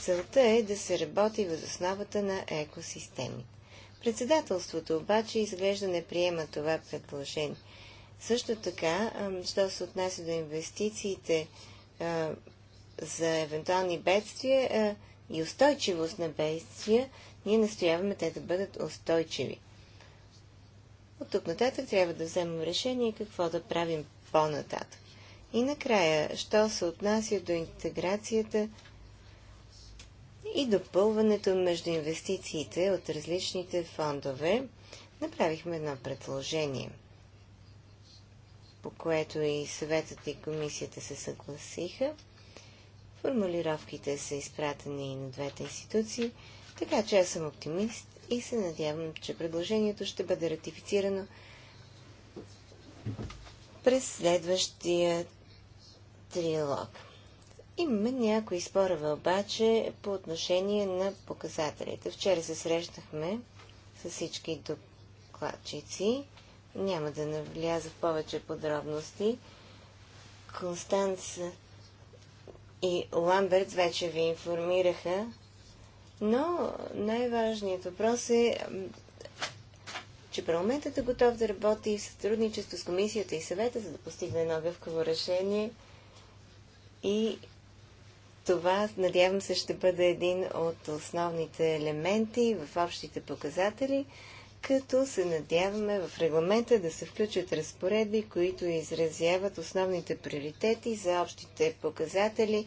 Целта е да се работи въз основата на екосистеми. Председателството обаче изглежда не приема това предложение. Също така, що се отнася до инвестициите за евентуални бедствия, и устойчивост на бедствия, ние настояваме те да бъдат устойчиви. От тук нататък трябва да вземем решение какво да правим по-нататък. И накрая, що се отнася до интеграцията и допълването между инвестициите от различните фондове, направихме едно предложение, по което и съветът и комисията се съгласиха – Формулировките са изпратени и на двете институции, така че аз съм оптимист и се надявам, че предложението ще бъде ратифицирано през следващия трилог. Имаме някои спорове обаче по отношение на показателите. Вчера се срещнахме с всички докладчици. Няма да навляза в повече подробности. Констанс и Ламберт вече ви информираха, но най-важният въпрос е, че парламентът е готов да работи в сътрудничество с комисията и съвета, за да постигне едно гъвкаво решение. И това, надявам се, ще бъде един от основните елементи в общите показатели – като се надяваме в регламента да се включат разпоредби, които изразяват основните приоритети за общите показатели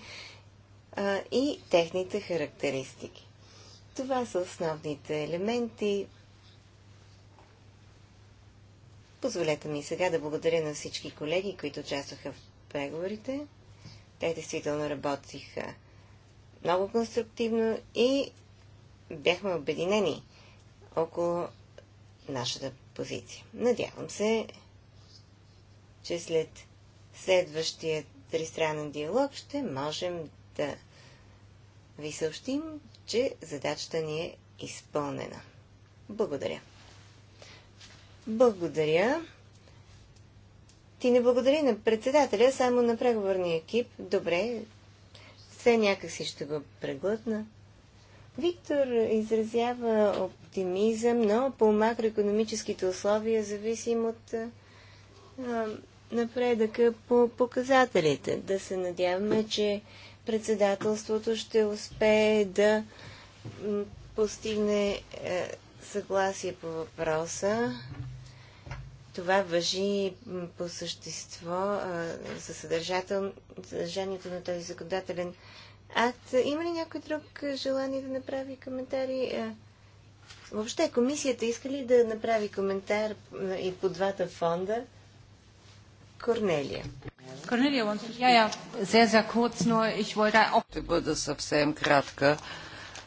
а, и техните характеристики. Това са основните елементи. Позволете ми сега да благодаря на всички колеги, които участваха в преговорите. Те действително работиха много конструктивно и бяхме обединени около нашата позиция. Надявам се, че след следващия тристранен диалог ще можем да ви съобщим, че задачата ни е изпълнена. Благодаря. Благодаря. Ти не благодари на председателя, само на преговорния екип. Добре, все някакси ще го преглътна. Виктор изразява оптимизъм, но по макроекономическите условия зависим от а, напредъка по показателите. Да се надяваме, че председателството ще успее да постигне е, съгласие по въпроса. Това въжи по същество е, за съдържател... съдържанието на този законодателен акт. Има ли някой друг желание да направи коментари? Е, Въобще, комисията иска ли да направи коментар и по двата фонда? Корнелия. Корнелия, я, я, Ще бъда съвсем кратка,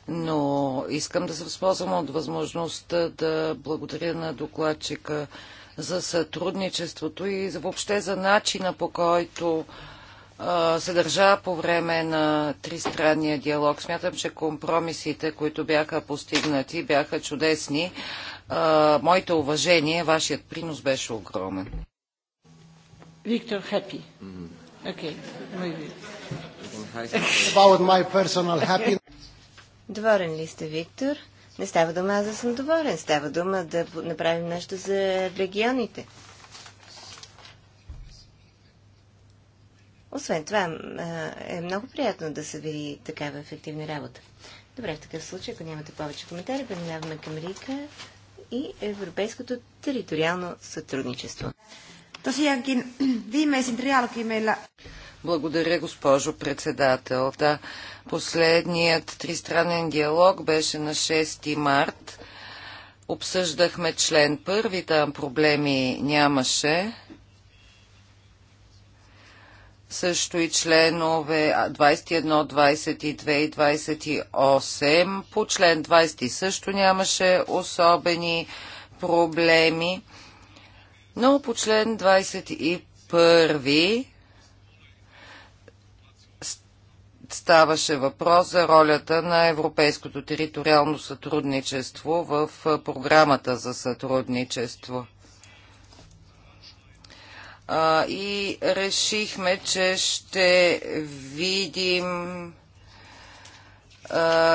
но искам да се възползвам от възможността да благодаря на докладчика за сътрудничеството и въобще за начина по който се държа по време на тристранния диалог. Смятам, че компромисите, които бяха постигнати, бяха чудесни. Моите уважение, вашият принос беше огромен. Виктор Хепи. Окей, Доволен ли сте, Виктор? Не става дума аз да съм доволен. Става дума да направим нещо за регионите. Освен това, е много приятно да се види такава ефективна работа. Добре, в такъв случай, ако нямате повече коментари, преминаваме към Рика и Европейското териториално сътрудничество. Tosiaankin viimeisin trialogi meillä... Благодаря, госпожо председател. Да, последният тристранен диалог беше на 6 март. Обсъждахме член първи, там проблеми нямаше също и членове 21, 22 и 28. По член 20 също нямаше особени проблеми, но по член 21 ставаше въпрос за ролята на Европейското териториално сътрудничество в програмата за сътрудничество и решихме, че ще видим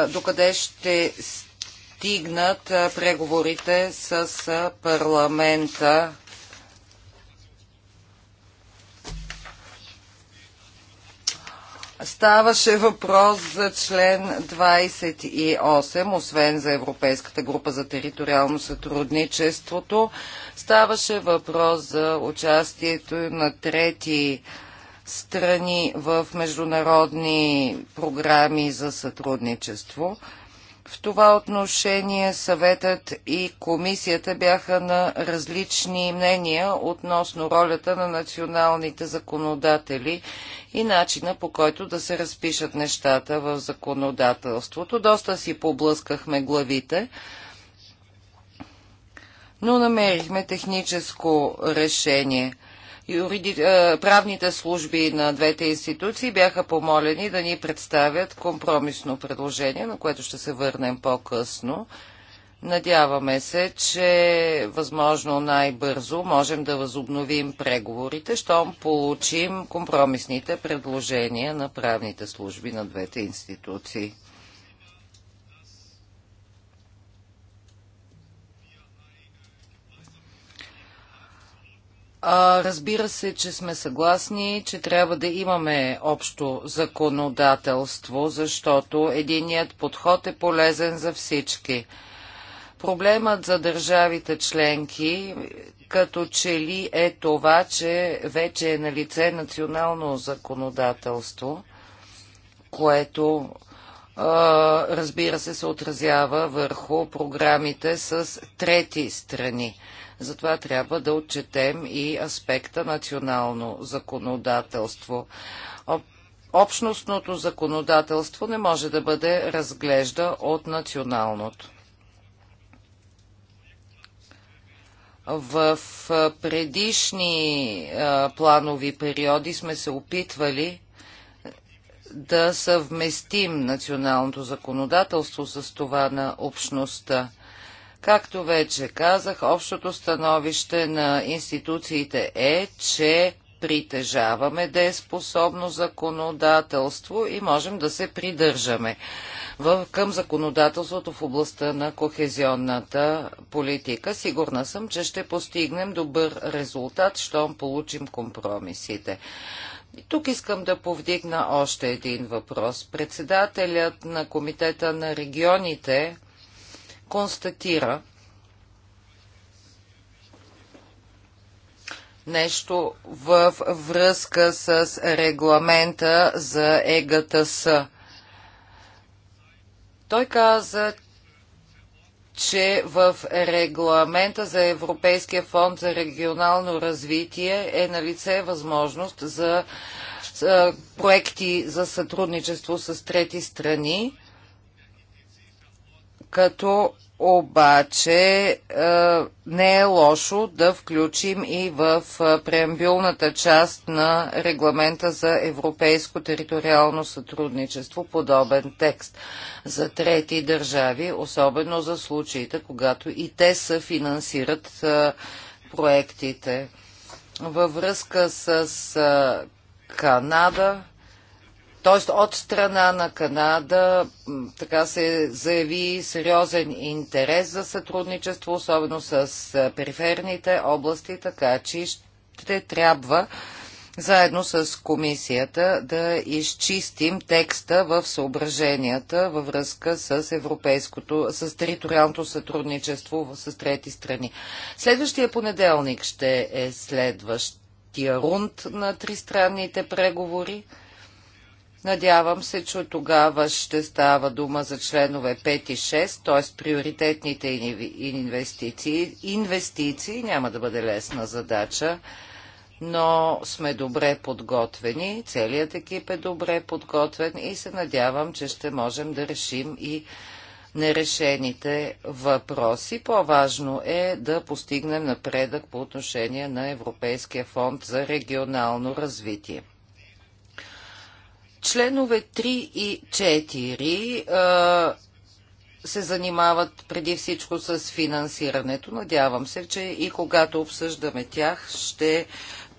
докъде ще стигнат преговорите с парламента Ставаше въпрос за член 28, освен за Европейската група за териториално сътрудничеството. Ставаше въпрос за участието на трети страни в международни програми за сътрудничество. В това отношение съветът и комисията бяха на различни мнения относно ролята на националните законодатели и начина по който да се разпишат нещата в законодателството. Доста си поблъскахме главите, но намерихме техническо решение – юриди... Е, правните служби на двете институции бяха помолени да ни представят компромисно предложение, на което ще се върнем по-късно. Надяваме се, че възможно най-бързо можем да възобновим преговорите, щом получим компромисните предложения на правните служби на двете институции. разбира се, че сме съгласни, че трябва да имаме общо законодателство, защото единият подход е полезен за всички. Проблемът за държавите членки като че ли е това, че вече е на лице национално законодателство, което разбира се, се отразява върху програмите с трети страни. Затова трябва да отчетем и аспекта национално законодателство. Общностното законодателство не може да бъде разглежда от националното. В предишни планови периоди сме се опитвали да съвместим националното законодателство с това на общността. Както вече казах, общото становище на институциите е, че притежаваме дееспособно законодателство и можем да се придържаме към законодателството в областта на кохезионната политика. Сигурна съм, че ще постигнем добър резултат, щом получим компромисите. И тук искам да повдигна още един въпрос. Председателят на Комитета на регионите констатира нещо във връзка с регламента за ЕГТС. Той каза, че в регламента за Европейския фонд за регионално развитие е на лице възможност за проекти за сътрудничество с трети страни, като обаче е, не е лошо да включим и в е, преамбюлната част на регламента за европейско териториално сътрудничество подобен текст за трети държави, особено за случаите, когато и те финансират е, проектите. Във връзка с Канада, Тоест от страна на Канада така се заяви сериозен интерес за сътрудничество, особено с периферните области, така че ще трябва заедно с комисията да изчистим текста в съображенията във връзка с европейското, с териториалното сътрудничество с трети страни. Следващия понеделник ще е следващия рунд на тристранните преговори. Надявам се, че тогава ще става дума за членове 5 и 6, т.е. приоритетните инвестиции. Инвестиции няма да бъде лесна задача, но сме добре подготвени, целият екип е добре подготвен и се надявам, че ще можем да решим и нерешените въпроси. По-важно е да постигнем напредък по отношение на Европейския фонд за регионално развитие. Членове 3 и 4 се занимават преди всичко с финансирането. Надявам се, че и когато обсъждаме тях, ще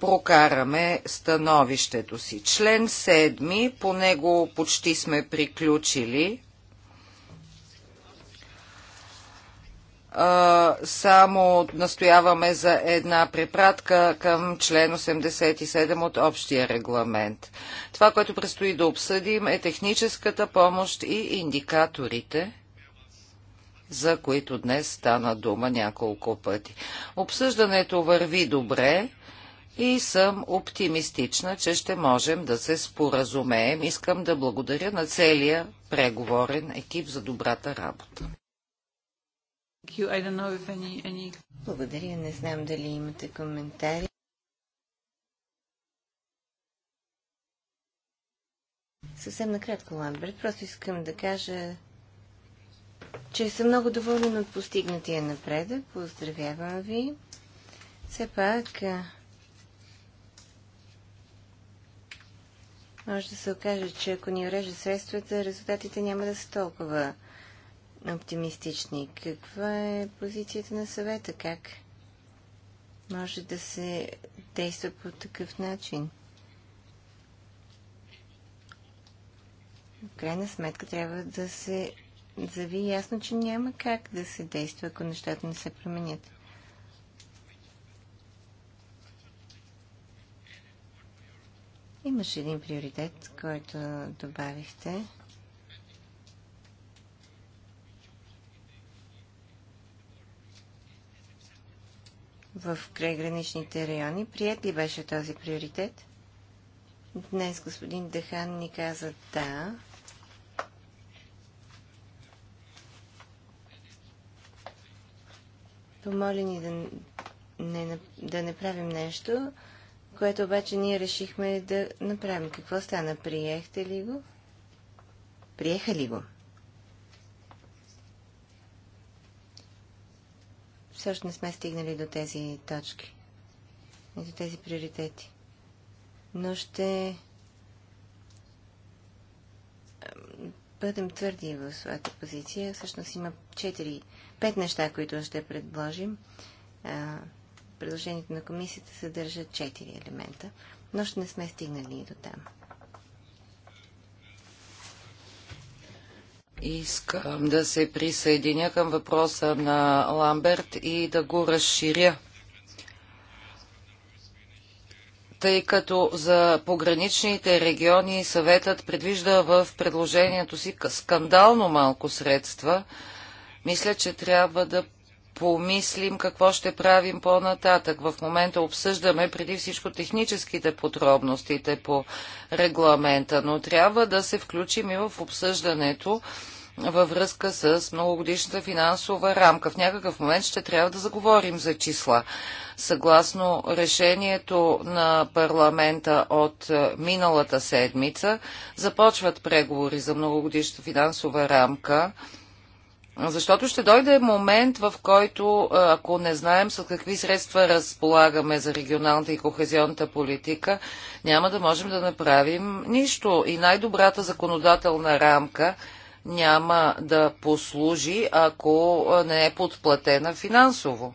прокараме становището си. Член 7, по него почти сме приключили. само настояваме за една препратка към член 87 от общия регламент. Това, което предстои да обсъдим е техническата помощ и индикаторите за които днес стана дума няколко пъти. Обсъждането върви добре и съм оптимистична, че ще можем да се споразумеем. Искам да благодаря на целия преговорен екип за добрата работа. Благодаря. Не знам дали имате коментари. Съвсем накратко, Ламберт. Просто искам да кажа, че съм много доволен от постигнатия напредък. Поздравявам ви. Все пак, може да се окаже, че ако ни реже средствата, резултатите няма да са толкова оптимистични. Каква е позицията на съвета? Как може да се действа по такъв начин? В крайна сметка трябва да се зави ясно, че няма как да се действа, ако нещата не се променят. Имаше един приоритет, който добавихте. в крайграничните райони. Прият ли беше този приоритет? Днес господин Дехан ни каза да. Помоли ни да не, да не правим нещо, което обаче ние решихме да направим. Какво стана? Приехте ли го? Приеха ли го? всъщност не сме стигнали до тези точки и до тези приоритети. Но ще бъдем твърди в своята позиция. Всъщност има 4, 5 неща, които ще предложим. Предложението на комисията съдържа 4 елемента, но ще не сме стигнали и до там. Искам да се присъединя към въпроса на Ламберт и да го разширя. Тъй като за пограничните региони съветът предвижда в предложението си скандално малко средства, мисля, че трябва да помислим какво ще правим по-нататък. В момента обсъждаме преди всичко техническите подробностите по регламента, но трябва да се включим и в обсъждането във връзка с многогодишната финансова рамка. В някакъв момент ще трябва да заговорим за числа. Съгласно решението на парламента от е, миналата седмица, започват преговори за многогодишната финансова рамка. Защото ще дойде момент, в който, е, ако не знаем с какви средства разполагаме за регионалната и кохезионната политика, няма да можем да направим нищо. И най-добрата законодателна рамка няма да послужи, ако не е подплатена финансово.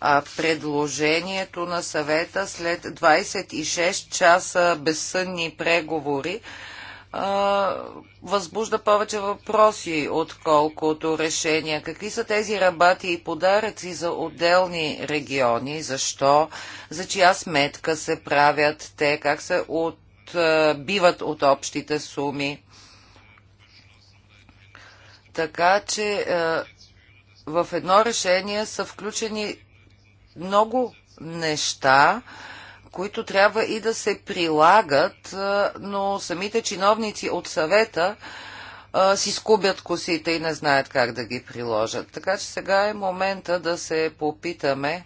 А предложението на съвета след 26 часа безсънни преговори а, възбужда повече въпроси, отколкото решения. Какви са тези рабати и подаръци за отделни региони? Защо? За чия сметка се правят те? Как се отбиват от общите суми? Така че е, в едно решение са включени много неща, които трябва и да се прилагат, е, но самите чиновници от съвета е, си скубят косите и не знаят как да ги приложат. Така че сега е момента да се попитаме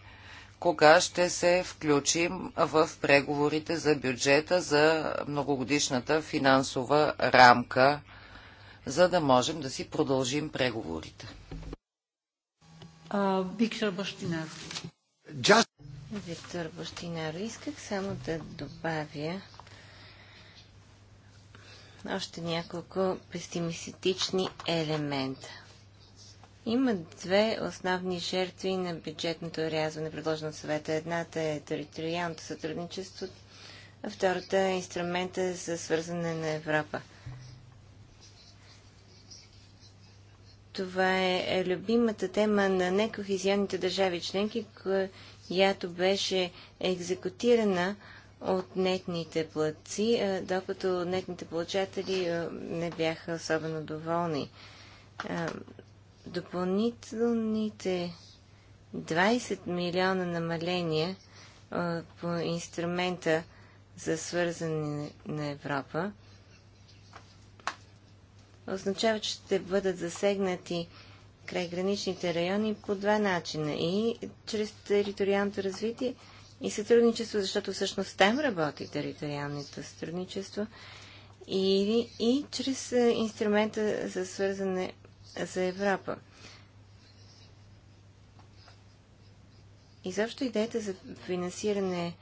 кога ще се включим в преговорите за бюджета за многогодишната финансова рамка за да можем да си продължим преговорите. Виктор Бащинаров. Виктор Бащинаро, исках само да добавя още няколко пестимистични елемента. Има две основни жертви на бюджетното рязване, предложено от съвета. Едната е териториалното сътрудничество, а втората е инструмента за свързане на Европа. Това е, е любимата тема на некохизионните държави членки, която беше екзекутирана от нетните платци, е, докато нетните получатели е, не бяха особено доволни. Допълнителните 20 милиона намаления по инструмента за свързане на Европа означава, че ще бъдат засегнати край граничните райони по два начина. И чрез териториалното развитие и сътрудничество, защото всъщност там работи териториалното сътрудничество. И, и чрез е, инструмента за свързане за Европа. Изобщо идеята за финансиране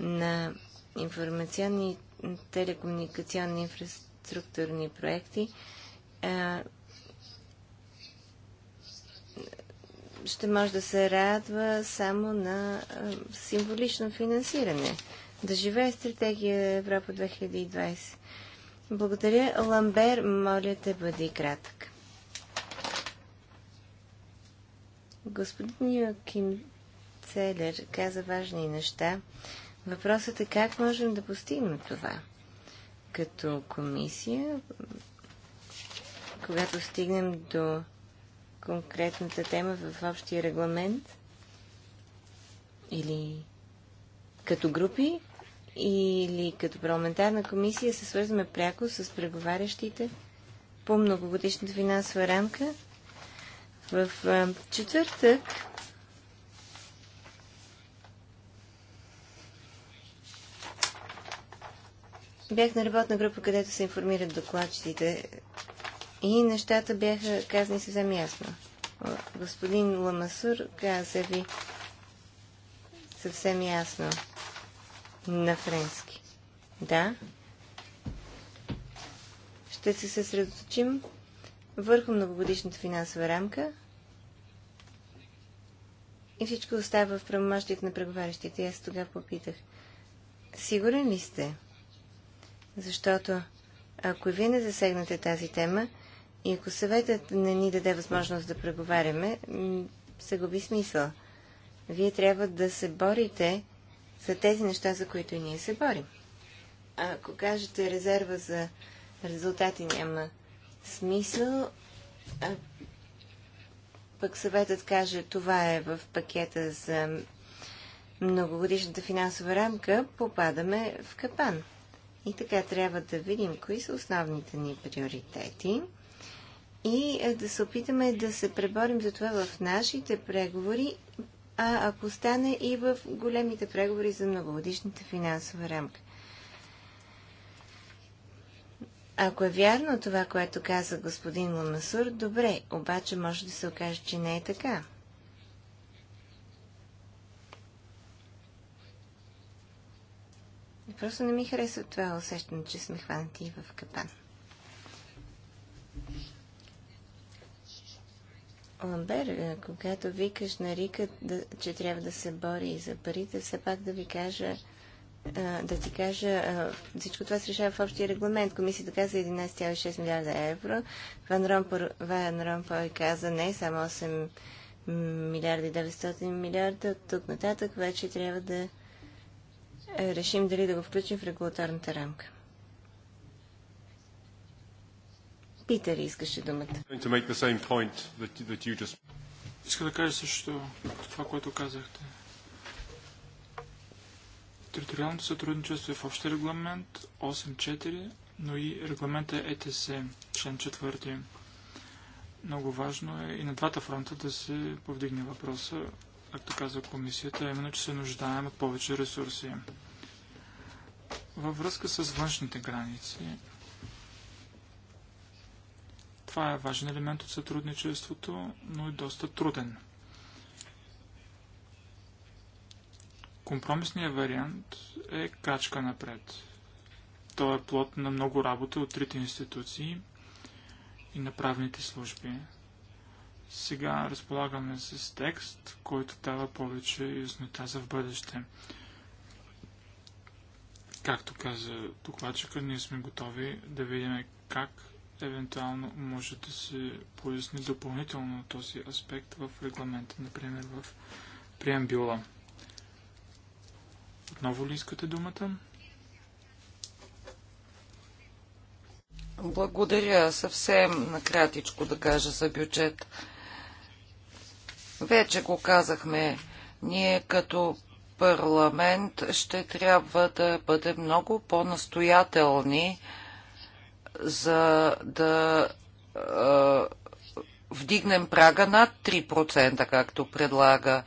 на информационни и телекомуникационни инфраструктурни проекти – а, е, ще може да се радва само на е, символично финансиране. Да живее стратегия Европа 2020. Благодаря. Ламбер, моля те, бъди кратък. Господин Йоаким Целер каза важни неща. Въпросът е как можем да постигнем това. Като комисия, когато стигнем до конкретната тема в общия регламент или като групи или като парламентарна комисия се свързваме пряко с преговарящите по многогодишната финансова рамка. В четвъртък бях на работна група, където се информират докладчиците и нещата бяха казани съвсем ясно. Господин Ламасур каза ви съвсем ясно на френски. Да. Ще се съсредоточим върху многогодишната финансова рамка и всичко остава в правомощите на преговарящите. аз тогава попитах. Сигурен ли сте? Защото ако вие не засегнете тази тема, и ако съветът не ни даде възможност да преговаряме, се губи смисъл. Вие трябва да се борите за тези неща, за които и ние се борим. А ако кажете резерва за резултати няма смисъл, а пък съветът каже това е в пакета за многогодишната финансова рамка, попадаме в капан. И така трябва да видим кои са основните ни приоритети – и е, да се опитаме да се преборим за това в нашите преговори, а ако стане и в големите преговори за многогодишната финансова рамка. Ако е вярно това, което каза господин Ламасур, добре, обаче може да се окаже, че не е така. Просто не ми харесва това усещане, че сме хванати в капан. Ламбер, е, когато викаш на Рика, да, че трябва да се бори за парите, все пак да ви кажа, а, да ти кажа, а, всичко това се решава в общия регламент. Комисията каза 11,6 милиарда евро. Ван Ромпой, Ван каза не, само 8 милиарда и 900 милиарда. Тук нататък вече трябва да е, решим дали да го включим в регулаторната рамка. Питър искаше думата. Иска да кажа също това, което казахте. Териториалното сътрудничество е в общия регламент 8.4, но и регламента е ЕТС, член 4. Много важно е и на двата фронта да се повдигне въпроса, както казва комисията, именно, че се нуждаем от повече ресурси. Във връзка с външните граници, това е важен елемент от сътрудничеството, но и доста труден. Компромисният вариант е крачка напред. Той е плод на много работа от трите институции и на правните служби. Сега разполагаме с текст, който дава повече яснота за в бъдеще. Както каза докладчика, ние сме готови да видим как евентуално може да се поясни допълнително този аспект в регламента, например в преамбюла. Отново ли искате думата? Благодаря. Съвсем накратичко да кажа за бюджет. Вече го казахме. Ние като парламент ще трябва да бъдем много по-настоятелни за да вдигнем прага над 3%, както предлага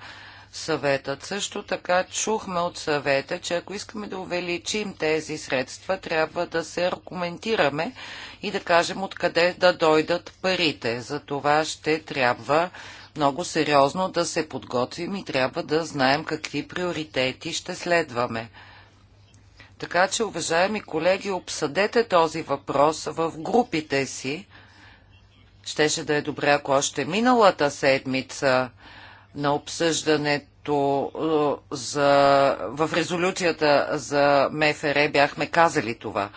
съветът. Също така чухме от съвета, че ако искаме да увеличим тези средства, трябва да се аргументираме и да кажем откъде да дойдат парите. За това ще трябва много сериозно да се подготвим и трябва да знаем какви приоритети ще следваме. Така че, уважаеми колеги, обсъдете този въпрос в групите си. Щеше да е добре, ако още миналата седмица на обсъждането е, за, в резолюцията за МФР бяхме казали това.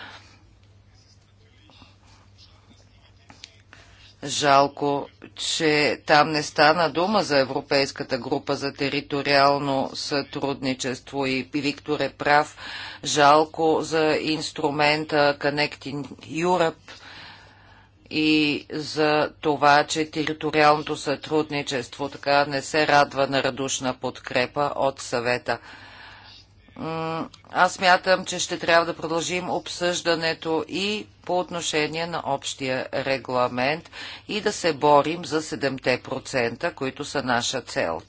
Жалко, че там не стана дума за Европейската група за териториално сътрудничество и Виктор е прав. Жалко за инструмента Connecting Europe и за това, че териториалното сътрудничество така не се радва на радушна подкрепа от съвета аз мятам, че ще трябва да продължим обсъждането и по отношение на общия регламент и да се борим за 7%, които са наша цел,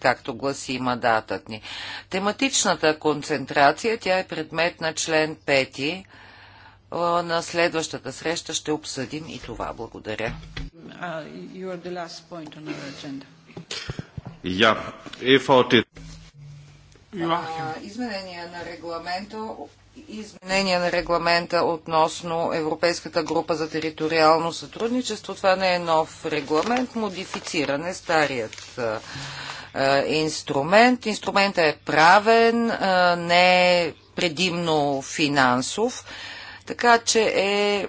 както гласи мандатът ни. Тематичната концентрация, тя е предмет на член 5. Е, на следващата среща ще обсъдим и това. Благодаря. Uh, изменения на регламента изменения на регламента относно Европейската група за териториално сътрудничество. Това не е нов регламент, модифициран е старият е, инструмент. Инструментът е правен, е, не е предимно финансов, така че е, е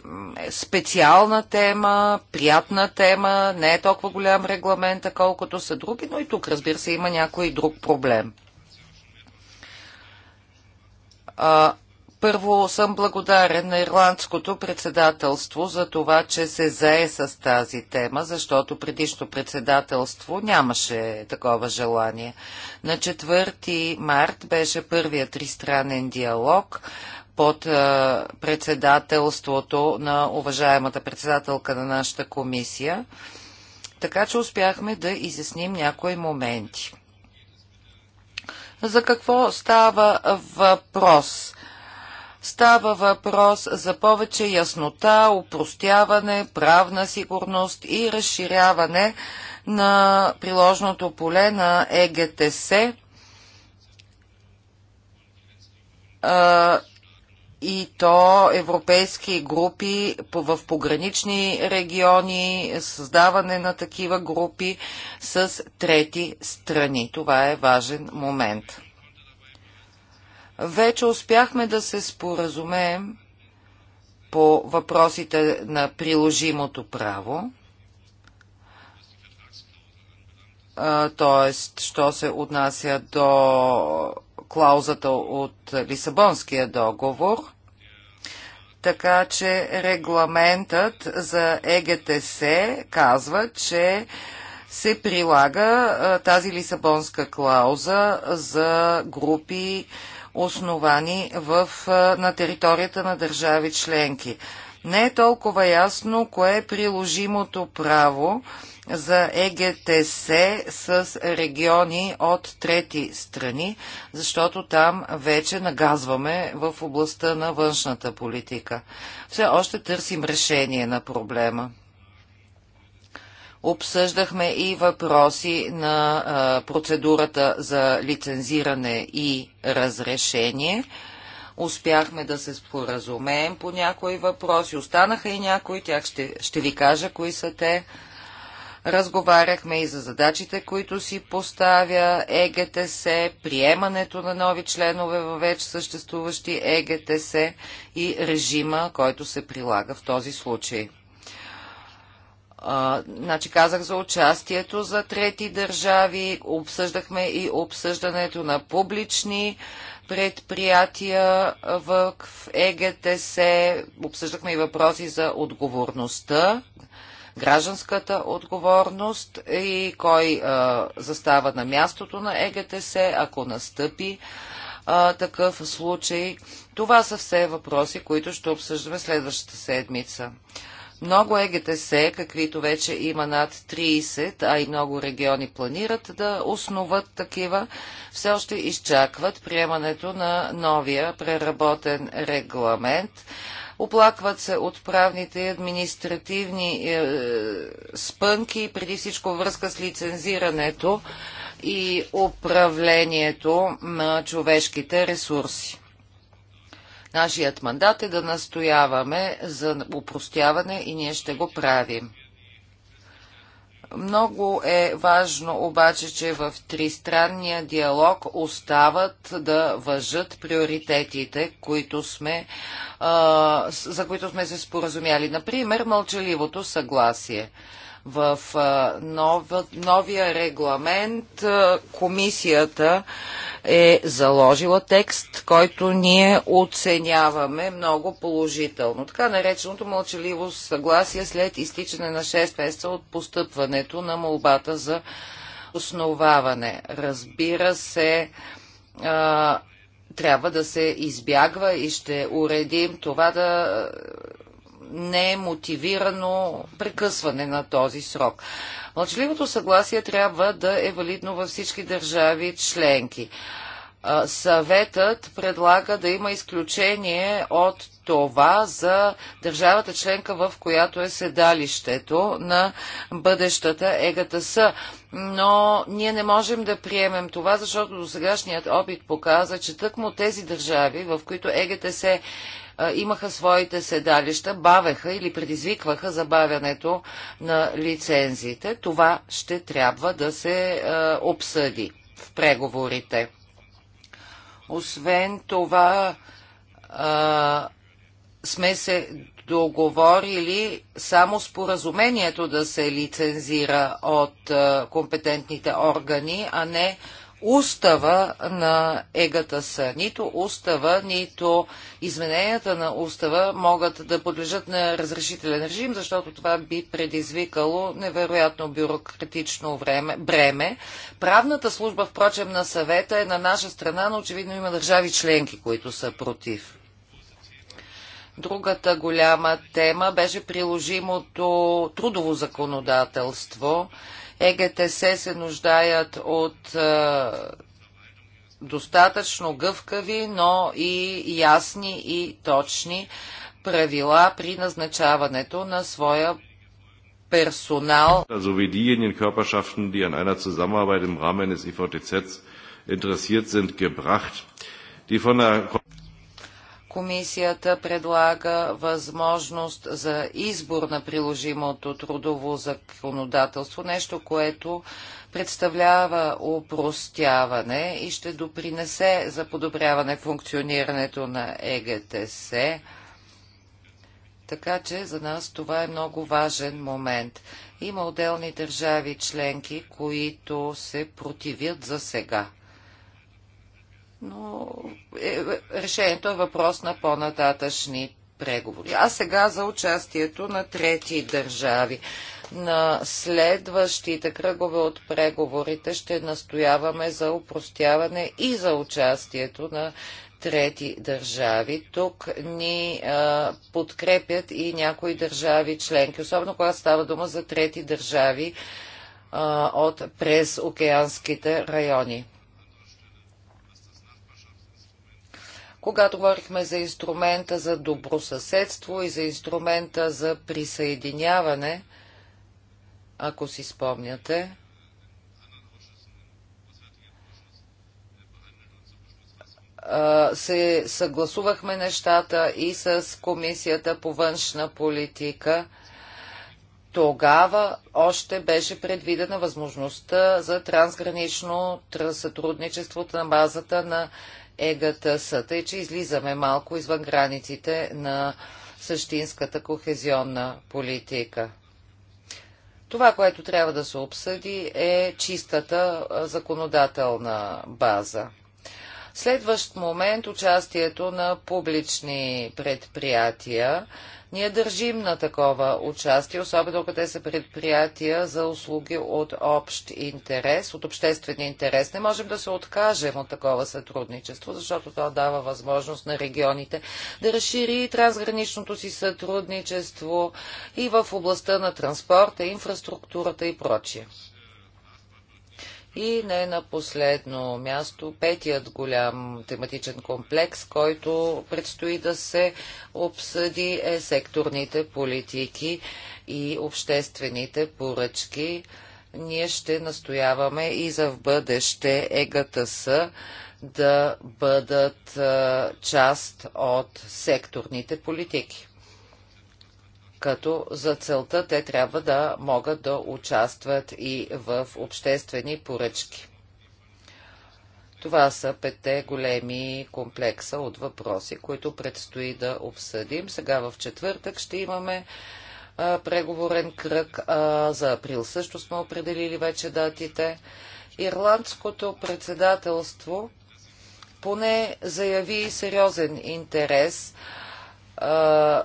специална тема, приятна тема, не е толкова голям регламент, колкото са други, но и тук, разбира се, има някой друг проблем. А, първо съм благодарен на Ирландското председателство за това, че се зае с тази тема, защото предишно председателство нямаше такова желание. На 4 март беше първият тристранен диалог под председателството на уважаемата председателка на нашата комисия, така че успяхме да изясним някои моменти. За какво става въпрос? Става въпрос за повече яснота, упростяване, правна сигурност и разширяване на приложното поле на ЕГТС и то европейски групи в погранични региони, създаване на такива групи с трети страни. Това е важен момент. Вече успяхме да се споразумеем по въпросите на приложимото право, т.е. що се отнася до клаузата от Лисабонския договор, така че регламентът за ЕГТС казва, че се прилага тази Лисабонска клауза за групи основани в, на територията на държави членки. Не е толкова ясно кое е приложимото право, за ЕГТС с региони от трети страни, защото там вече нагазваме в областта на външната политика. Все още търсим решение на проблема. Обсъждахме и въпроси на процедурата за лицензиране и разрешение успяхме да се споразумеем по някои въпроси. Останаха и някои, тях ще, ще ви кажа кои са те. Разговаряхме и за задачите, които си поставя ЕГТС, приемането на нови членове във вече съществуващи ЕГТС и режима, който се прилага в този случай. А, значи казах за участието за трети държави, обсъждахме и обсъждането на публични предприятия в ЕГТС, обсъждахме и въпроси за отговорността гражданската отговорност и кой а, застава на мястото на ЕГТС, ако настъпи а, такъв случай. Това са все въпроси, които ще обсъждаме следващата седмица. Много ЕГТС, каквито вече има над 30, а и много региони планират да основат такива, все още изчакват приемането на новия преработен регламент Оплакват се от правните и административни е, спънки, преди всичко връзка с лицензирането и управлението на човешките ресурси. Нашият мандат е да настояваме за упростяване и ние ще го правим. Много е важно обаче, че в тристранния диалог остават да въжат приоритетите, които сме, а, за които сме се споразумяли. Например, мълчаливото съгласие. В нова, новия регламент комисията е заложила текст, който ние оценяваме много положително. Така нареченото мълчаливо съгласие след изтичане на 6 месеца от постъпването на молбата за основаване. Разбира се, а, трябва да се избягва и ще уредим това да не е мотивирано прекъсване на този срок. Мълчаливото съгласие трябва да е валидно във всички държави членки съветът предлага да има изключение от това за държавата членка, в която е седалището на бъдещата ЕГТС. Но ние не можем да приемем това, защото до сегашният опит показа, че тъкмо тези държави, в които ЕГТС е, имаха своите седалища, бавеха или предизвикваха забавянето на лицензиите. Това ще трябва да се е, обсъди в преговорите. Освен това, е, сме се договорили само споразумението да се лицензира от е, компетентните органи, а не устава на ЕГТС. Нито устава, нито измененията на устава могат да подлежат на разрешителен режим, защото това би предизвикало невероятно бюрократично време, бреме. Правната служба, впрочем, на съвета е на наша страна, но очевидно има държави членки, които са против. Другата голяма тема беше приложимото трудово законодателство. ЕГТС се нуждаят от е, достатъчно гъвкави, но и ясни и точни правила при назначаването на своя персонал. E die von der Комисията предлага възможност за избор на приложимото трудово законодателство, нещо, което представлява упростяване и ще допринесе за подобряване функционирането на ЕГТС. Така че за нас това е много важен момент. Има отделни държави членки, които се противят за сега но е, решението е въпрос на по-нататъчни преговори. А сега за участието на трети държави. На следващите кръгове от преговорите ще настояваме за упростяване и за участието на трети държави. Тук ни а, подкрепят и някои държави членки, особено когато става дума за трети държави а, от през океанските райони. когато говорихме за инструмента за добросъседство и за инструмента за присъединяване, ако си спомняте, се съгласувахме нещата и с Комисията по външна политика. Тогава още беше предвидена възможността за трансгранично сътрудничеството на базата на ЕГТС, тъй че излизаме малко извън границите на същинската кохезионна политика. Това, което трябва да се обсъди е чистата законодателна база. Следващ момент участието на публични предприятия ние държим на такова участие, особено като те са предприятия за услуги от общ интерес, от обществен интерес. Не можем да се откажем от такова сътрудничество, защото то дава възможност на регионите да разшири трансграничното си сътрудничество и в областта на транспорта, инфраструктурата и прочие. И не на последно място, петият голям тематичен комплекс, който предстои да се обсъди е секторните политики и обществените поръчки. Ние ще настояваме и за в бъдеще ЕГТС да бъдат част от секторните политики като за целта те трябва да могат да участват и в обществени поръчки. Това са петте големи комплекса от въпроси, които предстои да обсъдим. Сега в четвъртък ще имаме а, преговорен кръг. А, за април също сме определили вече датите. Ирландското председателство поне заяви сериозен интерес а,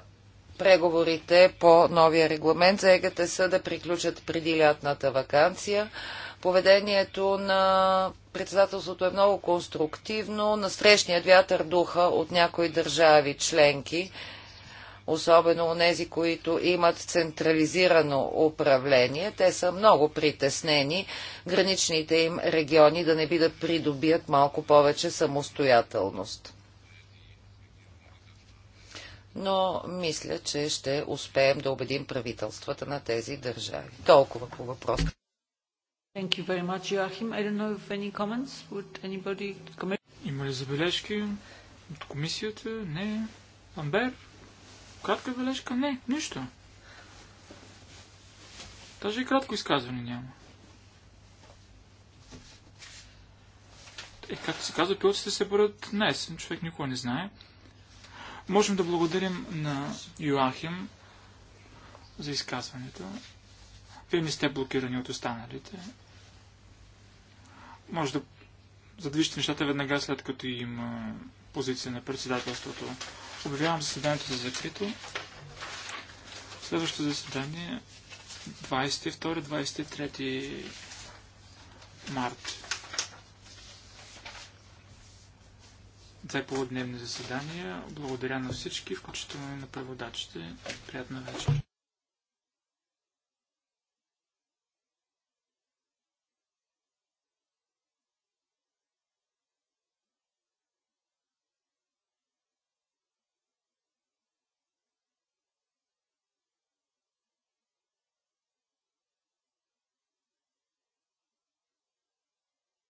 преговорите по новия регламент за ЕГТС да приключат преди лятната вакансия. Поведението на председателството е много конструктивно. На срещният вятър духа от някои държави членки, особено нези, които имат централизирано управление. Те са много притеснени граничните им региони да не би да придобият малко повече самостоятелност но мисля, че ще успеем да убедим правителствата на тези държави. Толкова по въпрос. Thank you very much, Joachim. I don't know if any comments would anybody comment? Има ли забележки от комисията? Не. Амбер? Кратка бележка? Не. Нищо. Даже и кратко изказване няма. Е, както се казва, пилотите се бъдат днес. Човек никога не знае. Можем да благодарим на Йоахим за изказването. Вие не сте блокирани от останалите. Може да задвижите нещата веднага след като има позиция на председателството. Обявявам заседанието за закрито. Следващото заседание 22-23 март две полудневни заседания. Благодаря на всички, включително и на преводачите. Приятна вечер.